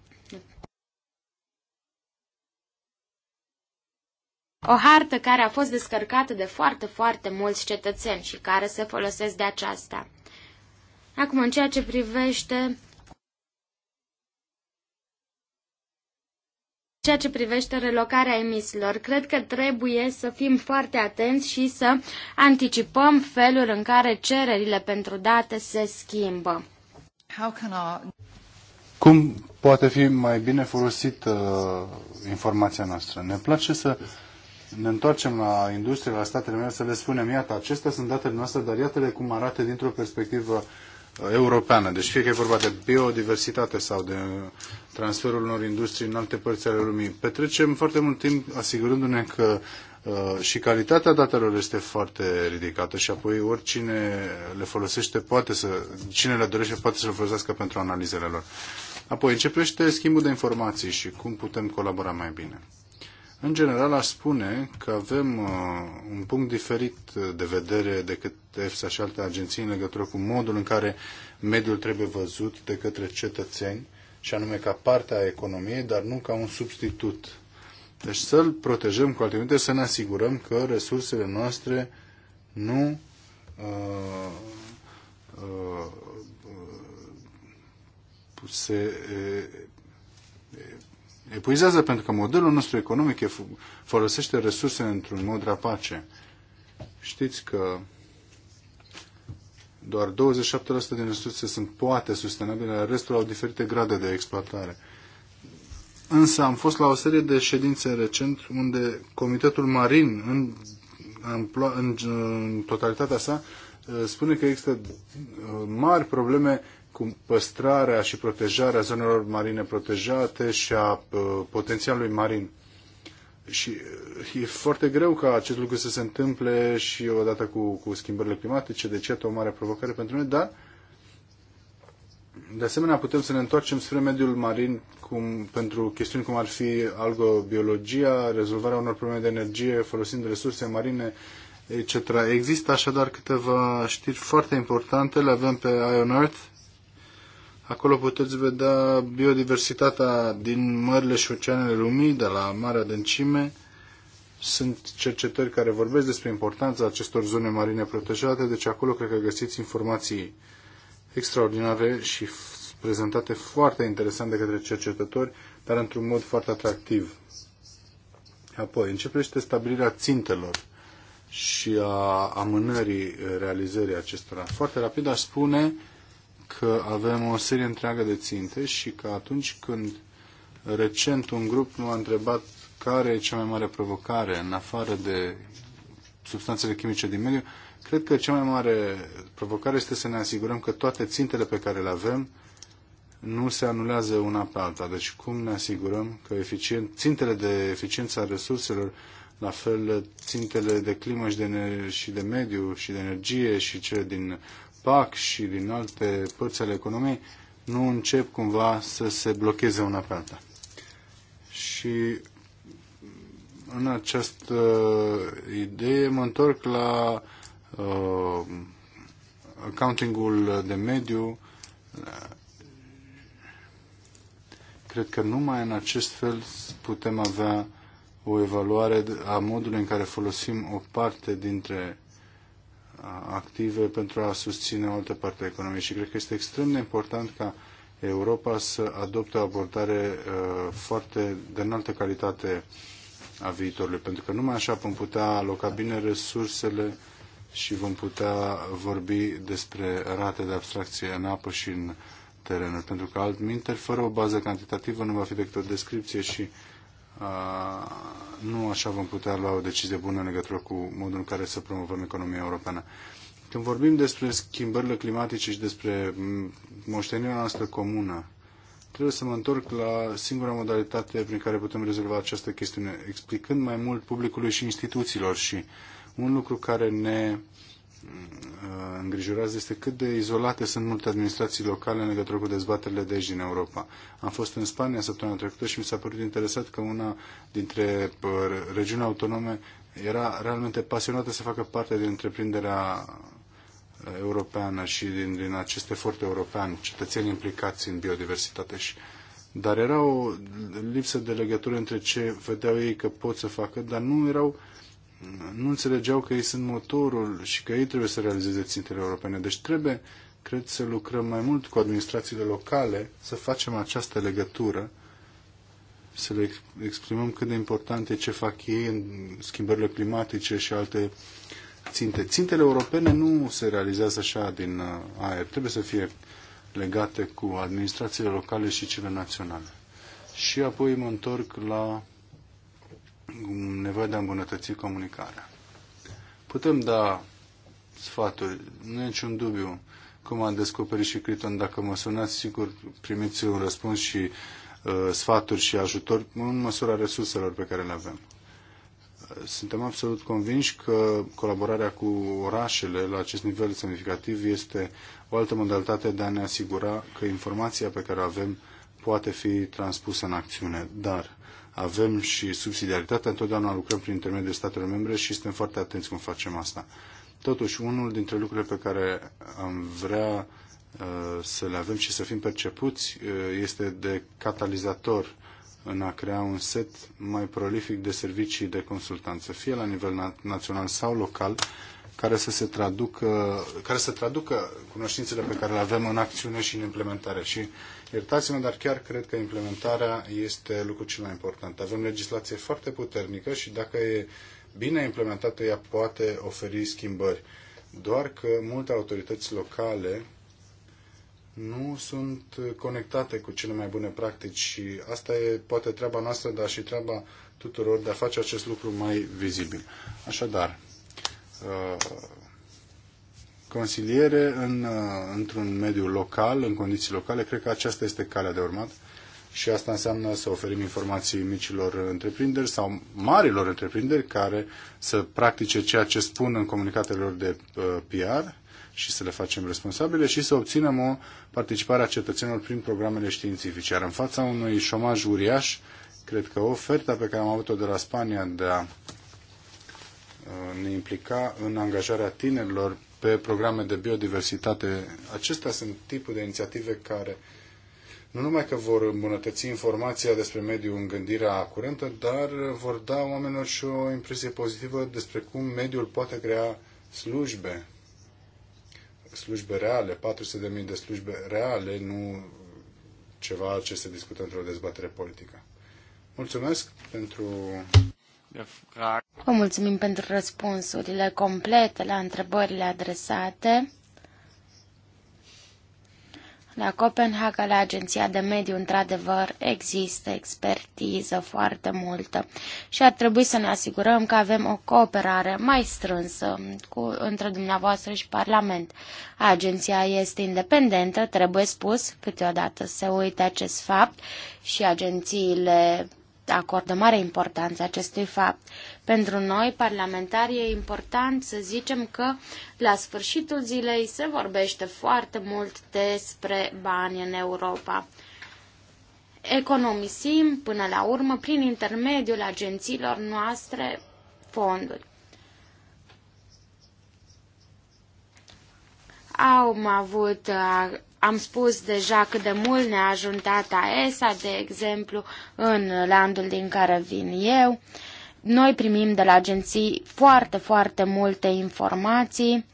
B: O hartă care a fost descărcată de foarte, foarte mulți cetățeni și care se folosesc de aceasta. Acum, în ceea ce privește ceea ce privește relocarea emisiilor. Cred că trebuie să fim foarte atenți și să anticipăm felul în care cererile pentru date se schimbă.
C: Cum poate fi mai bine folosită uh, informația noastră? Ne place să ne întoarcem la industrie, la statele mele, să le spunem, iată, acestea sunt datele noastre, dar iată-le cum arată dintr-o perspectivă uh, europeană. Deci fie că e vorba de biodiversitate sau de transferul unor industrii în alte părți ale lumii. Petrecem foarte mult timp asigurându-ne că Uh, și calitatea datelor este foarte ridicată și apoi oricine le folosește poate să, cine le dorește poate să le folosească pentru analizele lor. Apoi începește schimbul de informații și cum putem colabora mai bine. În general, aș spune că avem uh, un punct diferit de vedere decât EFSA și alte agenții în legătură cu modul în care mediul trebuie văzut de către cetățeni, și anume ca parte a economiei, dar nu ca un substitut deci să-l protejăm cu alte cuvinte, să ne asigurăm că resursele noastre nu uh, uh, se epuizează pentru că modelul nostru economic e, folosește resursele într-un mod rapace. Știți că doar 27% din resurse sunt poate sustenabile, restul au diferite grade de exploatare. Însă am fost la o serie de ședințe recent unde Comitetul Marin în, în, în, în totalitatea sa uh, spune că există uh, mari probleme cu păstrarea și protejarea zonelor marine protejate și a uh, potențialului marin. Și e foarte greu ca acest lucru să se întâmple și odată cu, cu schimbările climatice, deci iată o mare provocare pentru noi, dar uh, de asemenea, putem să ne întoarcem spre mediul marin cum, pentru chestiuni cum ar fi algobiologia, rezolvarea unor probleme de energie folosind resurse marine, etc. Există așadar câteva știri foarte importante, le avem pe Ion Earth. Acolo puteți vedea biodiversitatea din mările și oceanele lumii, de la Marea Dâncime. Sunt cercetări care vorbesc despre importanța acestor zone marine protejate, deci acolo cred că găsiți informații extraordinare și prezentate foarte interesant de către cercetători, dar într-un mod foarte atractiv. Apoi, începește stabilirea țintelor și a amânării realizării acestora. Foarte rapid aș spune că avem o serie întreagă de ținte și că atunci când recent un grup m-a întrebat care e cea mai mare provocare în afară de substanțele chimice din mediu, cred că cea mai mare provocare este să ne asigurăm că toate țintele pe care le avem nu se anulează una pe alta. Deci cum ne asigurăm că eficien... țintele de eficiență a resurselor, la fel țintele de climă și de, ener- și de mediu și de energie și cele din PAC și din alte părți ale economiei, nu încep cumva să se blocheze una pe alta. Și în această uh, idee mă întorc la uh, accountingul de mediu. Cred că numai în acest fel putem avea o evaluare a modului în care folosim o parte dintre uh, active pentru a susține o altă parte a economiei. Și cred că este extrem de important ca Europa să adopte o abordare uh, foarte de înaltă calitate uh, a viitorului, pentru că numai așa vom putea aloca bine resursele și vom putea vorbi despre rate de abstracție în apă și în terenul, pentru că altminteri, fără o bază cantitativă, nu va fi decât o descripție și a, nu așa vom putea lua o decizie bună în legătură cu modul în care să promovăm economia europeană. Când vorbim despre schimbările climatice și despre moștenirea noastră comună, trebuie să mă întorc la singura modalitate prin care putem rezolva această chestiune, explicând mai mult publicului și instituțiilor și un lucru care ne uh, îngrijorează este cât de izolate sunt multe administrații locale în legătură cu dezbaterile de aici din Europa. Am fost în Spania săptămâna trecută și mi s-a părut interesat că una dintre uh, regiuni autonome era realmente pasionată să facă parte din întreprinderea europeană și din, din acest efort european, cetățeni implicați în biodiversitate și dar era o lipsă de legătură între ce vedeau ei că pot să facă, dar nu erau nu înțelegeau că ei sunt motorul și că ei trebuie să realizeze țintele europene. Deci trebuie, cred, să lucrăm mai mult cu administrațiile locale, să facem această legătură, să le exprimăm cât de important e ce fac ei în schimbările climatice și alte uh, ținte. Țintele europene nu se realizează așa din uh, aer. Trebuie să fie legate cu administrațiile locale și cele naționale. Și apoi mă întorc la nevoia de a îmbunătăți comunicarea. Putem da sfaturi, nu e niciun dubiu cum a descoperit și Criton. Dacă mă sunați, sigur primiți un răspuns și uh, sfaturi și ajutor în măsura resurselor pe care le avem. Suntem absolut convinși că colaborarea cu orașele la acest nivel semnificativ este o altă modalitate de a ne asigura că informația pe care o avem poate fi transpusă în acțiune. Dar avem și subsidiaritatea, întotdeauna lucrăm prin intermediul statelor membre și suntem foarte atenți cum facem asta. Totuși, unul dintre lucrurile pe care am vrea uh, să le avem și să fim percepuți uh, este de catalizator în a crea un set mai prolific de servicii de consultanță, fie la nivel național sau local, care să se traducă, care să traducă cunoștințele pe care le avem în acțiune și în implementare. Și iertați-mă, dar chiar cred că implementarea este lucrul cel mai important. Avem legislație foarte puternică și dacă e bine implementată, ea poate oferi schimbări. Doar că multe autorități locale nu sunt conectate cu cele mai bune practici și asta e poate treaba noastră, dar și treaba tuturor de a face acest lucru mai vizibil. Așadar, uh, consiliere în, uh, într-un mediu local, în condiții locale, cred că aceasta este calea de urmat și asta înseamnă să oferim informații micilor întreprinderi sau marilor întreprinderi care să practice ceea ce spun în comunicatelor de uh, PR și să le facem responsabile și să obținem o participare a cetățenilor prin programele științifice. Iar în fața unui șomaj uriaș, cred că oferta pe care am avut-o de la Spania de a uh, ne implica în angajarea tinerilor pe programe de biodiversitate, acestea sunt tipul de inițiative care nu numai că vor îmbunătăți informația despre mediul în gândirea curentă, dar vor da oamenilor și o impresie pozitivă despre cum mediul poate crea slujbe slujbe reale, 400.000 de slujbe reale, nu ceva ce se discută într-o dezbatere politică. Mulțumesc pentru...
B: Vă mulțumim pentru răspunsurile complete la întrebările adresate. La Copenhaga, la Agenția de Mediu, într-adevăr, există expertiză foarte multă și ar trebui să ne asigurăm că avem o cooperare mai strânsă cu, între dumneavoastră și Parlament. Agenția este independentă, trebuie spus, câteodată se uită acest fapt și agențiile acordă mare importanță acestui fapt. Pentru noi, parlamentari, e important să zicem că la sfârșitul zilei se vorbește foarte mult despre bani în Europa. Economisim, până la urmă, prin intermediul agențiilor noastre, fonduri. Am avut, am spus deja cât de mult ne-a ajutat AESA, de exemplu, în landul din care vin eu. Noi primim de la agenții foarte, foarte multe informații,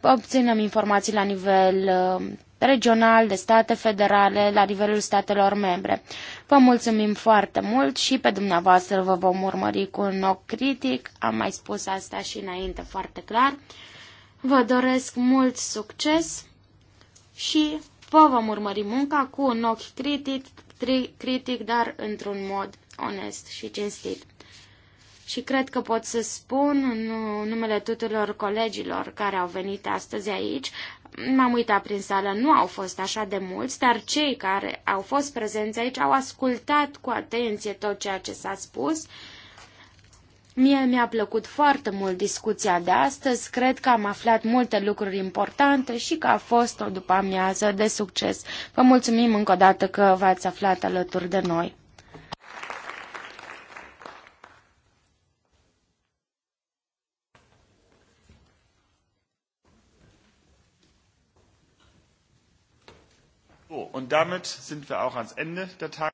B: obținem informații la nivel uh, regional, de state federale, la nivelul statelor membre. Vă mulțumim foarte mult și pe dumneavoastră vă vom urmări cu un ochi critic, am mai spus asta și înainte foarte clar. Vă doresc mult succes și vă vom urmări munca cu un ochi critic, critic dar într-un mod onest și cinstit și cred că pot să spun în numele tuturor colegilor care au venit astăzi aici, m-am uitat prin sală, nu au fost așa de mulți, dar cei care au fost prezenți aici au ascultat cu atenție tot ceea ce s-a spus. Mie mi-a plăcut foarte mult discuția de astăzi, cred că am aflat multe lucruri importante și că a fost o după amiază de succes. Vă mulțumim încă o dată că v-ați aflat alături de noi. und damit sind wir auch ans Ende der Tag.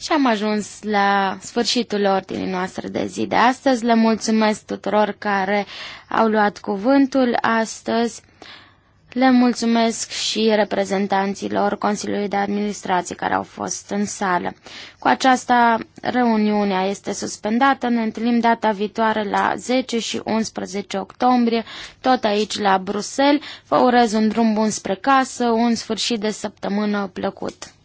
B: Și am ajuns la sfârșitul ordinii noastre de zi de astăzi. Le mulțumesc tuturor care au luat cuvântul astăzi. Le mulțumesc și reprezentanților Consiliului de Administrație care au fost în sală. Cu aceasta, reuniunea este suspendată. Ne întâlnim data viitoare la 10 și 11 octombrie, tot aici la Bruxelles. Vă urez un drum bun spre casă, un sfârșit de săptămână plăcut.